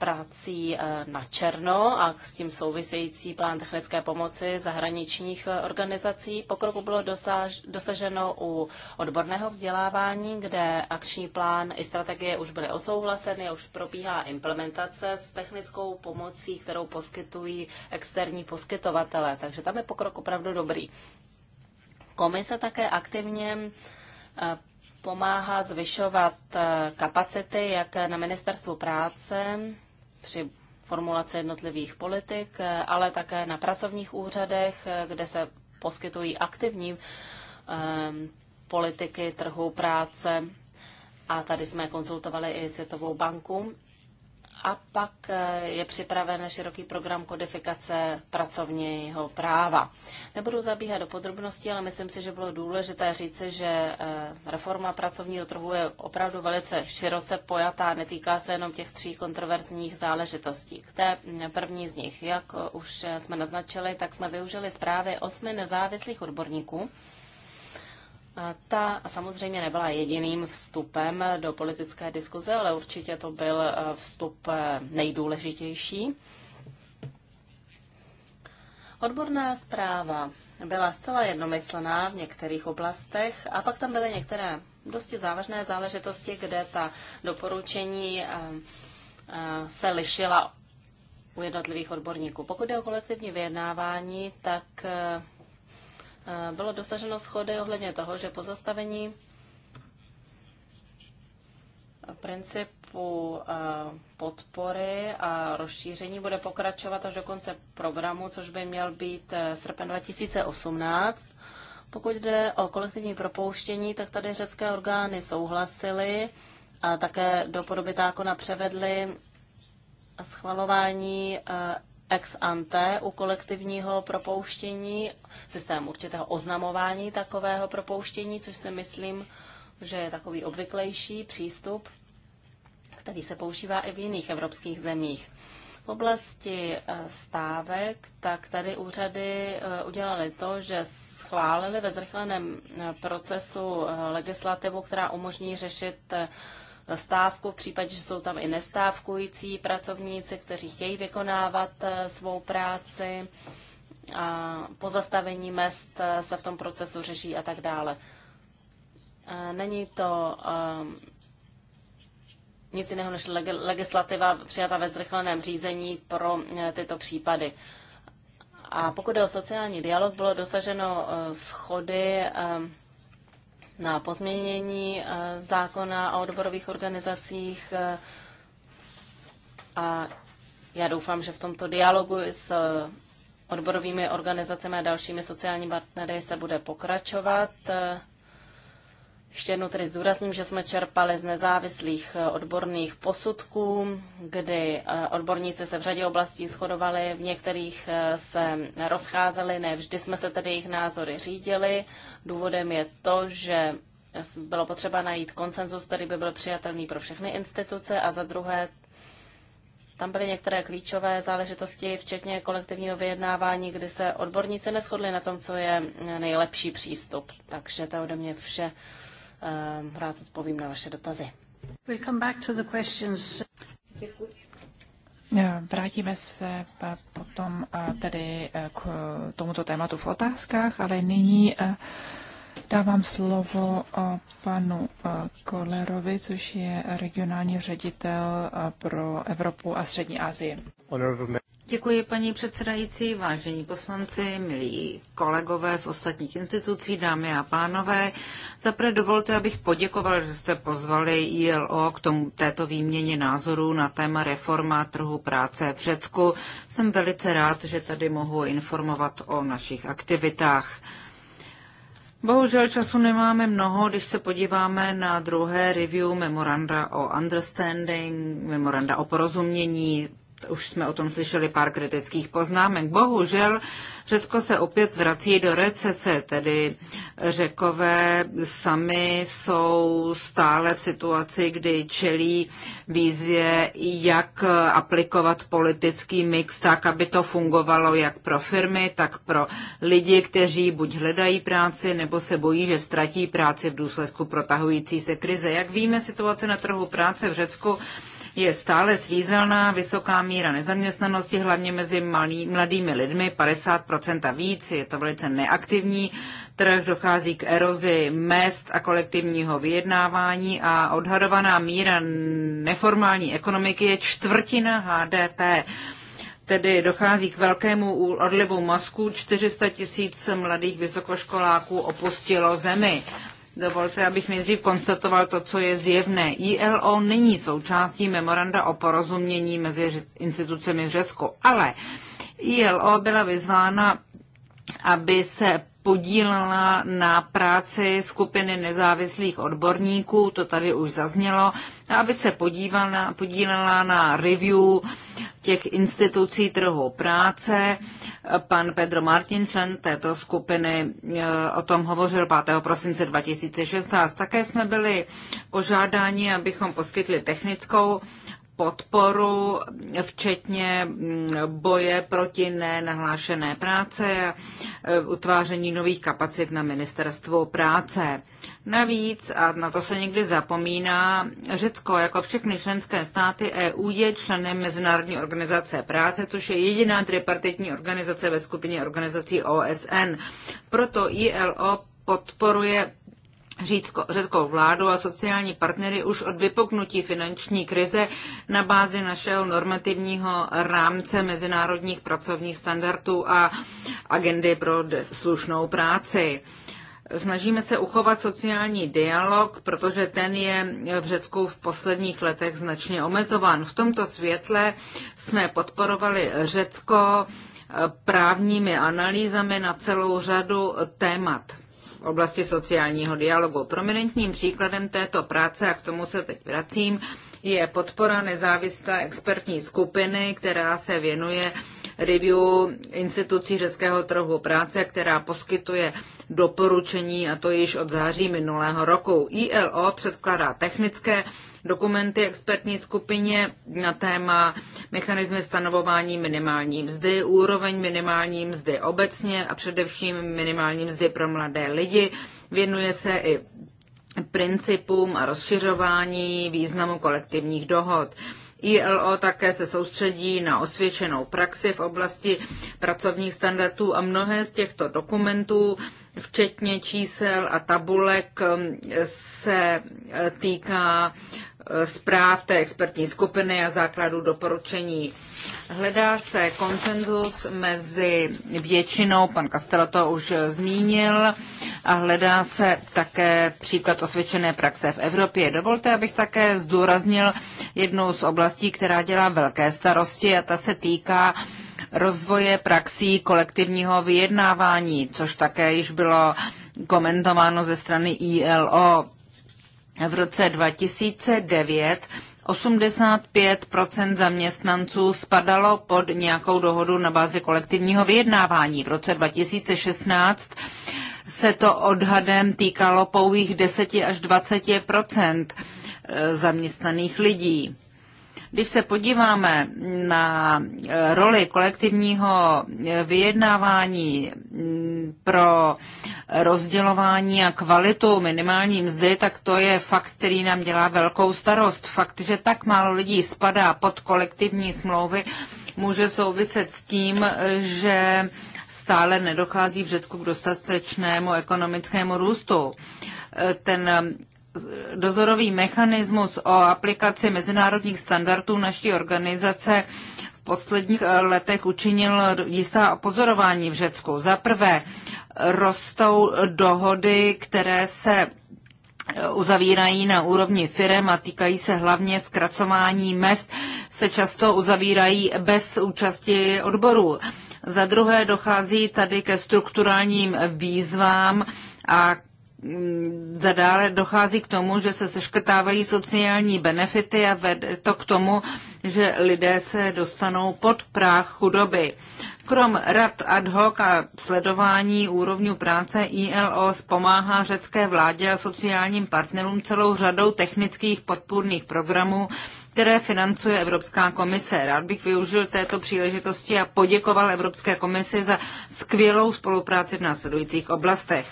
S3: prací eh, na černo a s tím související plán technické pomoci zahraničních organizací. Pokroku bylo dosaž, dosaženo u odborného vzdělávání, kde akční plán i strategie už byly odsouhlaseny a už probíhá implementace s technickou pomocí, kterou poskytují externí poskytovatele. Takže tam je pokrok opravdu dobrý. Komise také aktivně eh, pomáhá zvyšovat eh, kapacity jak na ministerstvu práce, při formulaci jednotlivých politik, eh, ale také na pracovních úřadech, eh, kde se poskytují aktivní ehm, politiky trhu práce. A tady jsme konzultovali i Světovou banku a pak eh, je připraven široký program kodifikace pracovního práva. Nebudu zabíhat do podrobností, ale myslím si, že bylo důležité říci, že eh, reforma pracovního trhu je opravdu velice široce pojatá, netýká se jenom těch tří kontroverzních záležitostí. K té mm, první z nich, jak už eh, jsme naznačili, tak jsme využili zprávy osmi nezávislých odborníků, ta samozřejmě nebyla jediným vstupem do politické diskuze, ale určitě to byl eh, vstup eh, nejdůležitější. Odborná zpráva byla zcela jednomyslná v některých oblastech a pak tam byly některé dosti závažné záležitosti, kde ta doporučení eh, se lišila u jednotlivých odborníků. Pokud je o kolektivní vyjednávání, tak Eh, bylo dosaženo schody ohledně toho, že pozastavení eh, principu eh, podpory a rozšíření bude pokračovat až do konce programu, což by měl být srpen 2018. Pokud jde o kolektivní propouštění, tak tady řecké orgány souhlasily a také do podoby zákona převedly schvalování ex ante u kolektivního propouštění, systém určitého oznamování takového propouštění, což si myslím, že je takový obvyklejší přístup, který se používá i v jiných evropských zemích. V oblasti e, stávek, tak tady úřady e, udělali to, že schválili ve zrychleném e, procesu legislativu, která umožní řešit stávku, v případě, že jsou tam i nestávkující pracovníci, kteří chtějí vykonávat eh, svou práci, a pozastavení mest eh, se v tom procesu řeší a tak dále. Eh, není to nic jiného než legislativa přijata ve zrychleném řízení pro tyto případy. A pokud je o sociální dialog, bylo dosaženo schody na pozměnění eh, zákona o odborových organizacích eh, a já doufám, že v tomto dialogu s eh, odborovými organizacemi a dalšími sociálními partnery se bude pokračovat. Ještě jednou tedy zdůrazním, že jsme čerpali z nezávislých odborných posudků, kdy odborníci se v řadě oblastí shodovali, v některých se rozcházeli, ne vždy jsme se tedy jejich názory řídili Důvodem je to, že bylo potřeba najít konsenzus, který by byl přijatelný pro všechny instituce a za druhé tam byly některé klíčové záležitosti, včetně kolektivního vyjednávání, kdy se odborníci neschodli na tom, co je nejlepší přístup. Takže to ode mě vše. Eh, rád odpovím na vaše dotazy.
S2: We'll come back to the questions. Děkuji. Eh, vrátíme se potom eh, tedy eh, k tomuto tématu v otázkách, ale nyní dávám slovo panu Kolerovi, což je regionální ředitel pro Evropu a Střední Asii. Děkuji,
S1: paní předsedající, vážení poslanci, milí kolegové z ostatních institucí, dámy a pánové. Zaprvé dovolte, abych poděkoval, že jste pozvali ILO k tomu této výměně názorů na téma reforma trhu práce v Řecku. Jsem velice rád, že tady mohu informovat o našich aktivitách. Bohužel času nemáme mnoho, když se podíváme na druhé review memoranda o understanding, memoranda o porozumění už jsme o tom slyšeli pár kritických poznámek. Bohužel Řecko se opět vrací do recese, tedy řekové sami jsou stále v situaci, kdy čelí výzvě, jak aplikovat politický mix tak, aby to fungovalo jak pro firmy, tak pro lidi, kteří buď hledají práci, nebo se bojí, že ztratí práci v důsledku protahující se krize. Jak víme, situace na trhu práce v Řecku je stále svízelná, vysoká míra nezaměstnanosti, hlavně mezi malý, mladými lidmi, 50% a víc, je to velice neaktivní trh, dochází k erozi mest a kolektivního vyjednávání a odhadovaná míra neformální ekonomiky je čtvrtina HDP tedy dochází k velkému odlivu masků, 400 tisíc mladých vysokoškoláků opustilo zemi. Dovolte, abych nejdřív konstatoval to, co je zjevné. ILO není součástí memoranda o porozumění mezi institucemi v Řecku, ale ILO byla vyzvána aby se podílela na práci skupiny nezávislých odborníků, to tady už zaznělo, aby se podívala, podílela na review těch institucí trhu práce. Pan Pedro Martin, člen této skupiny, eh, o tom hovořil 5. prosince 2016. Také jsme byli požádáni, abychom poskytli technickou podporu, včetně mm, boje proti nenahlášené práce, e, utváření nových kapacit na ministerstvu práce. Navíc, a na to se někdy zapomíná, Řecko jako všechny členské státy EU je členem Mezinárodní organizace práce, což je jediná tripartitní organizace ve skupině organizací OSN. Proto ILO podporuje řeckou vládu a sociální partnery už od vypuknutí finanční krize na bázi našeho normativního rámce mezinárodních pracovních standardů a agendy pro slušnou práci. Snažíme se uchovat sociální dialog, protože ten je v Řecku v posledních letech značně omezován. V tomto světle jsme podporovali Řecko eh, právními analýzami na celou řadu témat v oblasti sociálního dialogu. Prominentním příkladem této práce, a k tomu se teď vracím, je podpora nezávislé expertní skupiny, která se věnuje review institucí řeckého trhu práce, která poskytuje doporučení, a to již od září minulého roku. ILO předkládá technické dokumenty expertní skupině na téma mechanizmy stanovování minimální mzdy, úroveň minimální mzdy obecně a především minimální mzdy pro mladé lidi. Věnuje se i principům a rozšiřování významu kolektivních dohod. ILO také se soustředí na osvědčenou praxi v oblasti pracovních standardů a mnohé z těchto dokumentů, včetně čísel a tabulek, se týká zpráv té expertní skupiny a základů doporučení. Hledá se konsenzus mezi většinou, pan Castelo to už zmínil, a hledá se také příklad osvědčené praxe v Evropě. Dovolte, abych také zdůraznil jednu z oblastí, která dělá velké starosti a ta se týká rozvoje praxí kolektivního vyjednávání, což také již bylo komentováno ze strany ILO v roce 2009 85 zaměstnanců spadalo pod nějakou dohodu na bázi kolektivního vyjednávání. V roce 2016 se to odhadem týkalo pouhých 10 až 20 eh, zaměstnaných lidí. Když se podíváme na e, roli kolektivního e, vyjednávání pro rozdělování a kvalitu minimální mzdy, tak to je fakt, který nám dělá velkou starost. Fakt, že tak málo lidí spadá pod kolektivní smlouvy, může souviset s tím, e, že stále nedochází v Řecku k dostatečnému ekonomickému růstu. Ten dozorový mechanismus o aplikaci mezinárodních standardů naší organizace v posledních eh, letech učinil jistá pozorování v Řecku. Za prvé, rostou dohody, které se eh, uzavírají na úrovni firem a týkají se hlavně zkracování mest, se často uzavírají bez účasti odborů. Za druhé dochází tady ke strukturálním výzvám a Zadále dochází k tomu, že se seškrtávají sociální benefity a vede to k tomu, že lidé se dostanou pod práh chudoby. Krom rad ad hoc a sledování úrovňu práce ILO pomáhá řecké vládě a sociálním partnerům celou řadou technických podpůrných programů, které financuje Evropská komise. Rád bych využil této příležitosti a poděkoval Evropské komisi za skvělou spolupráci v následujících oblastech.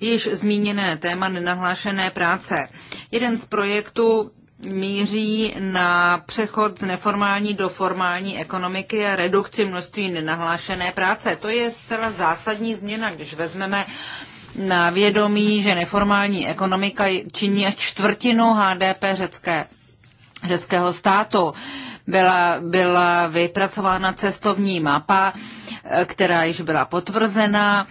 S1: Již zmíněné téma nenahlášené práce. Jeden z projektů míří na přechod z neformální do formální ekonomiky a redukci množství nenahlášené práce. To je zcela zásadní změna, když vezmeme na vědomí, že neformální ekonomika činí až čtvrtinu HDP řecké řeckého státu. Byla, byla vypracována cestovní mapa, eh, která již byla potvrzena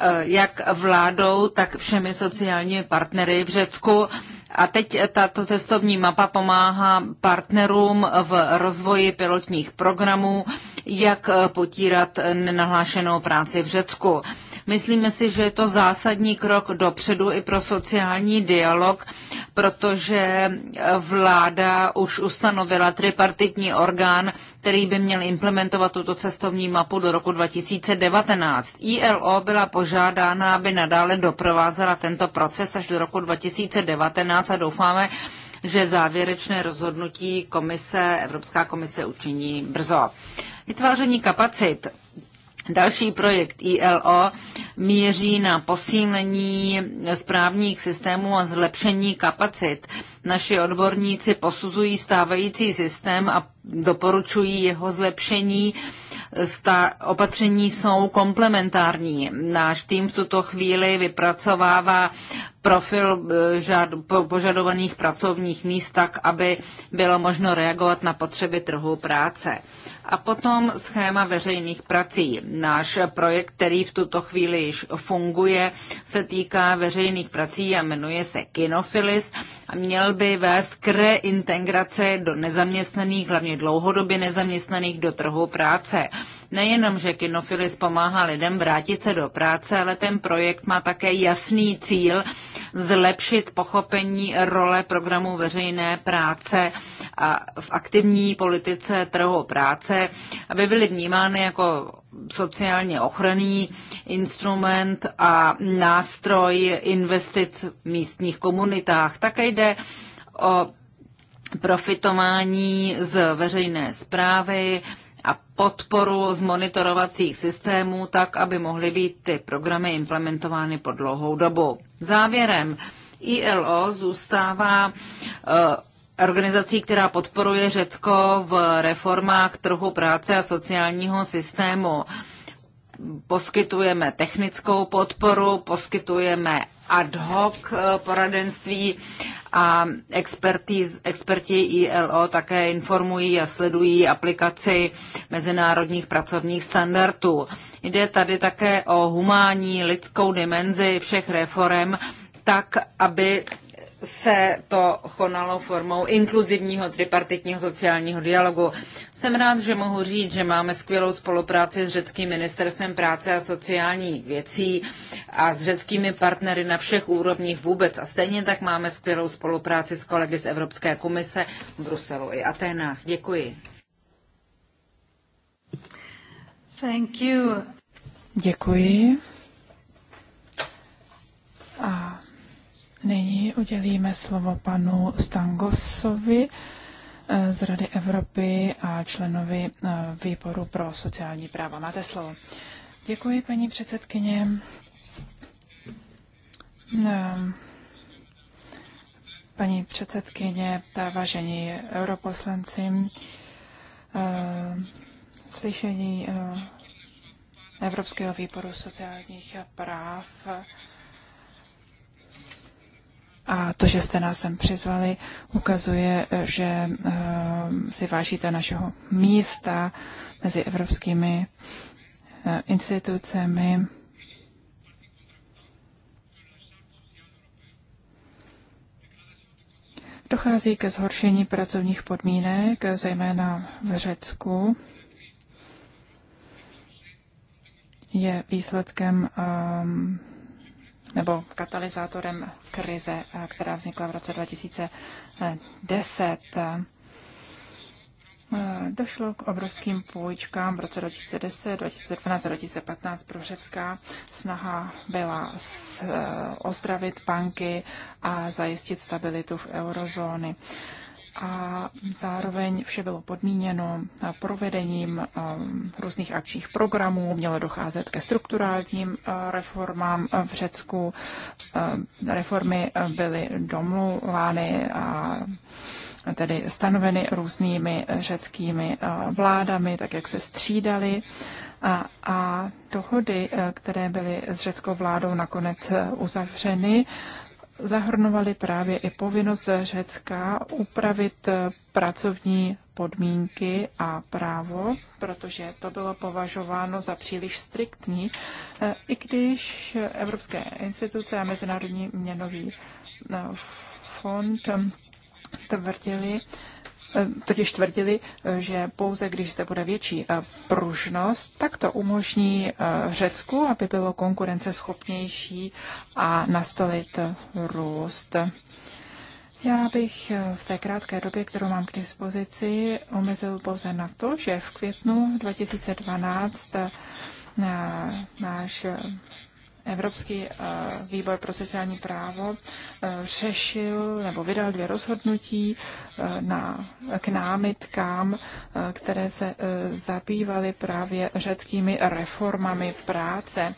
S1: eh, jak vládou, tak všemi sociálními partnery v Řecku. A teď tato cestovní mapa pomáhá partnerům v rozvoji pilotních programů, jak eh, potírat nenahlášenou práci v Řecku. Myslíme si, že je to zásadní krok dopředu i pro sociální dialog, protože vláda už ustanovila tripartitní orgán, který by měl implementovat tuto cestovní mapu do roku 2019. ILO byla požádána, aby nadále doprovázela tento proces až do roku 2019 a doufáme, že závěrečné rozhodnutí komise, Evropská komise učiní brzo. Vytváření kapacit. Další projekt ILO míří na posílení správních systémů a zlepšení kapacit. Naši odborníci posuzují stávající systém a doporučují jeho zlepšení. Sta- opatření jsou komplementární. Náš tým v tuto chvíli vypracovává profil eh, požadovaných pracovních míst tak, aby bylo možno reagovat na potřeby trhu práce. A potom schéma veřejných prací. Náš projekt, který v tuto chvíli již funguje, se týká veřejných prací a jmenuje se Kinofilis a měl by vést k reintegrace do nezaměstnaných, hlavně dlouhodobě nezaměstnaných do trhu práce. Nejenom, že Kinofilis pomáhá lidem vrátit se do práce, ale ten projekt má také jasný cíl, zlepšit pochopení role programu veřejné práce a v aktivní politice trhu práce, aby byly vnímány jako sociálně ochranný instrument a nástroj investic v místních komunitách. Také jde o profitování z veřejné zprávy, a podporu z monitorovacích systémů tak, aby mohly být ty programy implementovány po dlouhou dobu. Závěrem, ILO zůstává eh, organizací, která podporuje Řecko v reformách trhu práce a sociálního systému poskytujeme technickou podporu, poskytujeme ad hoc eh, poradenství a experti, experti ILO také informují a sledují aplikaci mezinárodních pracovních standardů. Jde tady také o humánní lidskou dimenzi všech reform, tak, aby se to konalo formou inkluzivního tripartitního sociálního dialogu. Jsem rád, že mohu říct, že máme skvělou spolupráci s řeckým ministerstvem práce a sociálních věcí a s řeckými partnery na všech úrovních vůbec. A stejně tak máme skvělou spolupráci s kolegy z Evropské komise v Bruselu i Aténách. Děkuji. Thank you.
S2: Děkuji. Nyní udělíme slovo panu Stangosovi eh, z Rady Evropy a členovi eh, výboru pro sociální práva. Máte slovo. Děkuji, paní předsedkyně. Eh, paní předsedkyně, vážení europoslanci, slyšení Evropského výboru sociálních práv a to, že jste nás sem přizvali, ukazuje, že eh, si vážíte našeho místa mezi evropskými eh, institucemi. Dochází ke zhoršení pracovních podmínek, zejména v Řecku. Je výsledkem um, nebo katalyzátorem krize, eh, která vznikla v roce 2010. Eh, došlo k obrovským půjčkám v roce 2010, 2012 a 2015 pro Řecká. Snaha byla eh, ozdravit banky a zajistit stabilitu v eurozóny a zároveň vše bylo podmíněno provedením um, různých akčních programů, mělo docházet ke strukturálním uh, reformám uh, v Řecku. Uh, reformy byly domluvány a tedy stanoveny různými řeckými vládami, tak jak se střídali. A, a dohody, které byly s řeckou vládou nakonec uzavřeny, zahrnovaly právě i povinnost Řecka upravit eh, pracovní podmínky a právo, protože to bylo považováno za příliš striktní, eh, i když evropské instituce a Mezinárodní měnový eh, fond tvrdili, totiž tvrdili, že pouze když se bude větší eh, pružnost, tak to umožní eh, Řecku, aby bylo konkurenceschopnější a nastolit eh, růst. Já bych v té krátké době, kterou mám k dispozici, omezil pouze na to, že v květnu 2012 náš Evropský eh, výbor pro sociální právo eh, řešil nebo vydal dvě rozhodnutí eh, na, k námitkám, které se zabývaly právě řeckými reformami práce.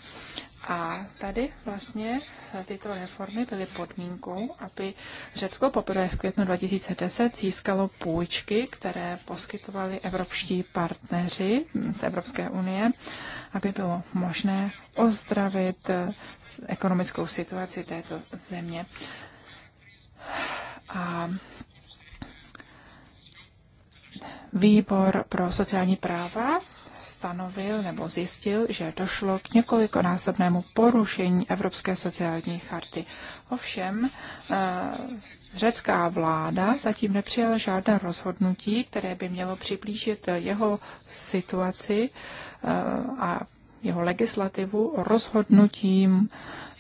S2: A tady vlastně tyto reformy byly podmínkou, aby Řecko poprvé v květnu 2010 získalo půjčky, které poskytovali evropští partneři z Evropské unie, aby bylo možné ozdravit ekonomickou situaci této země. A Výbor pro sociální práva stanovil nebo zjistil, že došlo k několikonásobnému porušení Evropské sociální charty. Ovšem, eh, řecká vláda zatím nepřijala žádné rozhodnutí, které by mělo přiblížit jeho situaci eh, a jeho legislativu rozhodnutím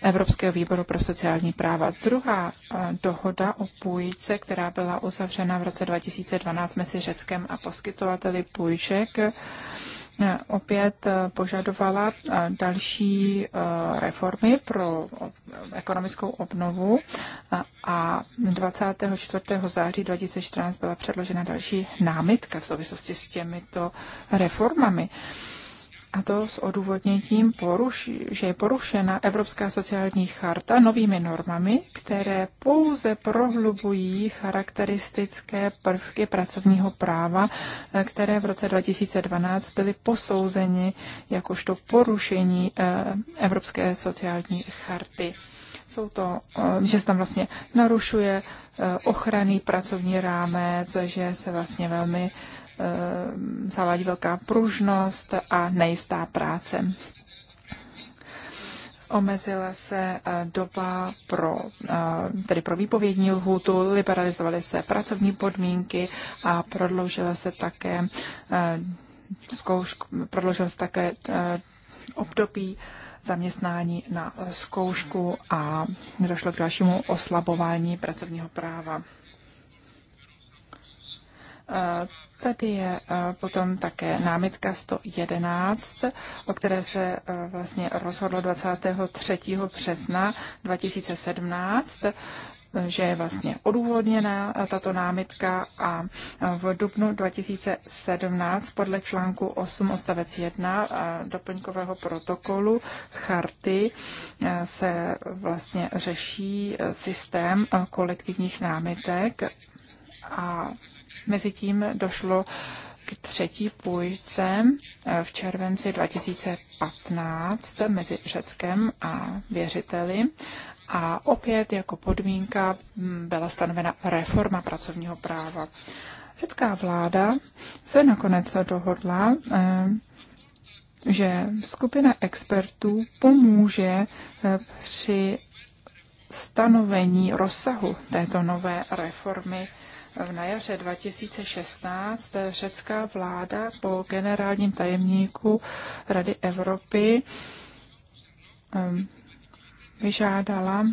S2: Evropského výboru pro sociální práva. Druhá eh, dohoda o půjčce, která byla uzavřena v roce 2012 mezi Řeckem a poskytovateli půjček, Eh, opět eh, požadovala eh, další reformy pro ekonomickou obnovu a 24. září 2014 byla předložena další námitka v souvislosti s těmito reformami a to s odůvodněním, že je porušena Evropská sociální charta novými normami, které pouze prohlubují charakteristické prvky pracovního práva, eh, které v roce 2012 byly posouzeny jakožto porušení eh, Evropské sociální charty. Jsou to, eh, že se tam vlastně narušuje ochranný pracovní rámec, že se vlastně velmi Ehm, zavádí velká pružnost a nejistá práce. Omezila se eh, doba pro, eh, tedy pro výpovědní lhůtu, liberalizovaly se pracovní podmínky a prodloužila se také eh, zkoušku, prodloužila se také období zaměstnání na zkoušku a došlo k dalšímu oslabování pracovního práva. Tady je potom také námitka 111, o které se vlastně rozhodlo 23. března 2017 že je vlastně odůvodněná tato námitka a v dubnu 2017 podle článku 8 odstavec 1 doplňkového protokolu charty se vlastně řeší systém kolektivních námitek a Mezitím došlo k třetí půjčce eh, v červenci 2015 mezi Řeckem a věřiteli a opět jako podmínka hm, byla stanovena reforma pracovního práva. Řecká vláda se nakonec dohodla, eh, že skupina expertů pomůže eh, při stanovení rozsahu této nové reformy na jaře 2016 řecká vláda po generálním tajemníku Rady Evropy ehm, vyžádala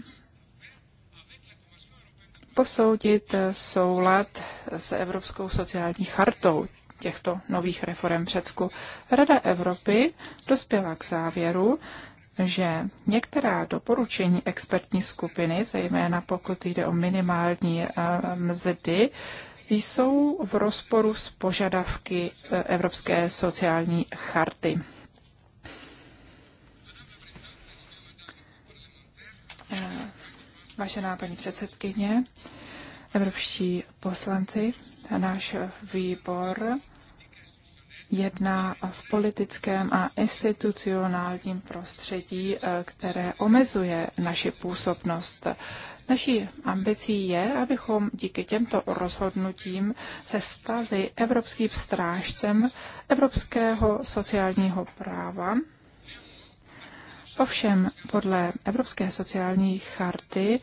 S2: posoudit soulad s Evropskou sociální chartou těchto nových reform v Řecku. Rada Evropy dospěla k závěru, že některá doporučení expertní skupiny, zejména pokud jde o minimální eh, mzdy, jsou v rozporu s požadavky eh, Evropské sociální charty. Eh, vážená paní předsedkyně, evropští poslanci, náš výbor jedná v politickém a institucionálním prostředí, eh, které omezuje naši působnost. Naší ambicí je, abychom díky těmto rozhodnutím se stali evropským strážcem evropského sociálního práva. Ovšem, podle Evropské sociální charty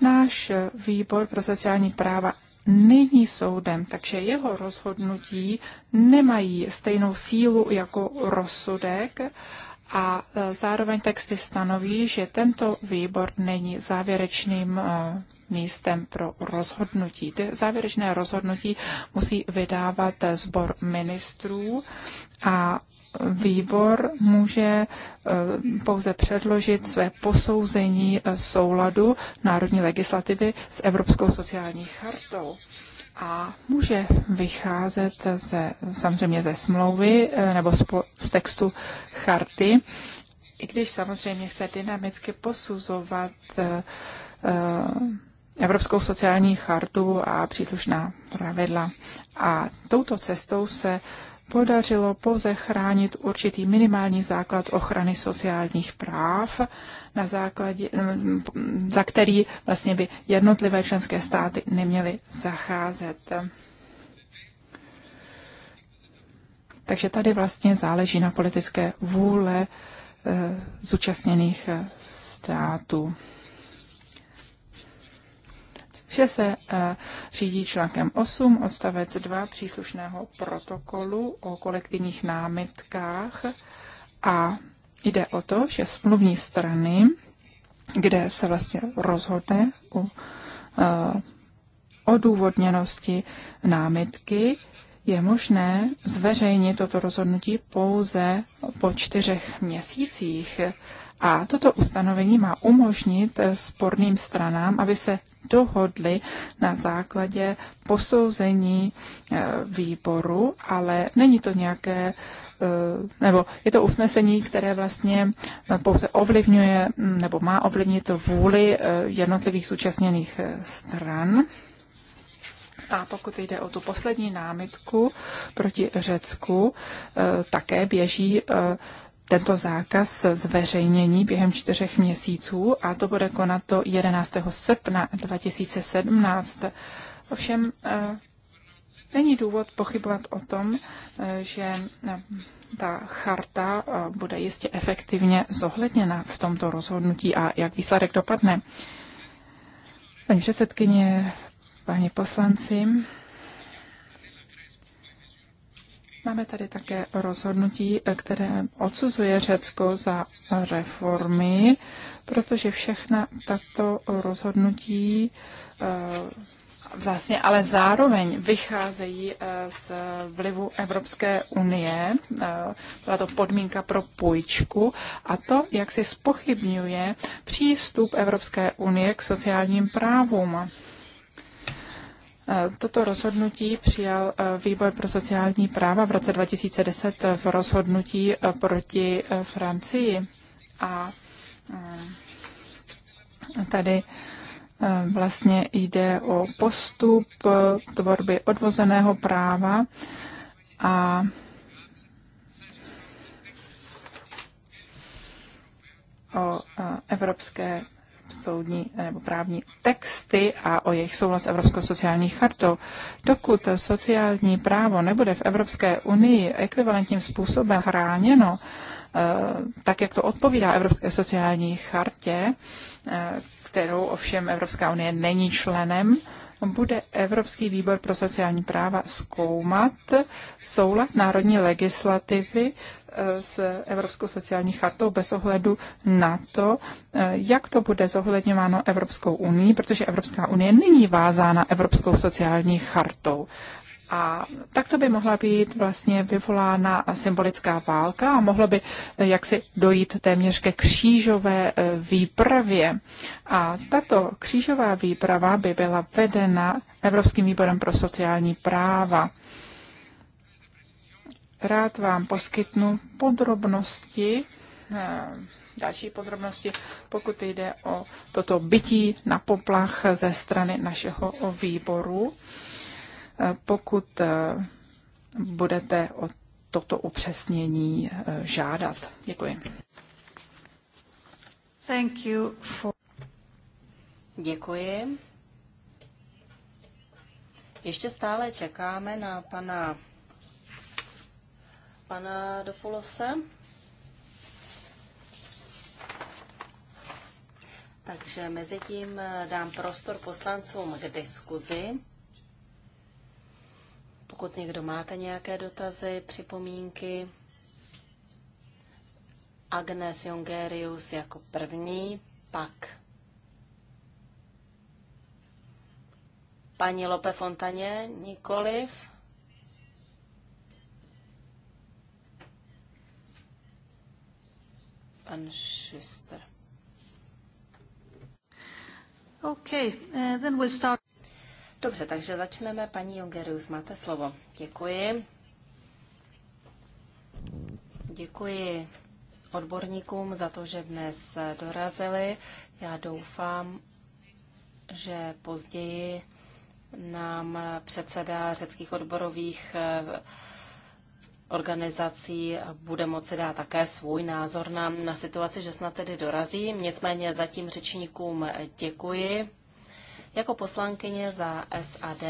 S2: náš výbor pro sociální práva není soudem, takže jeho rozhodnutí nemají stejnou sílu jako rozsudek a e, zároveň texty stanoví, že tento výbor není závěrečným e, místem pro rozhodnutí. Ty závěrečné rozhodnutí musí vydávat e, sbor ministrů a výbor může eh, pouze předložit své posouzení eh, souladu národní legislativy s Evropskou sociální chartou a může vycházet ze, samozřejmě ze smlouvy eh, nebo z, textu charty, i když samozřejmě chce dynamicky posuzovat Evropskou sociální chartu a příslušná pravidla. A touto cestou se podařilo pouze chránit určitý minimální základ ochrany sociálních práv, na základě, za který vlastně by jednotlivé členské státy neměly zacházet. Takže tady vlastně záleží na politické vůle eh, zúčastněných eh, států že se eh, řídí článkem 8 odstavec 2 příslušného protokolu o kolektivních námitkách a jde o to, že smluvní strany, kde se vlastně rozhodne o eh, odůvodněnosti námitky, je možné zveřejnit toto rozhodnutí pouze po čtyřech měsících. A toto ustanovení má umožnit eh, sporným stranám, aby se dohodli na základě posouzení eh, výboru, ale není to nějaké, eh, nebo je to usnesení, které vlastně pouze ovlivňuje mm, nebo má ovlivnit vůli jednotlivých zúčastněných stran. A pokud jde o tu poslední námitku proti Řecku, také běží tento zákaz zveřejnění během čtyřech měsíců a to bude konat do 11. srpna 2017. Ovšem eh, není důvod pochybovat o tom, eh, že eh, ta charta bude jistě efektivně zohledněna v tomto rozhodnutí a jak výsledek dopadne. Paní předsedkyně, paní poslanci, Máme tady také rozhodnutí, eh, které odsuzuje Řecko za reformy, protože všechna tato rozhodnutí eh, vlastně ale zároveň vycházejí eh, z vlivu Evropské unie. Byla to podmínka pro půjčku a to, jak se spochybňuje přístup Evropské unie k sociálním právům. Toto rozhodnutí přijal eh, Výbor pro sociální práva v roce 2010 v rozhodnutí eh, proti eh, Francii. A tady vlastně jde o postup tvorby odvozeného práva a o evropské soudní nebo právní texty a o jejich souhlas Evropskou sociální chartou. Dokud sociální právo nebude v Evropské unii ekvivalentním způsobem chráněno, eh, tak jak to odpovídá Evropské sociální chartě, eh, kterou ovšem Evropská unie není členem, bude Evropský výbor pro sociální práva zkoumat soulad národní legislativy e, s Evropskou sociální chartou bez ohledu na to, e, jak to bude zohledňováno Evropskou unii, protože Evropská unie není vázána Evropskou sociální chartou. A takto by mohla být vlastně vyvolána symbolická válka a mohlo by eh, jaksi dojít téměř ke křížové eh, výpravě. A tato křížová výprava by byla vedena Evropským výborem pro sociální práva. Rád vám poskytnu podrobnosti eh, další podrobnosti, pokud jde o toto bytí na poplach ze strany našeho výboru pokud eh, budete o toto upřesnění eh, žádat. Děkuji.
S3: Thank you for... Děkuji. Ještě stále čekáme na pana, pana Dofulose. Takže mezi tím eh, dám prostor poslancům k diskuzi. Pokud někdo máte nějaké dotazy, připomínky, Agnes Jongerius jako první, pak paní Lope Fontaně nikoliv. Pan Schuster. Okay, uh, then we'll start. Dobře, takže začneme. Paní Jongerius, máte slovo. Děkuji. Děkuji odborníkům za to, že dnes dorazili. Já doufám, že později nám předseda řeckých odborových eh, organizací bude moci dát také svůj názor na, na situaci, že snad tedy dorazí. Nicméně zatím řečníkům děkuji. Jako poslankyně za SAD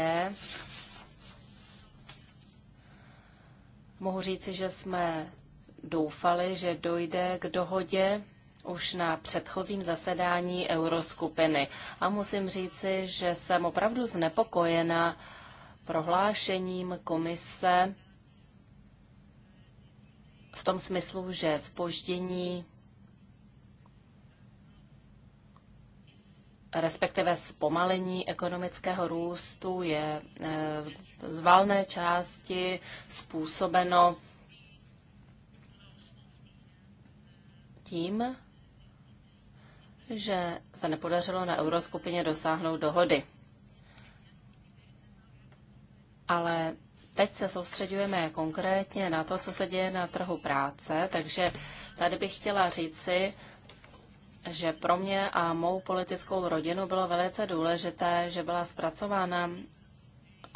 S3: mohu říci, že jsme doufali, že dojde k dohodě už na předchozím zasedání euroskupiny. A musím říci, že jsem opravdu znepokojena prohlášením komise v tom smyslu, že spoždění respektive zpomalení ekonomického růstu je eh, z valné části způsobeno tím, že se nepodařilo na euroskupině dosáhnout dohody. Ale teď se soustředujeme konkrétně na to, co se děje na trhu práce, takže tady bych chtěla říci, že pro mě a mou politickou rodinu bylo velice důležité, že byla zpracována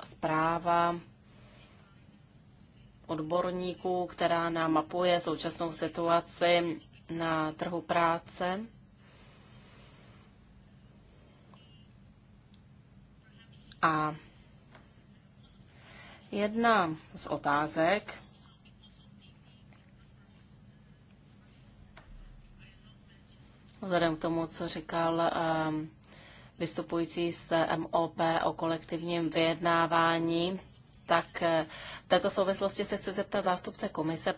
S3: zpráva odborníků, která nám mapuje současnou situaci na trhu práce. A jedna z otázek, vzhledem k tomu, co říkal ehm, vystupující z MOP o kolektivním vyjednávání, tak eh, v této souvislosti se chci zeptat zástupce komise,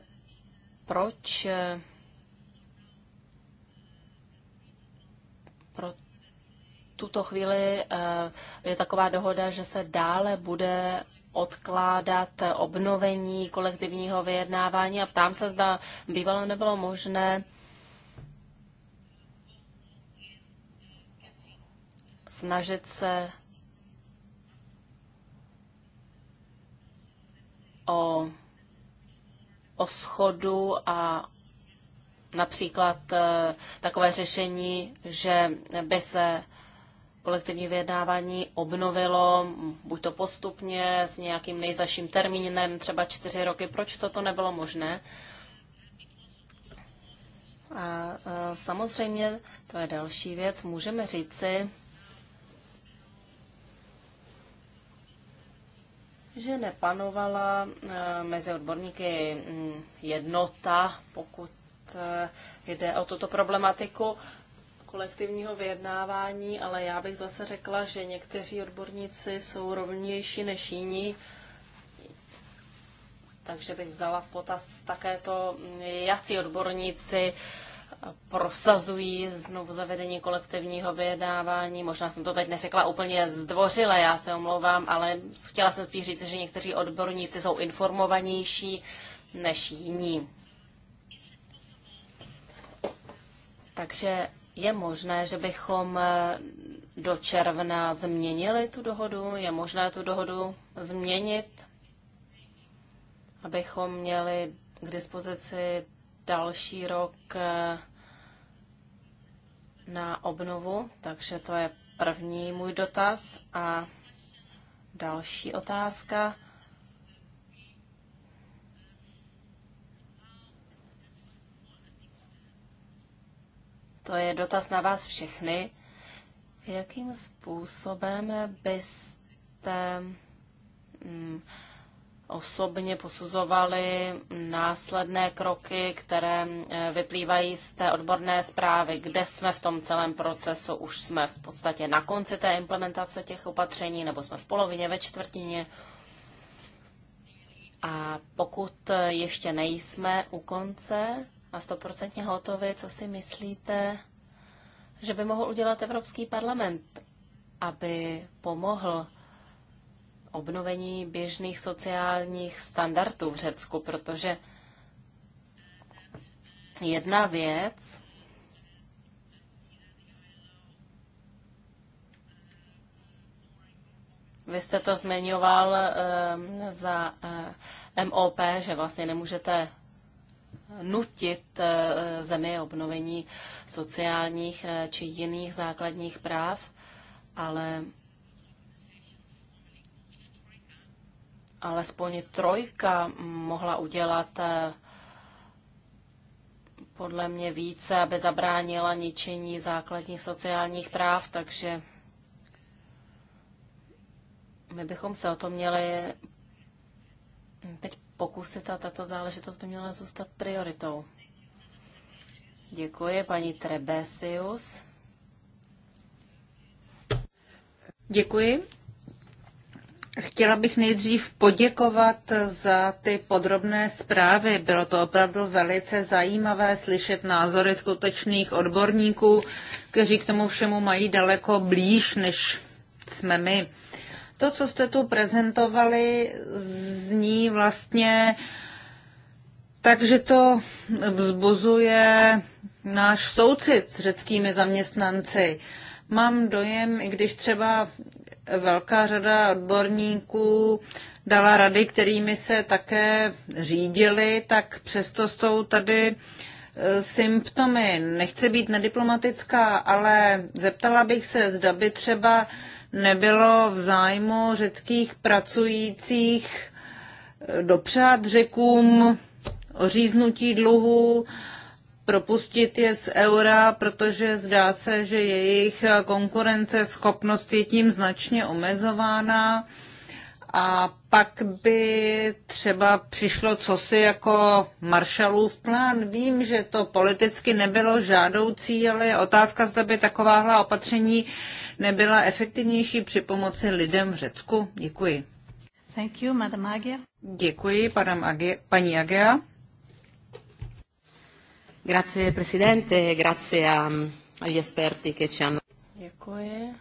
S3: proč, eh, pro tuto chvíli eh, je taková dohoda, že se dále bude odkládat obnovení kolektivního vyjednávání a ptám se, zda bývalo nebylo možné snažit se o, o schodu a například eh, takové řešení, že by se kolektivní vyjednávání obnovilo, buď to postupně, s nějakým nejzaším termínem, třeba čtyři roky. Proč toto nebylo možné? A eh, samozřejmě, to je další věc, můžeme říci, že nepanovala eh, mezi odborníky mm, jednota, pokud eh, jde o tuto problematiku kolektivního vyjednávání, ale já bych zase řekla, že někteří odborníci jsou rovnější než jiní, takže bych vzala v potaz také to, mm, jací odborníci prosazují znovu zavedení kolektivního vyjednávání. Možná jsem to teď neřekla úplně zdvořile, já se omlouvám, ale chtěla jsem spíš říct, že někteří odborníci jsou informovanější než jiní. Takže je možné, že bychom do června změnili tu dohodu? Je možné tu dohodu změnit, abychom měli k dispozici další rok eh, na obnovu, takže to je první můj dotaz. A další otázka. To je dotaz na vás všechny. Jakým způsobem byste hmm, osobně posuzovali následné kroky, které eh, vyplývají z té odborné zprávy, kde jsme v tom celém procesu, už jsme v podstatě na konci té implementace těch opatření, nebo jsme v polovině, ve čtvrtině. A pokud eh, ještě nejsme u konce a stoprocentně hotovi, co si myslíte, že by mohl udělat Evropský parlament, aby pomohl obnovení běžných sociálních standardů v Řecku, protože jedna věc, Vy jste to zmiňoval eh, za uh, eh, MOP, že vlastně nemůžete nutit uh, zemi obnovení sociálních uh, či jiných základních práv, ale alespoň trojka mohla udělat eh, podle mě více, aby zabránila ničení základních sociálních práv, takže my bychom se o to měli teď pokusit a tato záležitost by měla zůstat prioritou. Děkuji, paní
S1: Trebesius. Děkuji. Chtěla bych nejdřív poděkovat za ty podrobné zprávy. Bylo to opravdu velice zajímavé slyšet názory skutečných odborníků, kteří k tomu všemu mají daleko blíž, než jsme my. To, co jste tu prezentovali, zní vlastně takže to vzbuzuje náš soucit s řeckými zaměstnanci. Mám dojem, i když třeba velká řada odborníků dala rady, kterými se také řídili, tak přesto tou tady e, symptomy. Nechci být nediplomatická, ale zeptala bych se, zda by třeba nebylo v zájmu řeckých pracujících e, dopřát řekům oříznutí dluhu, propustit je z eura, protože zdá se, že jejich konkurenceschopnost je tím značně omezována. A pak by třeba přišlo cosi jako Marshallův plán. Vím, že to politicky nebylo žádoucí, ale je otázka, zda by takováhle opatření nebyla efektivnější při pomoci lidem v Řecku. Děkuji. Thank you, Madam Agia. Děkuji, panam Agia, paní Agia. Grazie Presidente, grazie a, agli esperti che ci hanno.
S3: Děkuji.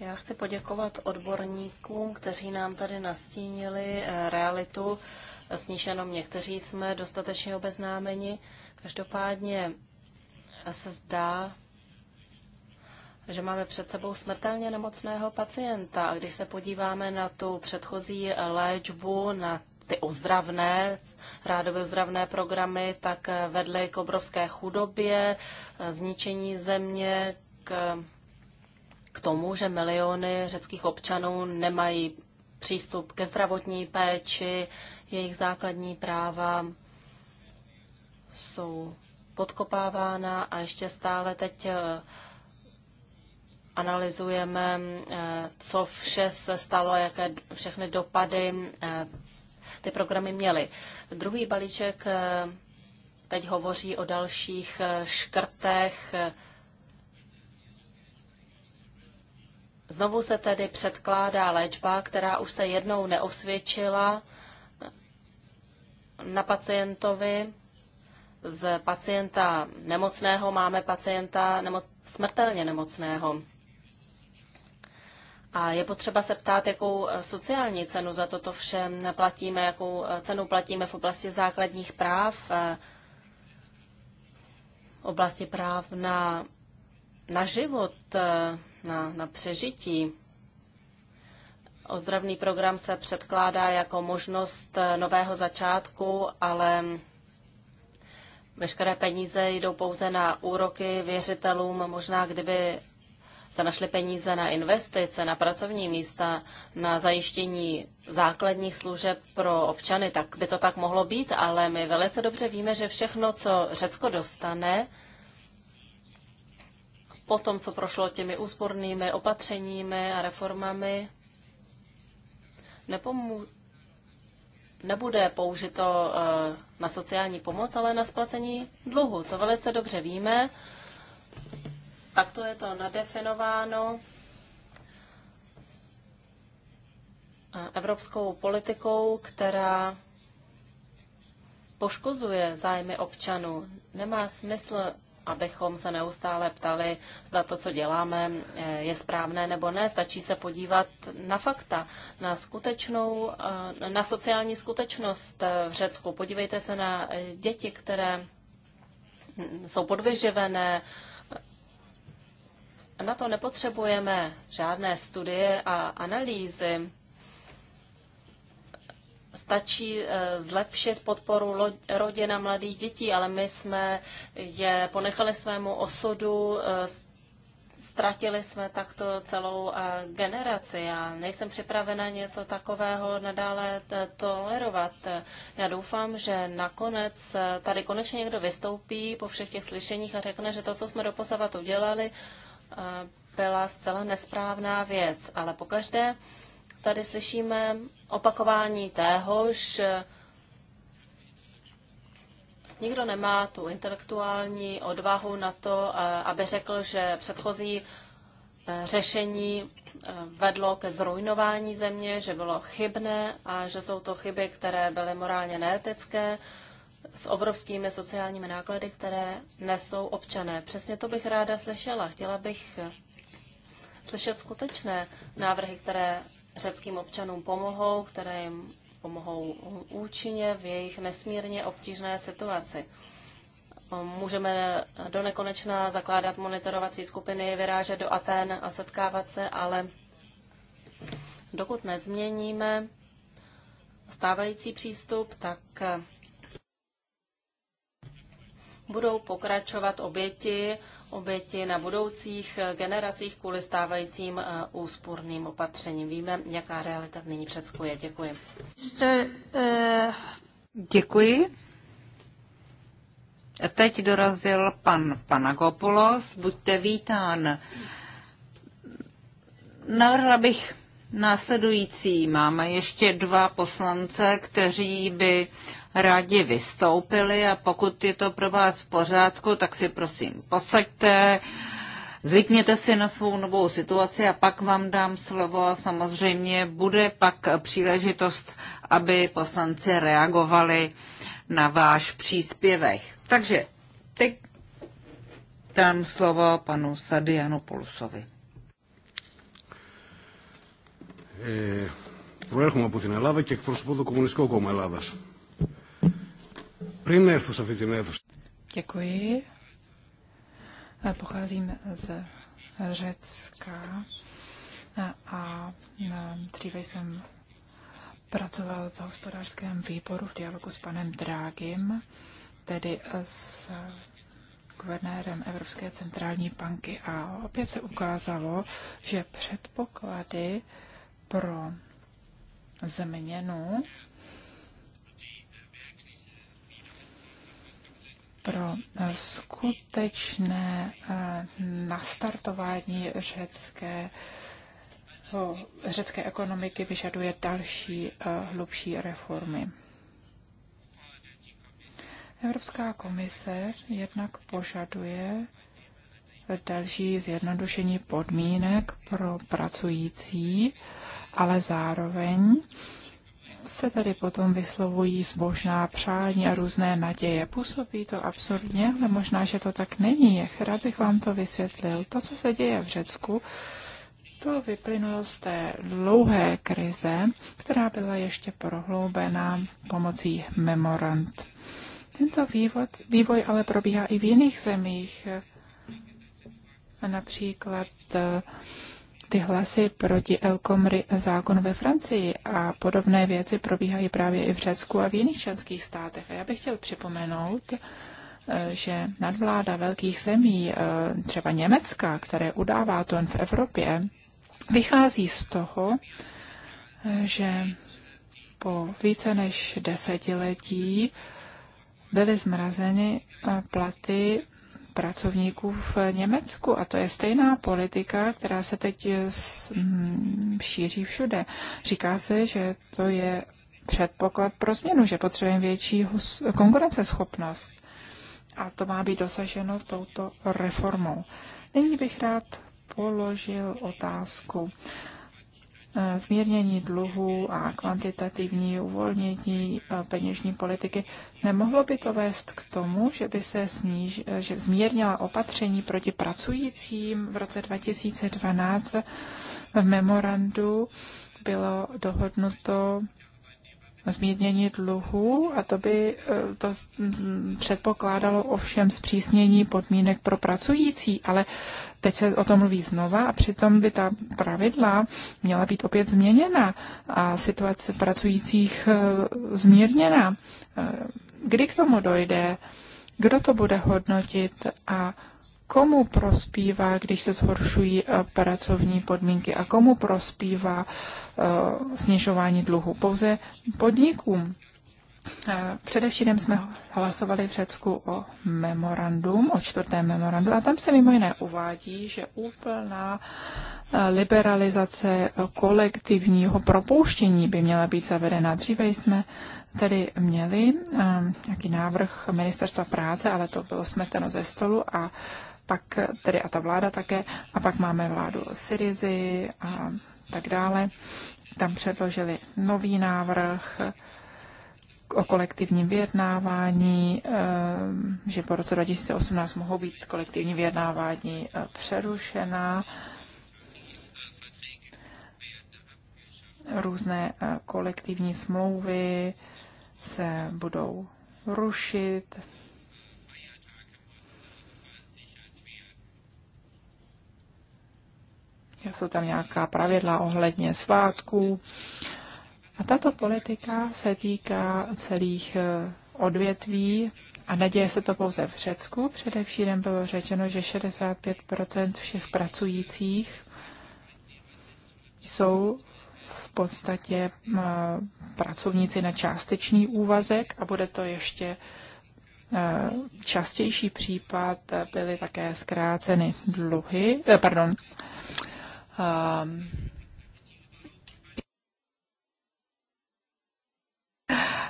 S3: Já chci poděkovat odborníkům, kteří nám tady nastínili eh, realitu. S níž jenom někteří jsme dostatečně obeznámeni. Každopádně se zdá, že máme před sebou smrtelně nemocného pacienta. A když se podíváme na tu předchozí léčbu, na ty ozdravné, rádově ozdravné programy, tak vedly k obrovské chudobě, zničení země, k, k tomu, že miliony řeckých občanů nemají přístup ke zdravotní péči, jejich základní práva jsou podkopávána a ještě stále teď eh, analyzujeme, eh, co vše se stalo, jaké všechny dopady eh, ty programy měly. Druhý balíček eh, teď hovoří o dalších eh, škrtech. Znovu se tedy předkládá léčba, která už se jednou neosvědčila na pacientovi. Z pacienta nemocného máme pacienta nemo- smrtelně nemocného. A je potřeba se ptát, jakou eh, sociální cenu za toto všem platíme, jakou eh, cenu platíme v oblasti základních práv, eh, v oblasti práv na, na život, na, na přežití. Ozdravný program se předkládá jako možnost nového začátku, ale veškeré peníze jdou pouze na úroky věřitelům. Možná kdyby abyste našli peníze na investice, na pracovní místa, na zajištění základních služeb pro občany, tak by to tak mohlo být, ale my velice dobře víme, že všechno, co Řecko dostane, po tom, co prošlo těmi úspornými opatřeními a reformami, nepomů- nebude použito eh, na sociální pomoc, ale na splacení dluhu. To velice dobře víme. Takto je to nadefinováno evropskou politikou, která poškozuje zájmy občanů. Nemá smysl, abychom se neustále ptali, zda to, co děláme, je správné nebo ne. Stačí se podívat na fakta, na skutečnou, eh, na sociální skutečnost eh, v Řecku. Podívejte se na eh, děti, které hm, jsou podvyživené, na to nepotřebujeme žádné studie a analýzy. Stačí eh, zlepšit podporu rodin a mladých dětí, ale my jsme je ponechali svému osudu, eh, ztratili jsme takto celou eh, generaci. Já nejsem připravena něco takového nadále tolerovat. Já doufám, že nakonec tady konečně někdo vystoupí po všech těch slyšeních a řekne, že to, co jsme doposavat udělali, Eh, byla zcela nesprávná věc, ale pokaždé tady slyšíme opakování téhož. Eh, nikdo nemá tu intelektuální odvahu na to, eh, aby řekl, že předchozí řešení vedlo ke zrujnování země, že bylo chybné a že jsou to chyby, které byly morálně neetické s obrovskými sociálními náklady, které nesou občané. Přesně to bych ráda slyšela. Chtěla bych slyšet skutečné návrhy, které řeckým občanům pomohou, které jim pomohou účinně v jejich nesmírně obtížné situaci. Můžeme do nekonečna zakládat monitorovací skupiny, vyrážet do Aten a setkávat se, ale dokud nezměníme stávající přístup, tak budou pokračovat oběti, oběti na budoucích generacích kvůli stávajícím eh, úsporným opatřením. Víme, jaká realita nyní předskuje. Děkuji.
S1: Eh, Děkuji. Teď dorazil pan Panagopoulos. Buďte vítán. Navrhla bych následující. Máme ještě dva poslance, kteří by rádi vystoupili a pokud je to pro vás v pořádku, tak si prosím posaďte, zvykněte si na svou novou situaci a pak vám dám slovo a samozřejmě bude pak příležitost, aby poslanci reagovali na váš příspěvek. Takže teď dám slovo panu Sadianu Polusovi.
S3: Ε, προέρχομαι από την Ελλάδα και εκπροσωπώ το Κομμουνιστικό Κόμμα Ελλάδας.
S2: Děkuji. Pocházím z Řecka a dříve jsem pracoval v hospodářském výboru v dialogu s panem Drágim, tedy s guvernérem Evropské centrální banky a opět se ukázalo, že předpoklady pro změnu pro eh, skutečné eh, nastartování řecké řecké ekonomiky vyžaduje další eh, hlubší reformy. Evropská komise jednak požaduje další zjednodušení podmínek pro pracující, ale zároveň se tady potom vyslovují zbožná přání a různé naděje. Působí to absurdně, ale možná, že to tak není. Rád bych vám to vysvětlil. To, co se děje v Řecku, to vyplynulo z té dlouhé krize, která byla ještě prohloubená pomocí memorand. Tento vývod, vývoj ale probíhá i v jiných zemích. Například eh, ty hlasy proti El Khomri zákon ve Francii a podobné věci probíhají právě i v Řecku a v jiných členských státech. A já bych chtěl připomenout, eh, že nadvláda velkých zemí, eh, třeba Německa, které udává to jen v Evropě, vychází z toho, eh, že po více než desetiletí byly zmrazeny platy pracovníků v Německu. A to je stejná politika, která se teď eh, mm, šíří všude. Říká se, že to je předpoklad pro změnu, že potřebujeme větší konkurenceschopnost. A to má být dosaženo touto reformou. Nyní bych rád položil otázku. Eh, zmírnění dluhu a kvantitativní uvolnění eh, peněžní politiky, nemohlo by to vést k tomu, že by se sníž, eh, že zmírnila opatření proti pracujícím v roce 2012 v memorandu bylo dohodnuto zmírnění dluhu a to by eh, to předpokládalo ovšem zpřísnění podmínek pro pracující, ale teď se o tom mluví znova a přitom by ta pravidla měla být opět změněna a situace pracujících eh, zmírněna. Eh, kdy k tomu dojde? Kdo to bude hodnotit a komu prospívá, když se zhoršují eh, pracovní podmínky a komu prospívá eh, snižování dluhu. Pouze podnikům. Eh, především jsme hlasovali v Řecku o memorandum, o čtvrtém memorandu, a tam se mimo jiné uvádí, že úplná liberalizace kolektivního propouštění by měla být zavedena. Dříve jsme tedy měli nějaký návrh ministerstva práce, ale to bylo smeteno ze stolu a pak tedy a ta vláda také, a pak máme vládu Syrizy a tak dále. Tam předložili nový návrh o kolektivním vyjednávání, eh, že po roce 2018 mohou být kolektivní vyjednávání eh, přerušena, Různé eh, kolektivní smlouvy se budou rušit jsou tam nějaká pravidla ohledně svátků. A tato politika se týká celých eh, odvětví a neděje se to pouze v Řecku. Především bylo řečeno, že 65 všech pracujících jsou v podstatě eh, pracovníci na částečný úvazek a bude to ještě eh, častější případ byly také zkráceny dluhy, pardon, Um,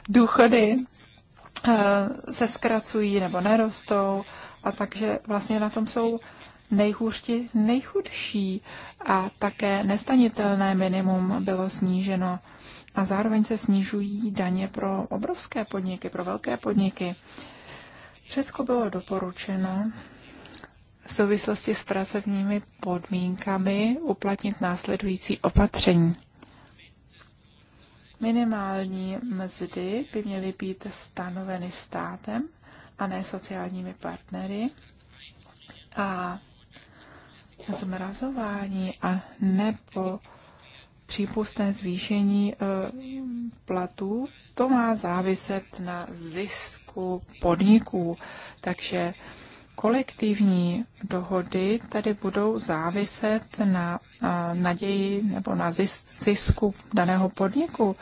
S2: důchody uh, se zkracují nebo nerostou a takže vlastně na tom jsou nejhůřti nejchudší a také nestanitelné minimum bylo sníženo a zároveň se snižují daně pro obrovské podniky, pro velké podniky. Všechno bylo doporučeno, v souvislosti s pracovními podmínkami uplatnit následující opatření. Minimální mzdy by měly být stanoveny státem a ne sociálními partnery a zmrazování a nebo přípustné zvýšení e, platů, to má záviset na zisku podniků. Takže kolektivní dohody tady budou záviset na naději nebo na zisku daného podniku.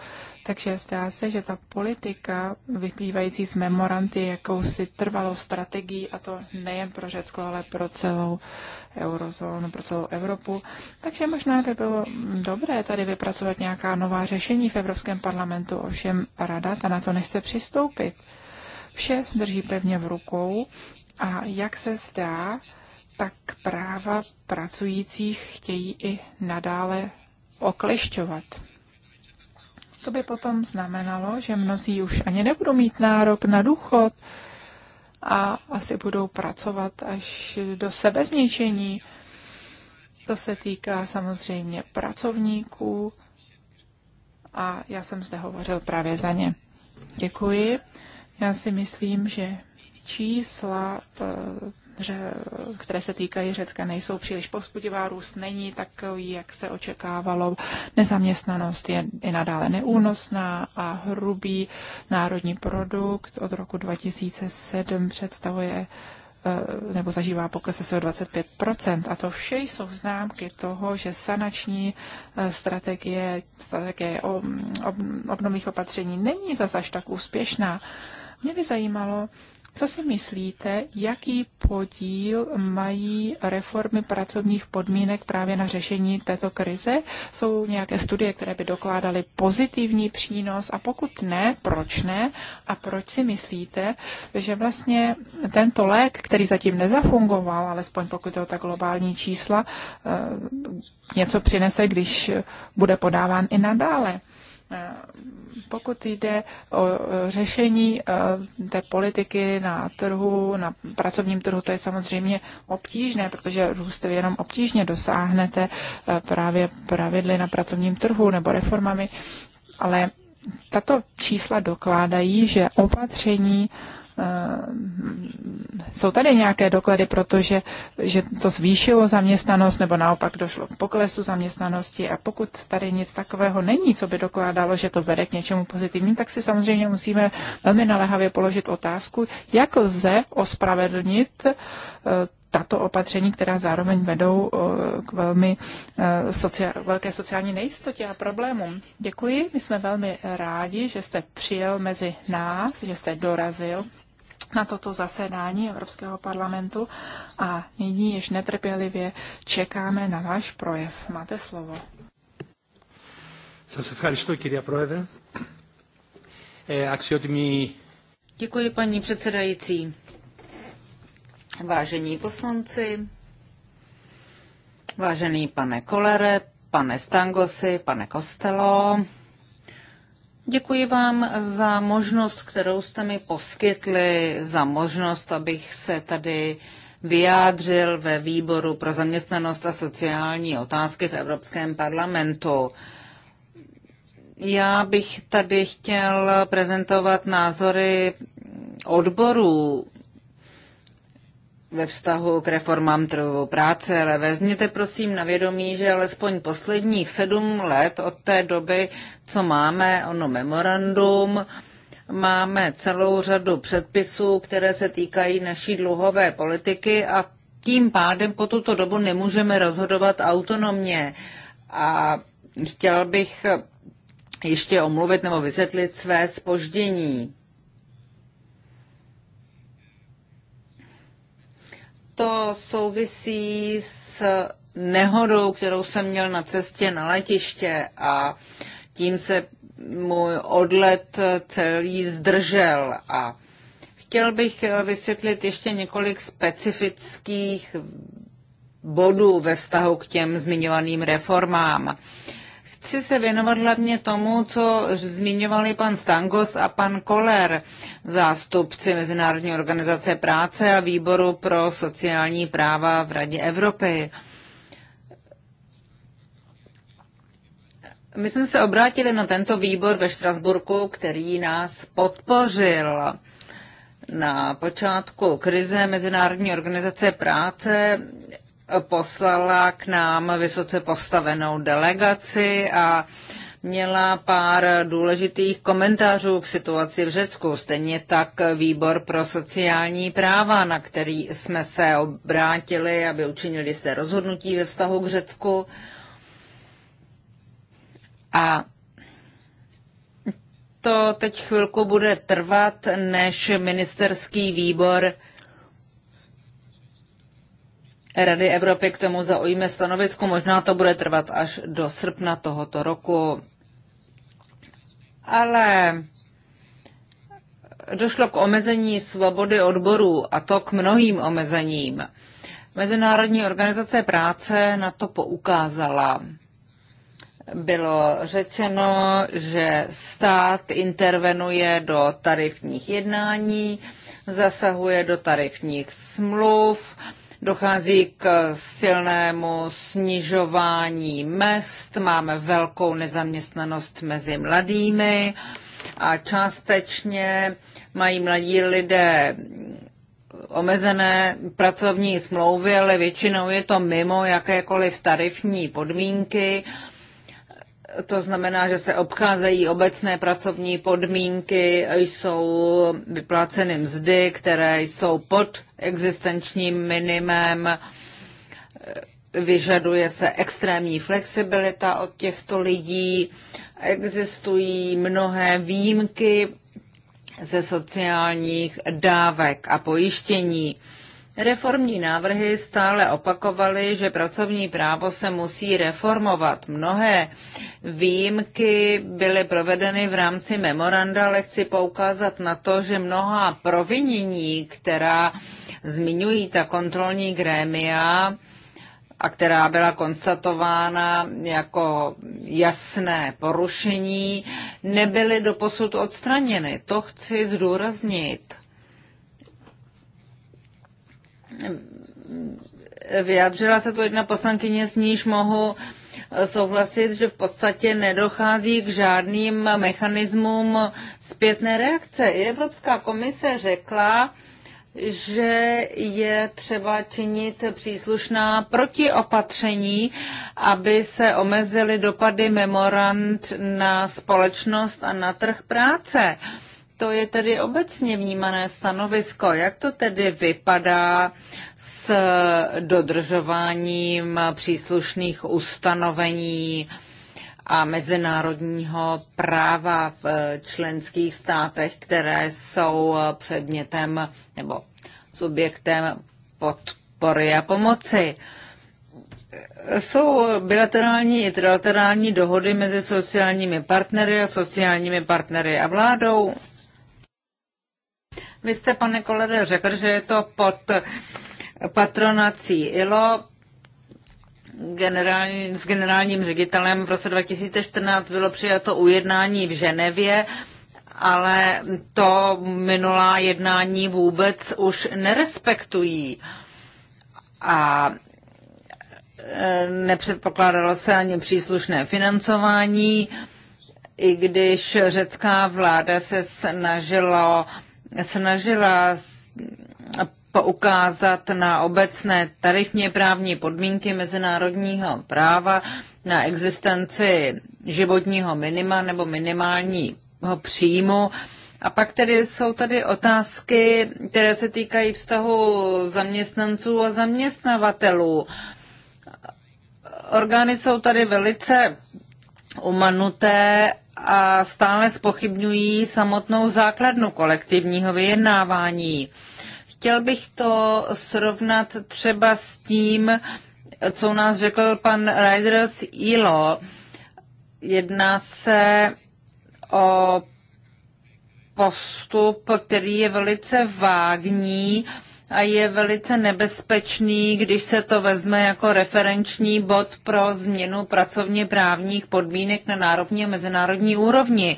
S2: Takže zdá se, že ta politika vyplývající z memoranty jakousi trvalou strategií, a to nejen pro Řecko, ale pro celou eurozónu, pro celou Evropu. Takže možná by bylo dobré tady vypracovat nějaká nová řešení v Evropském parlamentu, ovšem rada ta na to nechce přistoupit. Vše drží pevně v rukou a jak se zdá, tak práva pracujících chtějí i nadále oklešťovat. To by potom znamenalo, že mnozí už ani nebudou mít nárok na důchod a asi budou pracovat až do sebezničení. To se týká samozřejmě pracovníků a já jsem zde hovořil právě za ně. Děkuji. Já si myslím, že čísla, eh, které se týkají Řecka, nejsou příliš povzbudivá, růst není takový, jak se očekávalo. Nezaměstnanost je i nadále neúnosná a hrubý národní produkt od roku 2007 představuje eh, nebo zažívá pokles se o 25 A to vše jsou známky toho, že sanační eh, strategie, strategie mm, obnových opatření není zase až tak úspěšná. Mě by zajímalo, co si myslíte, jaký podíl mají reformy pracovních podmínek právě na řešení této krize? Jsou nějaké studie, které by dokládaly pozitivní přínos a pokud ne, proč ne? A proč si myslíte, že vlastně tento lék, který zatím nezafungoval, alespoň pokud je to tak globální čísla, eh, něco přinese, když bude podáván i nadále? Pokud jde o e, řešení e, té politiky na trhu, na pracovním trhu, to je samozřejmě obtížné, protože růst jenom obtížně dosáhnete e, právě pravidly na pracovním trhu nebo reformami, ale tato čísla dokládají, že opatření Eh, jsou tady nějaké doklady, protože že to zvýšilo zaměstnanost nebo naopak došlo k poklesu zaměstnanosti a pokud tady nic takového není, co by dokládalo, že to vede k něčemu pozitivním, tak si samozřejmě musíme velmi naléhavě položit otázku, jak lze ospravedlnit eh, tato opatření, která zároveň vedou eh, k velmi sociál, velké sociální nejistotě a problémům. Děkuji, my jsme velmi rádi, že jste přijel mezi nás, že jste dorazil na toto zasedání Evropského parlamentu a nyní již netrpělivě čekáme na váš projev. Máte slovo.
S1: Děkuji, paní předsedající. Vážení poslanci, vážený pane Kolere, pane Stangosi, pane Kostelo, Děkuji vám za možnost, kterou jste mi poskytli, za možnost, abych se tady vyjádřil ve výboru pro zaměstnanost a sociální otázky v Evropském parlamentu. Já bych tady chtěl prezentovat názory odborů ve vztahu k reformám trhu práce, ale vezměte prosím na vědomí, že alespoň posledních sedm let od té doby, co máme ono memorandum, máme celou řadu předpisů, které se týkají naší dluhové politiky a tím pádem po tuto dobu nemůžeme rozhodovat autonomně. A chtěl bych ještě omluvit nebo vysvětlit své spoždění. to souvisí s nehodou, kterou jsem měl na cestě na letiště a tím se můj odlet celý zdržel a chtěl bych vysvětlit ještě několik specifických bodů ve vztahu k těm zmiňovaným reformám. Chci se věnovat hlavně tomu, co zmiňovali pan Stangos a pan Koller, zástupci Mezinárodní organizace práce a výboru pro sociální práva v Radě Evropy. My jsme se obrátili na tento výbor ve Štrasburku, který nás podpořil. Na počátku krize Mezinárodní organizace práce poslala k nám vysoce postavenou delegaci a měla pár důležitých komentářů k situaci v Řecku. Stejně tak výbor pro sociální práva, na který jsme se obrátili, aby učinili jste rozhodnutí ve vztahu k Řecku. A to teď chvilku bude trvat, než ministerský výbor Rady Evropy k tomu zaujme stanovisko. Možná to bude trvat až do srpna tohoto roku. Ale došlo k omezení svobody odborů a to k mnohým omezením. Mezinárodní organizace práce na to poukázala. Bylo řečeno, že stát intervenuje do tarifních jednání, zasahuje do tarifních smluv, Dochází k silnému snižování mest, máme velkou nezaměstnanost mezi mladými a částečně mají mladí lidé omezené pracovní smlouvy, ale většinou je to mimo jakékoliv tarifní podmínky to znamená, že se obcházejí obecné pracovní podmínky, jsou vypláceny mzdy, které jsou pod existenčním minimem, vyžaduje se extrémní flexibilita od těchto lidí, existují mnohé výjimky ze sociálních dávek a pojištění. Reformní návrhy stále opakovaly, že pracovní právo se musí reformovat. Mnohé výjimky byly provedeny v rámci memoranda, ale chci poukázat na to, že mnoha provinění, která zmiňují ta kontrolní grémia, a která byla konstatována jako jasné porušení, nebyly doposud odstraněny. To chci zdůraznit vyjádřila se tu jedna poslankyně, s níž mohu souhlasit, že v podstatě nedochází k žádným mechanismům zpětné reakce. Evropská komise řekla, že je třeba činit příslušná protiopatření, aby se omezily dopady memorand na společnost a na trh práce. To je tedy obecně vnímané stanovisko. Jak to tedy vypadá s dodržováním příslušných ustanovení a mezinárodního práva v členských státech, které jsou předmětem nebo subjektem podpory a pomoci? Jsou bilaterální i trilaterální dohody mezi sociálními partnery a sociálními partnery a vládou? Vy jste, pane Kolede, řekl, že je to pod patronací ILO. Generální, s generálním ředitelem v roce 2014 bylo přijato ujednání v Ženevě, ale to minulá jednání vůbec už nerespektují. A e, nepředpokládalo se ani příslušné financování, i když řecká vláda se snažila snažila poukázat na obecné tarifně právní podmínky mezinárodního práva, na existenci životního minima nebo minimálního příjmu. A pak tedy jsou tady otázky, které se týkají vztahu zaměstnanců a zaměstnavatelů. Orgány jsou tady velice umanuté a stále spochybňují samotnou základnu kolektivního vyjednávání. Chtěl bych to srovnat třeba s tím, co u nás řekl pan Riders ILO. Jedná se o postup, který je velice vágní, a je velice nebezpečný, když se to vezme jako referenční bod pro změnu pracovně právních podmínek na národní a mezinárodní úrovni.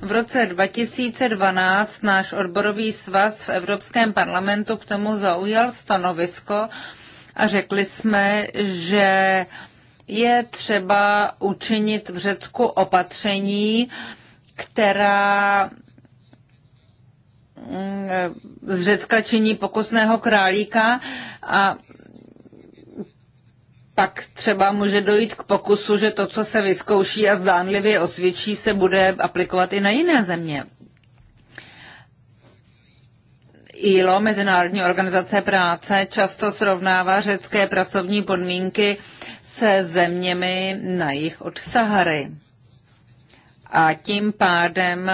S1: V roce 2012 náš odborový svaz v Evropském parlamentu k tomu zaujal stanovisko a řekli jsme, že je třeba učinit v Řecku opatření, která z Řecka činí pokusného králíka a pak třeba může dojít k pokusu, že to, co se vyzkouší a zdánlivě osvědčí, se bude aplikovat i na jiné země. ILO, Mezinárodní organizace práce, často srovnává řecké pracovní podmínky se zeměmi na jich od Sahary. A tím pádem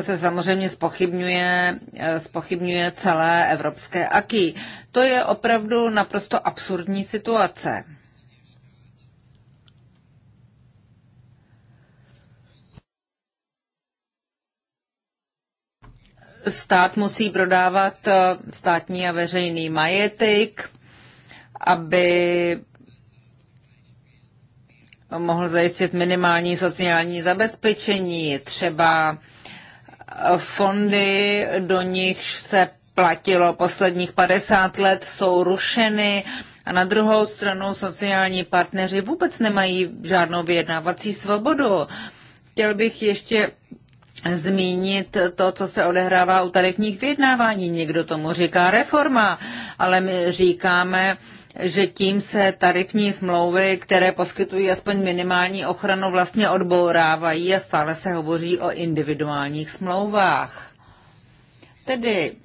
S1: se samozřejmě spochybňuje, eh, spochybňuje celé evropské aky. To je opravdu naprosto absurdní situace. Stát musí prodávat eh, státní a veřejný majetek, aby mohl zajistit minimální sociální zabezpečení, třeba fondy, do nichž se platilo posledních 50 let, jsou rušeny a na druhou stranu sociální partneři vůbec nemají žádnou vyjednávací svobodu. Chtěl bych ještě zmínit to, co se odehrává u tarifních vyjednávání. Někdo tomu říká reforma, ale my říkáme, že tím se tarifní smlouvy, které poskytují aspoň minimální ochranu, vlastně odbourávají a stále se hovoří o individuálních smlouvách. Tedy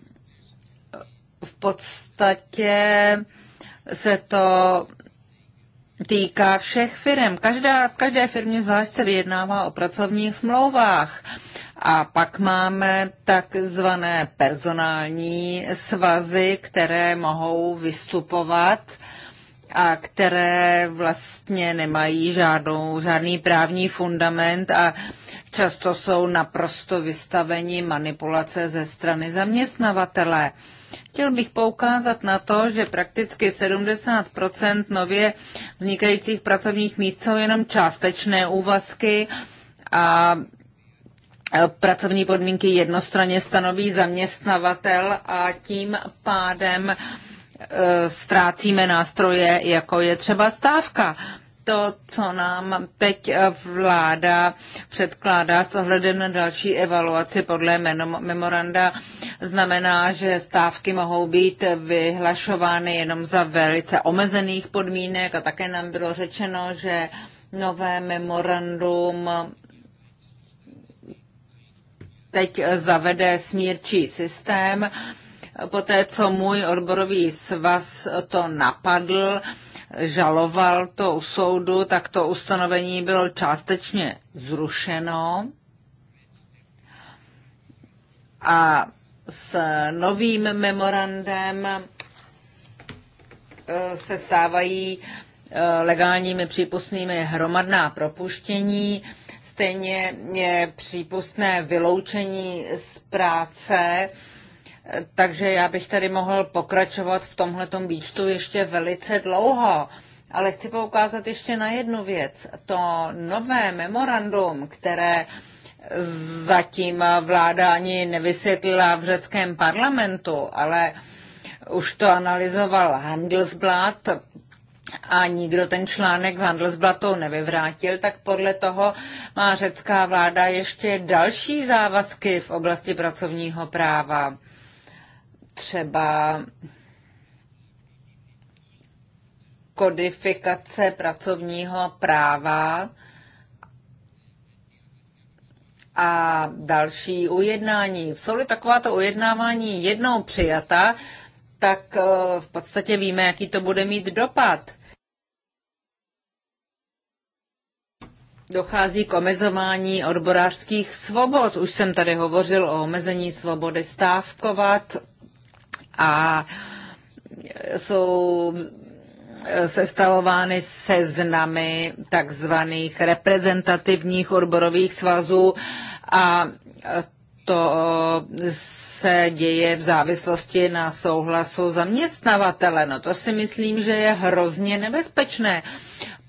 S1: v podstatě se to týká všech firm. Každá, v každé firmě zvlášť se vyjednává o pracovních smlouvách. A pak máme takzvané personální svazy, které mohou vystupovat a které vlastně nemají žádnou, žádný právní fundament a často jsou naprosto vystaveni manipulace ze strany zaměstnavatele. Chtěl bych poukázat na to, že prakticky 70 nově vznikajících pracovních míst jsou jenom částečné úvazky a pracovní podmínky jednostranně stanoví zaměstnavatel a tím pádem e, ztrácíme nástroje, jako je třeba stávka. To, co nám teď e, vláda předkládá s ohledem na další evaluaci podle memoranda, znamená, že stávky mohou být vyhlašovány jenom za velice omezených podmínek a také nám bylo řečeno, že nové memorandum teď zavede smírčí systém. Poté, co můj odborový svaz to napadl, žaloval to u soudu, tak to ustanovení bylo částečně zrušeno. A s novým memorandem eh, se stávají eh, legálními přípustnými hromadná propuštění stejně je přípustné vyloučení z práce, takže já bych tady mohl pokračovat v tomhletom výčtu ještě velice dlouho. Ale chci poukázat ještě na jednu věc. To nové memorandum, které zatím vláda ani nevysvětlila v řeckém parlamentu, ale už to analyzoval Handelsblatt, a nikdo ten článek v Handelsblatu nevyvrátil, tak podle toho má řecká vláda ještě další závazky v oblasti pracovního práva. Třeba kodifikace pracovního práva a další ujednání. Jsou-li takováto ujednávání jednou přijata, tak eh, v podstatě víme, jaký to bude mít dopad dochází k omezování odborářských svobod. Už jsem tady hovořil o omezení svobody stávkovat a jsou sestavovány seznamy takzvaných reprezentativních odborových svazů a to se děje v závislosti na souhlasu zaměstnavatele. No to si myslím, že je hrozně nebezpečné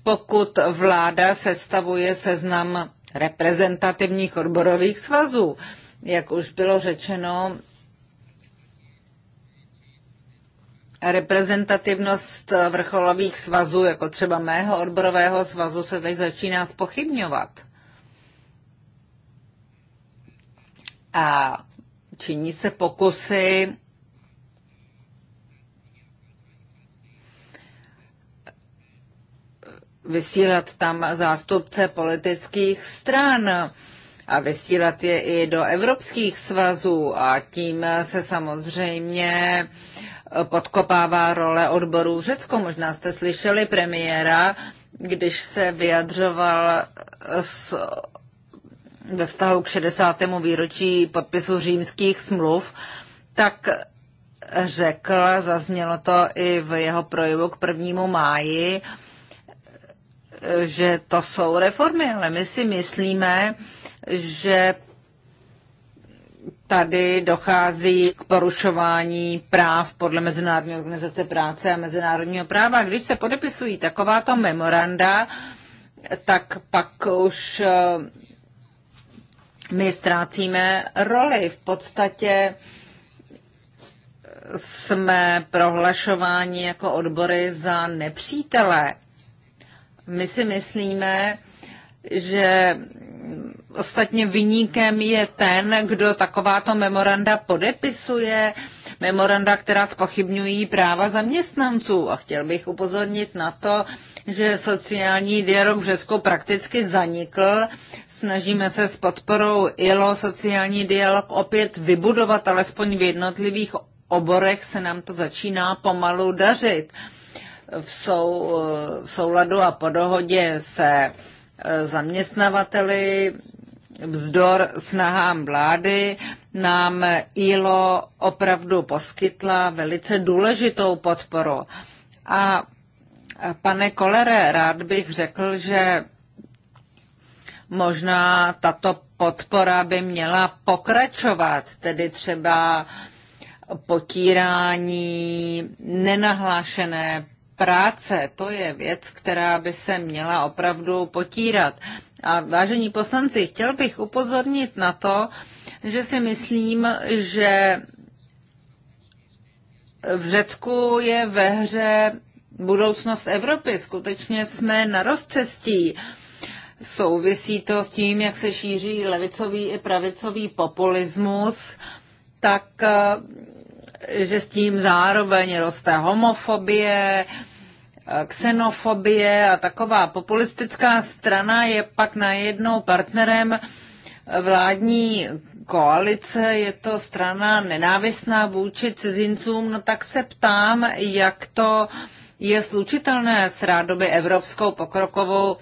S1: pokud vláda sestavuje seznam reprezentativních odborových svazů. Jak už bylo řečeno, reprezentativnost vrcholových svazů, jako třeba mého odborového svazu, se teď začíná spochybňovat. A činí se pokusy vysílat tam zástupce politických stran a vysílat je i do evropských svazů a tím se samozřejmě podkopává role odborů Řecko. Možná jste slyšeli premiéra, když se vyjadřoval s, ve vztahu k 60. výročí podpisu římských smluv, tak řekl, zaznělo to i v jeho projevu k prvnímu máji, že to jsou reformy, ale my si myslíme, že tady dochází k porušování práv podle Mezinárodní organizace práce a mezinárodního práva. Když se podepisují takováto memoranda, tak pak už eh, my ztrácíme roli. V podstatě jsme prohlašováni jako odbory za nepřítele. My si myslíme, že ostatně vyníkem je ten, kdo takováto memoranda podepisuje, memoranda, která spochybňují práva zaměstnanců. A chtěl bych upozornit na to, že sociální dialog v Řecku prakticky zanikl. Snažíme se s podporou ILO sociální dialog opět vybudovat, alespoň v jednotlivých oborech se nám to začíná pomalu dařit v, sou, v souladu a po dohodě se eh, zaměstnavateli vzdor snahám vlády nám ILO opravdu poskytla velice důležitou podporu. A pane Kolere, rád bych řekl, že možná tato podpora by měla pokračovat, tedy třeba potírání nenahlášené práce, to je věc, která by se měla opravdu potírat. A vážení poslanci, chtěl bych upozornit na to, že si myslím, že v Řecku je ve hře budoucnost Evropy. Skutečně jsme na rozcestí. Souvisí to s tím, jak se šíří levicový i pravicový populismus, tak eh, že s tím zároveň roste homofobie, xenofobie a taková populistická strana je pak najednou partnerem vládní koalice, je to strana nenávistná vůči cizincům, no tak se ptám, jak to je slučitelné s rádoby Evropskou pokrokovou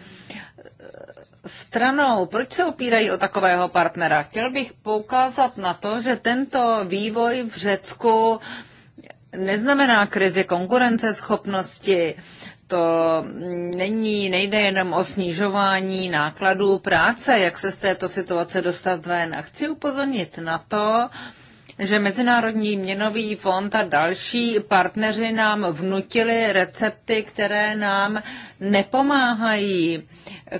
S1: stranou. Proč se opírají o takového partnera? Chtěl bych poukázat na to, že tento vývoj v Řecku neznamená krizi konkurenceschopnosti. To není, nejde jenom o snižování nákladů práce, jak se z této situace dostat ven. A chci upozornit na to, že Mezinárodní měnový fond a další partneři nám vnutili recepty, které nám nepomáhají,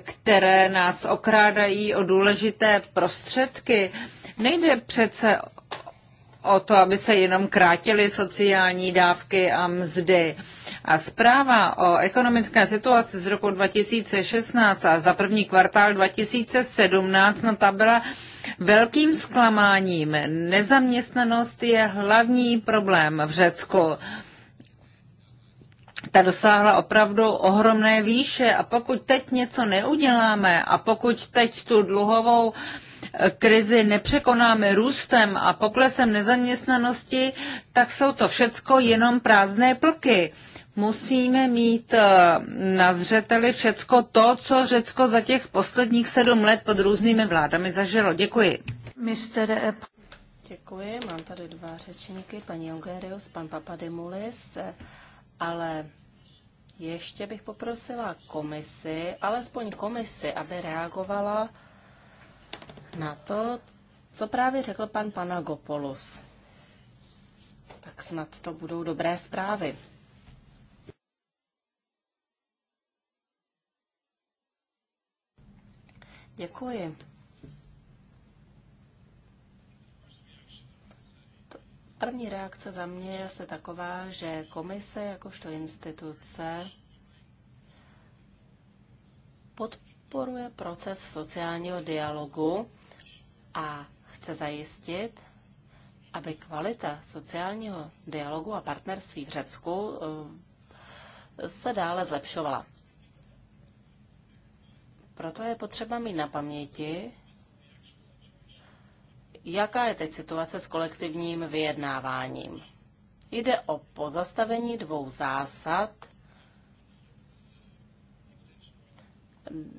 S1: které nás okrádají o důležité prostředky. Nejde přece o to, aby se jenom krátily sociální dávky a mzdy. A zpráva o ekonomické situaci z roku 2016 a za první kvartál 2017 na no tabela velkým zklamáním. Nezaměstnanost je hlavní problém v Řecku. Ta dosáhla opravdu ohromné výše a pokud teď něco neuděláme a pokud teď tu dluhovou eh, krizi nepřekonáme růstem a poklesem nezaměstnanosti, tak jsou to všecko jenom prázdné plky musíme mít eh, na zřeteli všecko to, co Řecko za těch posledních sedm let pod různými vládami zažilo. Děkuji. Mr.
S3: Děkuji. Mám tady dva řečníky, paní Ongerius, pan Papademulis, eh, ale ještě bych poprosila komisi, alespoň komisi, aby reagovala na to, co právě řekl pan Panagopoulos. Tak snad to budou dobré zprávy. Děkuji. První reakce za mě je se taková, že komise jakožto instituce podporuje proces sociálního dialogu a chce zajistit, aby kvalita sociálního dialogu a partnerství v Řecku eh, se dále zlepšovala. Proto je potřeba mít na paměti, jaká je teď situace s kolektivním vyjednáváním. Jde o pozastavení dvou zásad.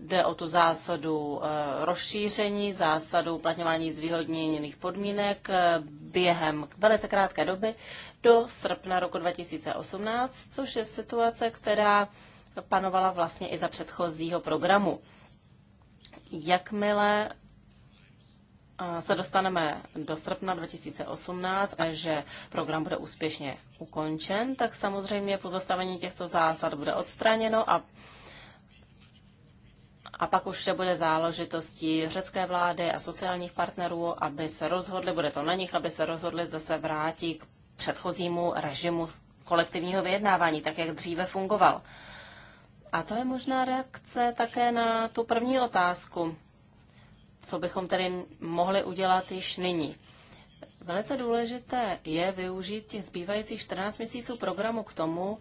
S3: Jde o tu zásadu eh, rozšíření, zásadu uplatňování zvýhodněných podmínek eh, během velice krátké doby do srpna roku 2018, což je situace, která panovala vlastně i za předchozího programu jakmile se dostaneme do srpna 2018 a že program bude úspěšně ukončen, tak samozřejmě pozastavení těchto zásad bude odstraněno a a pak už se bude záležitostí řecké vlády a sociálních partnerů, aby se rozhodli, bude to na nich, aby se rozhodli, zda se vrátí k předchozímu režimu kolektivního vyjednávání, tak jak dříve fungoval. A to je možná reakce také na tu první otázku, co bychom tedy mohli udělat již nyní. Velice důležité je využít těch zbývajících 14 měsíců programu k tomu,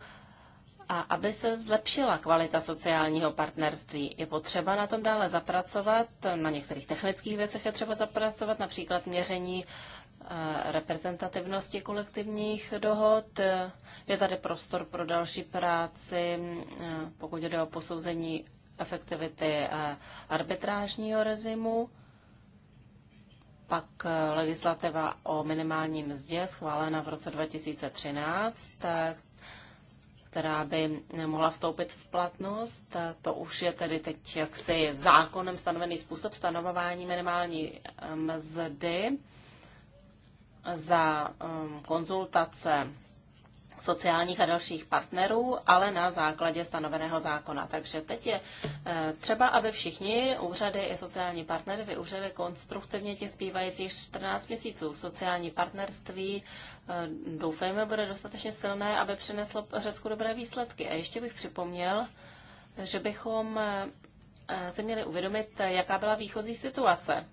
S3: a aby se zlepšila kvalita sociálního partnerství, je potřeba na tom dále zapracovat. Na některých technických věcech je třeba zapracovat, například měření Eh, reprezentativnosti kolektivních dohod. Je tady prostor pro další práci, mm, eh, pokud jde o posouzení efektivity eh, arbitrážního režimu. Pak legislativa o minimálním mzdě schválena v roce 2013, která by mohla vstoupit v platnost. To už je tedy teď jaksi zákonem stanovený způsob stanovování minimální mzdy za um, konzultace sociálních a dalších partnerů, ale na základě stanoveného zákona. Takže teď je eh, třeba, aby všichni úřady i sociální partnery využili konstruktivně těch zbývajících 14 měsíců. Sociální partnerství eh, doufejme bude dostatečně silné, aby přineslo Řecku dobré výsledky. A ještě bych připomněl, že bychom eh, si měli uvědomit, jaká byla výchozí situace.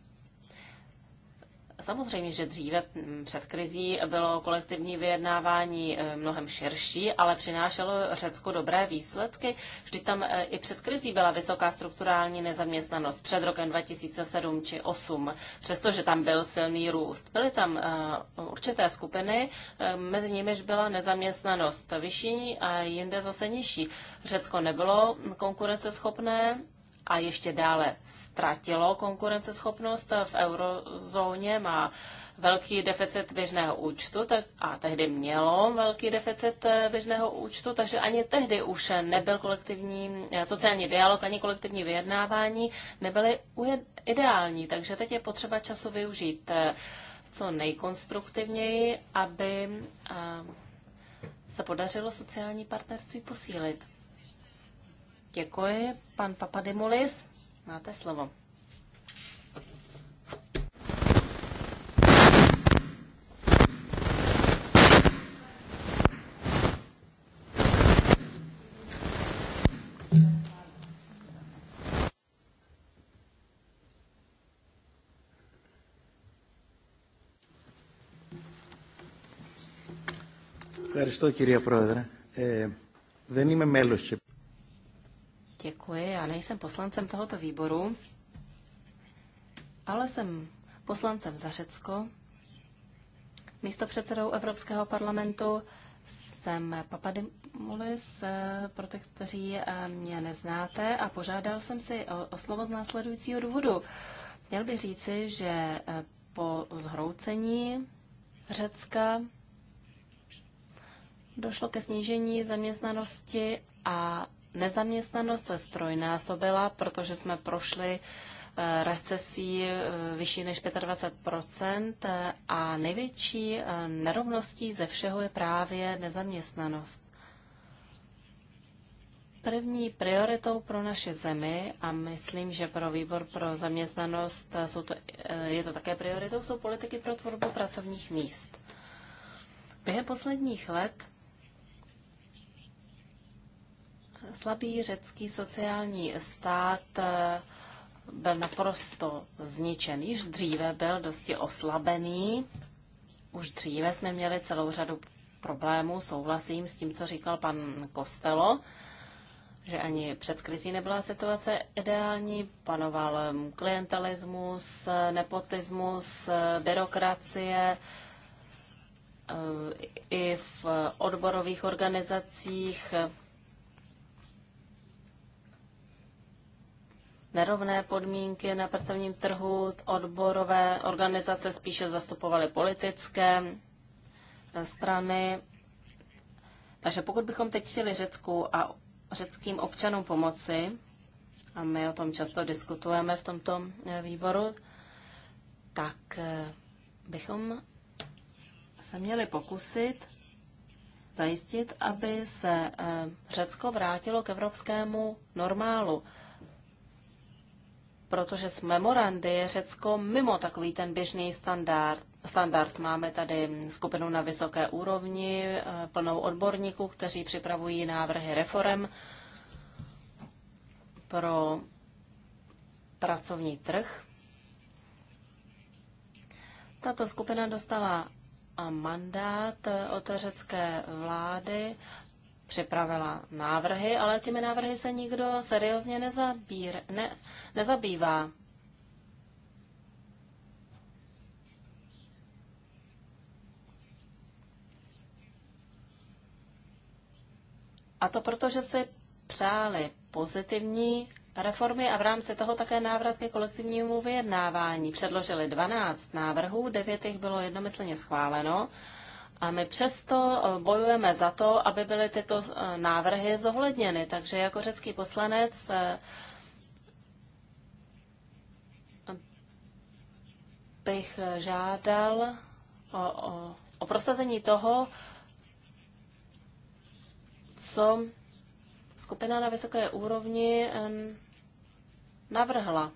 S3: Samozřejmě, že dříve mm, před krizí bylo kolektivní vyjednávání eh, mnohem širší, ale přinášelo Řecku dobré výsledky. Vždy tam eh, i před krizí byla vysoká strukturální nezaměstnanost před rokem 2007 či 2008, přestože tam byl silný růst. Byly tam eh, určité skupiny, mezi nimiž byla nezaměstnanost vyšší a jinde zase nižší. Řecko nebylo konkurenceschopné a ještě dále ztratilo konkurenceschopnost v eurozóně, má velký deficit běžného účtu tak, a tehdy mělo velký deficit eh, běžného účtu, takže ani tehdy už nebyl kolektivní eh, sociální dialog, ani kolektivní vyjednávání nebyly ideální, takže teď je potřeba času využít eh, co nejkonstruktivněji, aby se podařilo sociální partnerství posílit. Děkuji. Pan Papadimulis, máte slovo.
S1: Ευχαριστώ κυρία Πρόεδρε. Ε, δεν είμαι μέλος της
S3: Děkuji. Já nejsem poslancem tohoto výboru, ale jsem poslancem za Řecko. Místo předsedou Evropského parlamentu jsem Papadimulis, pro ty, kteří eh, mě neznáte, a požádal jsem si o, o slovo z následujícího důvodu. Měl bych říci, že eh, po zhroucení Řecka došlo ke snížení zaměstnanosti a Nezaměstnanost se strojnásobila, protože jsme prošli eh, recesí eh, vyšší než 25 eh, a největší nerovností ze všeho je právě nezaměstnanost. První prioritou pro naše zemi, a myslím, že pro výbor pro zaměstnanost jsou to, je to také prioritou, jsou politiky pro tvorbu pracovních míst. Během posledních let Slabý řecký sociální stát eh, byl naprosto zničen. Již dříve byl dosti oslabený. Už dříve jsme měli celou řadu problémů. Souhlasím s tím, co říkal pan Kostelo, že ani před krizí nebyla situace ideální. Panoval klientelismus, nepotismus, byrokracie, eh, i v odborových organizacích nerovné podmínky na pracovním trhu, odborové organizace spíše zastupovaly politické strany. Takže pokud bychom teď chtěli Řecku a řeckým občanům pomoci, a my o tom často diskutujeme v tomto eh, výboru, tak eh, bychom se měli pokusit zajistit, aby se eh, Řecko vrátilo k evropskému normálu protože s memorandy je Řecko mimo takový ten běžný standard. Standard máme tady skupinu na vysoké úrovni, eh, plnou odborníků, kteří připravují návrhy reform pro pracovní trh. Tato skupina dostala mandát eh, od řecké vlády připravila návrhy, ale těmi návrhy se nikdo seriózně nezabír, ne, nezabývá. A to proto, že si přáli pozitivní reformy a v rámci toho také návrat ke kolektivnímu vyjednávání. Předložili 12 návrhů, 9 jich bylo jednomyslně schváleno a my přesto eh, bojujeme za to, aby byly tyto eh, návrhy zohledněny. Takže jako řecký poslanec eh, bych žádal o, o, o prosazení toho, co skupina na vysoké úrovni navrhla.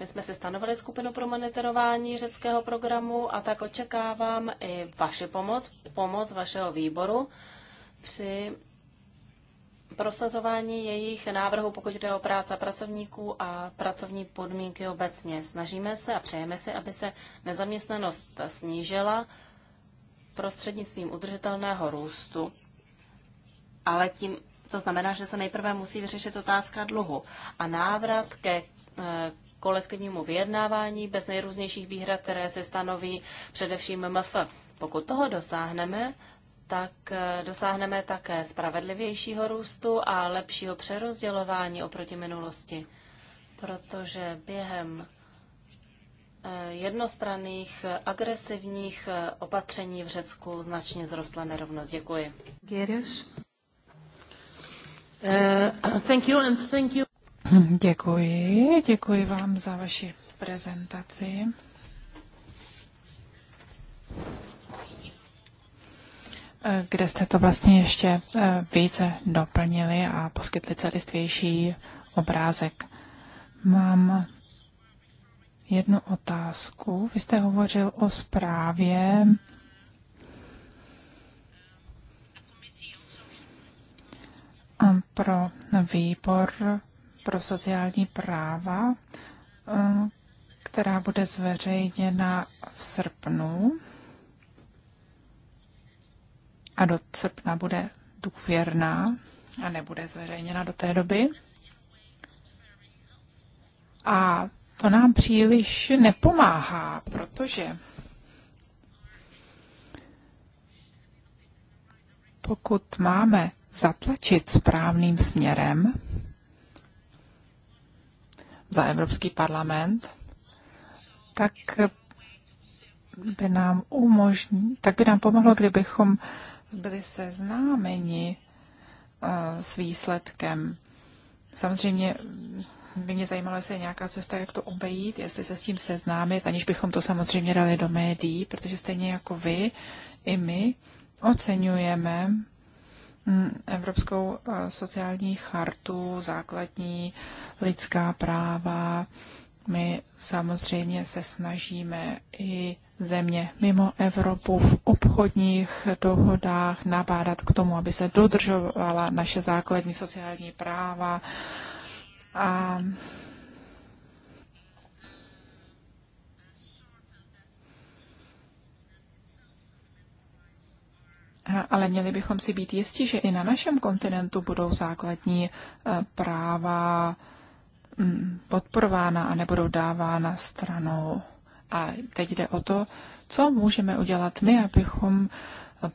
S3: My jsme si stanovili skupinu pro monitorování řeckého programu a tak očekávám i vaši pomoc, pomoc vašeho výboru při prosazování jejich návrhů, pokud jde o práce pracovníků a pracovní podmínky obecně. Snažíme se a přejeme si, aby se nezaměstnanost snížila prostřednictvím udržitelného růstu, ale tím to znamená, že se nejprve musí vyřešit otázka dluhu a návrat ke eh, kolektivnímu vyjednávání bez nejrůznějších výhrad, které se stanoví především MF. Pokud toho dosáhneme, tak eh, dosáhneme také spravedlivějšího růstu a lepšího přerozdělování oproti minulosti, protože během eh, jednostranných agresivních eh, opatření v Řecku značně zrostla
S2: nerovnost. Děkuji. Uh, thank you and thank you. Děkuji, děkuji vám za vaši prezentaci. kde jste to vlastně ještě eh, více doplnili a poskytli celistvější obrázek. Mám jednu otázku. Vy jste hovořil o zprávě eh, pro výbor pro sociální práva, eh, která bude zveřejněna v srpnu. A do srpna bude důvěrná a nebude zveřejněna do té doby. A to nám příliš nepomáhá, protože pokud máme zatlačit správným směrem, za Evropský parlament, tak by nám umožní, tak by nám pomohlo, kdybychom byli seznámeni eh, s výsledkem. Samozřejmě by mě zajímalo, jestli je nějaká cesta, jak to obejít, jestli se s tím seznámit, aniž bychom to samozřejmě dali do médií, protože stejně jako vy, i my oceňujeme Mm, Evropskou eh, sociální chartu, základní lidská práva. My samozřejmě se snažíme i země mimo Evropu v obchodních dohodách nabádat k tomu, aby se dodržovala naše základní sociální práva. A ale měli bychom si být jistí, že i na našem kontinentu budou základní eh, práva mm, podporována a nebudou dávána stranou. A teď jde o to, co můžeme udělat my, abychom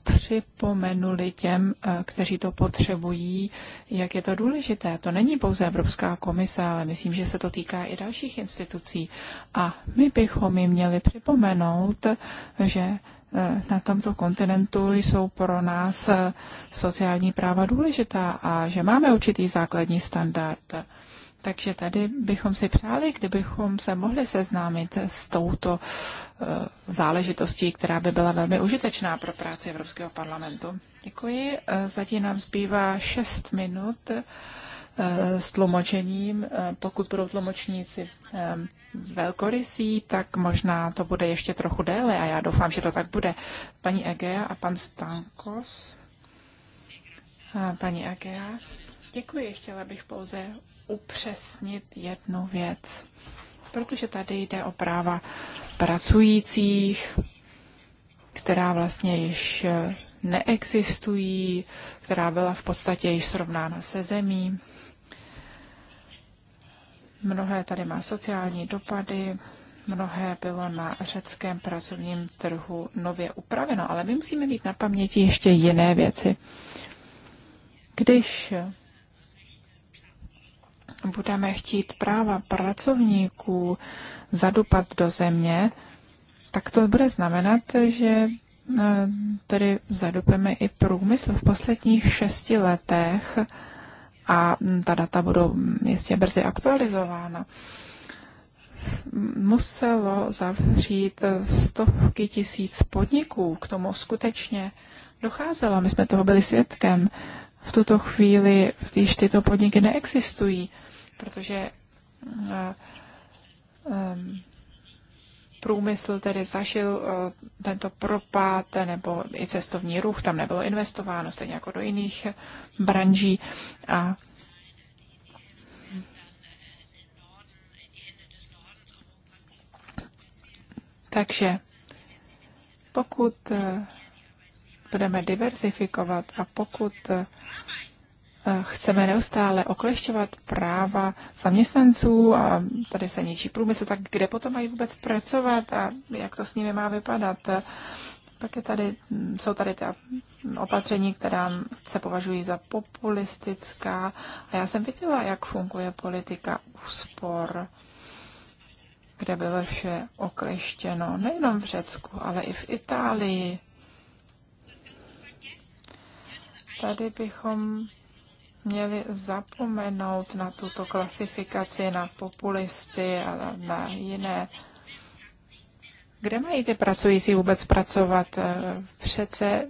S2: připomenuli těm, eh, kteří to potřebují, jak je to důležité. To není pouze Evropská komise, ale myslím, že se to týká i dalších institucí. A my bychom jim měli připomenout, že Eh, na tomto kontinentu jsou pro nás eh, sociální práva důležitá a že máme určitý základní standard. Takže tady bychom si přáli, kdybychom se mohli seznámit s touto eh, záležitostí, která by byla velmi užitečná pro práci Evropského parlamentu. Děkuji. Zatím nám zbývá 6 minut. Eh, s tlumočením. Eh, pokud budou tlumočníci eh, velkorysí, tak možná to bude ještě trochu déle a já doufám, že to tak bude. Paní Egea a pan Stankos. A paní Egea, děkuji. Chtěla bych pouze upřesnit jednu věc, protože tady jde o práva pracujících, která vlastně již neexistují, která byla v podstatě již srovnána se zemí. Mnohé tady má sociální dopady, mnohé bylo na řeckém pracovním trhu nově upraveno, ale my musíme mít na paměti ještě jiné věci. Když budeme chtít práva pracovníků zadupat do země, tak to bude znamenat, že eh, tady zadupeme i průmysl. V posledních šesti letech a ta data budou jistě brzy aktualizována. Muselo zavřít stovky tisíc podniků, k tomu skutečně docházelo, my jsme toho byli svědkem. V tuto chvíli již tyto podniky neexistují, protože eh, eh, průmysl tedy zažil eh, tento propad nebo i cestovní ruch, tam nebylo investováno, stejně jako do jiných branží. A Takže pokud eh, budeme diversifikovat a pokud eh, Eh, chceme neustále oklešťovat práva zaměstnanců a tady se ničí průmysl, tak kde potom mají vůbec pracovat a jak to s nimi má vypadat? Pak je tady, jsou tady ta opatření, která se považují za populistická. A já jsem viděla, jak funguje politika úspor, kde bylo vše okleštěno, nejenom v Řecku, ale i v Itálii. Tady bychom měli zapomenout na tuto klasifikaci, na populisty a na jiné. Kde mají ty pracující vůbec pracovat? Eh, přece eh,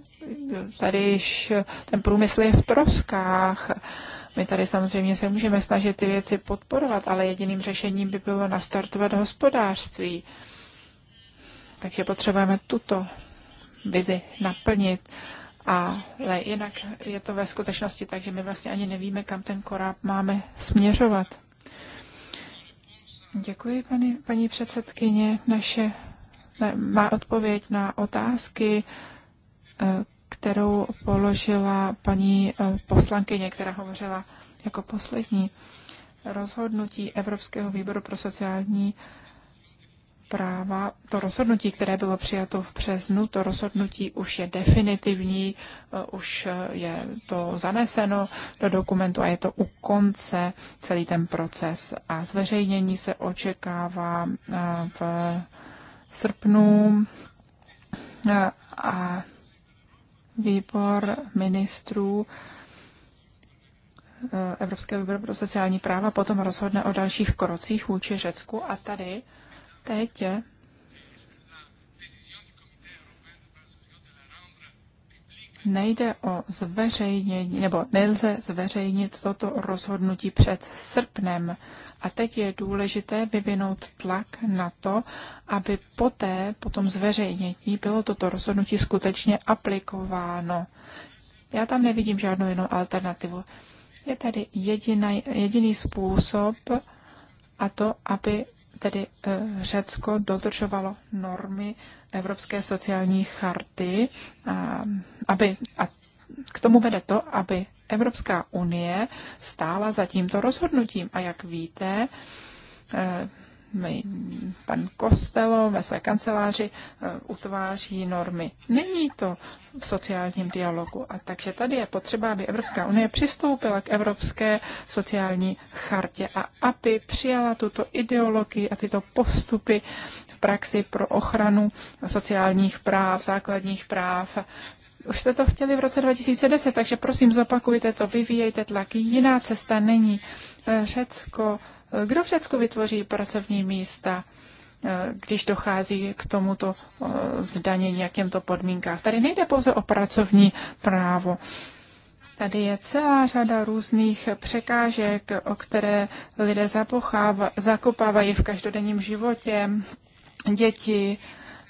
S2: tady již eh, ten průmysl je v troskách. My tady samozřejmě se můžeme snažit ty věci podporovat, ale jediným řešením by bylo nastartovat hospodářství. Takže potřebujeme tuto vizi naplnit. Ale jinak je to ve skutečnosti tak, že my vlastně ani nevíme, kam ten koráb máme směřovat. Děkuji, paní, paní předsedkyně. Naše ne, má odpověď na otázky, eh, kterou položila paní eh, poslankyně, která hovořila jako poslední. Rozhodnutí Evropského výboru pro sociální práva, to rozhodnutí, které bylo přijato v březnu, to rozhodnutí už je definitivní, eh, už eh, je to zaneseno do dokumentu a je to u konce celý ten proces. A zveřejnění se očekává eh, v srpnu a výbor ministrů Evropského výboru pro sociální práva potom rozhodne o dalších krocích vůči Řecku a tady Teď nejde o zveřejnění, nebo nelze zveřejnit toto rozhodnutí před srpnem. A teď je důležité vyvinout tlak na to, aby poté, po tom zveřejnění, bylo toto rozhodnutí skutečně aplikováno. Já tam nevidím žádnou jinou alternativu. Je tady jediný, jediný způsob a to, aby tedy eh, Řecko dodržovalo normy Evropské sociální charty, eh, aby, a k tomu vede to, aby Evropská unie stála za tímto rozhodnutím. A jak víte, eh, pan Kostelo ve své kanceláři eh, utváří normy. Není to v sociálním dialogu. A takže tady je potřeba, aby Evropská unie přistoupila k Evropské sociální chartě a aby přijala tuto ideologii a tyto postupy v praxi pro ochranu sociálních práv, základních práv, už jste to chtěli v roce 2010, takže prosím zopakujte to, vyvíjejte tlak. Jiná cesta není. Eh, Řecko kdo v Řecku vytvoří pracovní místa, eh, když dochází k tomuto eh, zdanění, jak těmto podmínkách? Tady nejde pouze o pracovní právo. Tady je celá řada různých překážek, o které lidé zakopávají v každodenním životě, děti,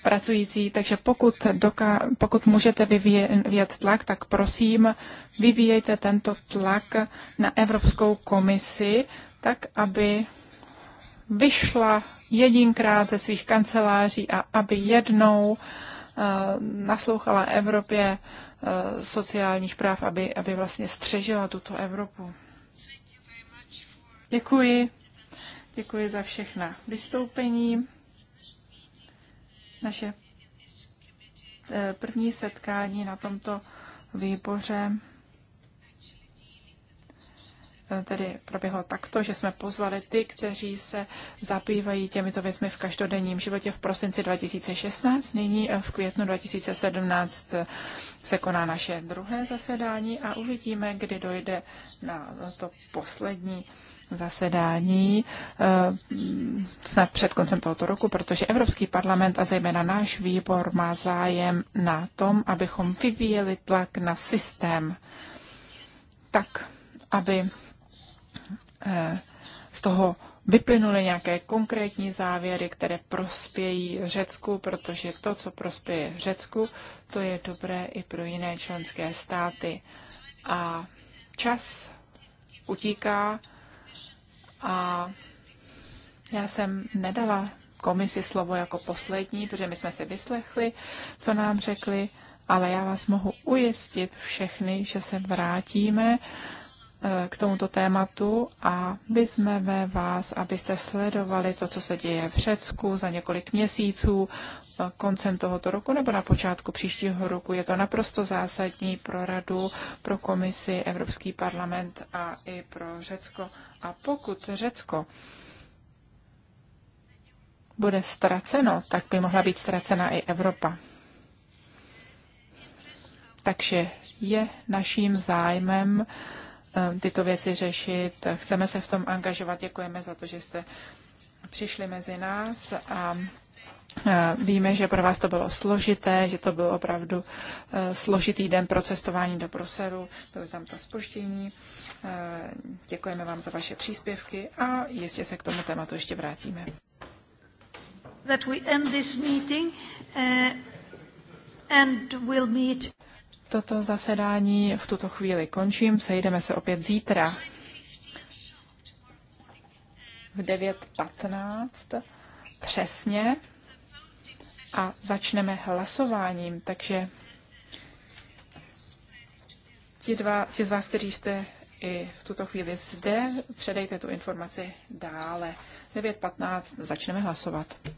S2: pracující, takže pokud, doká- pokud můžete vyvíjet tlak, tak prosím, vyvíjejte tento tlak na Evropskou komisi, tak aby vyšla jedinkrát ze svých kanceláří a aby jednou eh, naslouchala Evropě eh, sociálních práv, aby, aby vlastně střežila tuto Evropu. Děkuji. Děkuji za všechna vystoupení. Naše eh, první setkání na tomto výboře Eh, tedy proběhlo takto, že jsme pozvali ty, kteří se zabývají těmito věcmi v každodenním životě v prosinci 2016. Nyní eh, v květnu 2017 eh, se koná naše druhé zasedání a uvidíme, kdy dojde na to poslední zasedání snad před koncem tohoto roku, protože Evropský parlament a zejména náš výbor má zájem na tom, abychom vyvíjeli tlak na systém tak, aby Eh, z toho vyplynuly nějaké konkrétní závěry, které prospějí Řecku, protože to, co prospěje Řecku, to je dobré i pro jiné členské státy. A čas utíká a já jsem nedala komisi slovo jako poslední, protože my jsme si vyslechli, co nám řekli, ale já vás mohu ujistit všechny, že se vrátíme Eh, k tomuto tématu a vyzmeme vás, abyste sledovali to, co se děje v Řecku za několik měsíců, eh, koncem tohoto roku nebo na počátku příštího roku. Je to naprosto zásadní pro radu, pro komisi, Evropský parlament a i pro Řecko. A pokud Řecko bude ztraceno, tak by mohla být ztracena i Evropa. Takže je naším zájmem, Eh, tyto věci řešit. Chceme se v tom angažovat. Děkujeme za to, že jste přišli mezi nás a eh, Víme, že pro vás to bylo složité, že to byl opravdu eh, složitý den pro cestování do Bruselu, byly tam ta spoždění. Děkujeme vám za vaše příspěvky a jistě se k tomu tématu ještě vrátíme.
S1: That we end
S2: this meeting, uh, and we'll meet... Toto zasedání v tuto chvíli končím. Sejdeme se opět zítra v 9.15 přesně a začneme hlasováním. Takže ti, dva, ti z vás, kteří jste i v tuto chvíli zde, předejte tu informaci dále. 9.15 začneme hlasovat.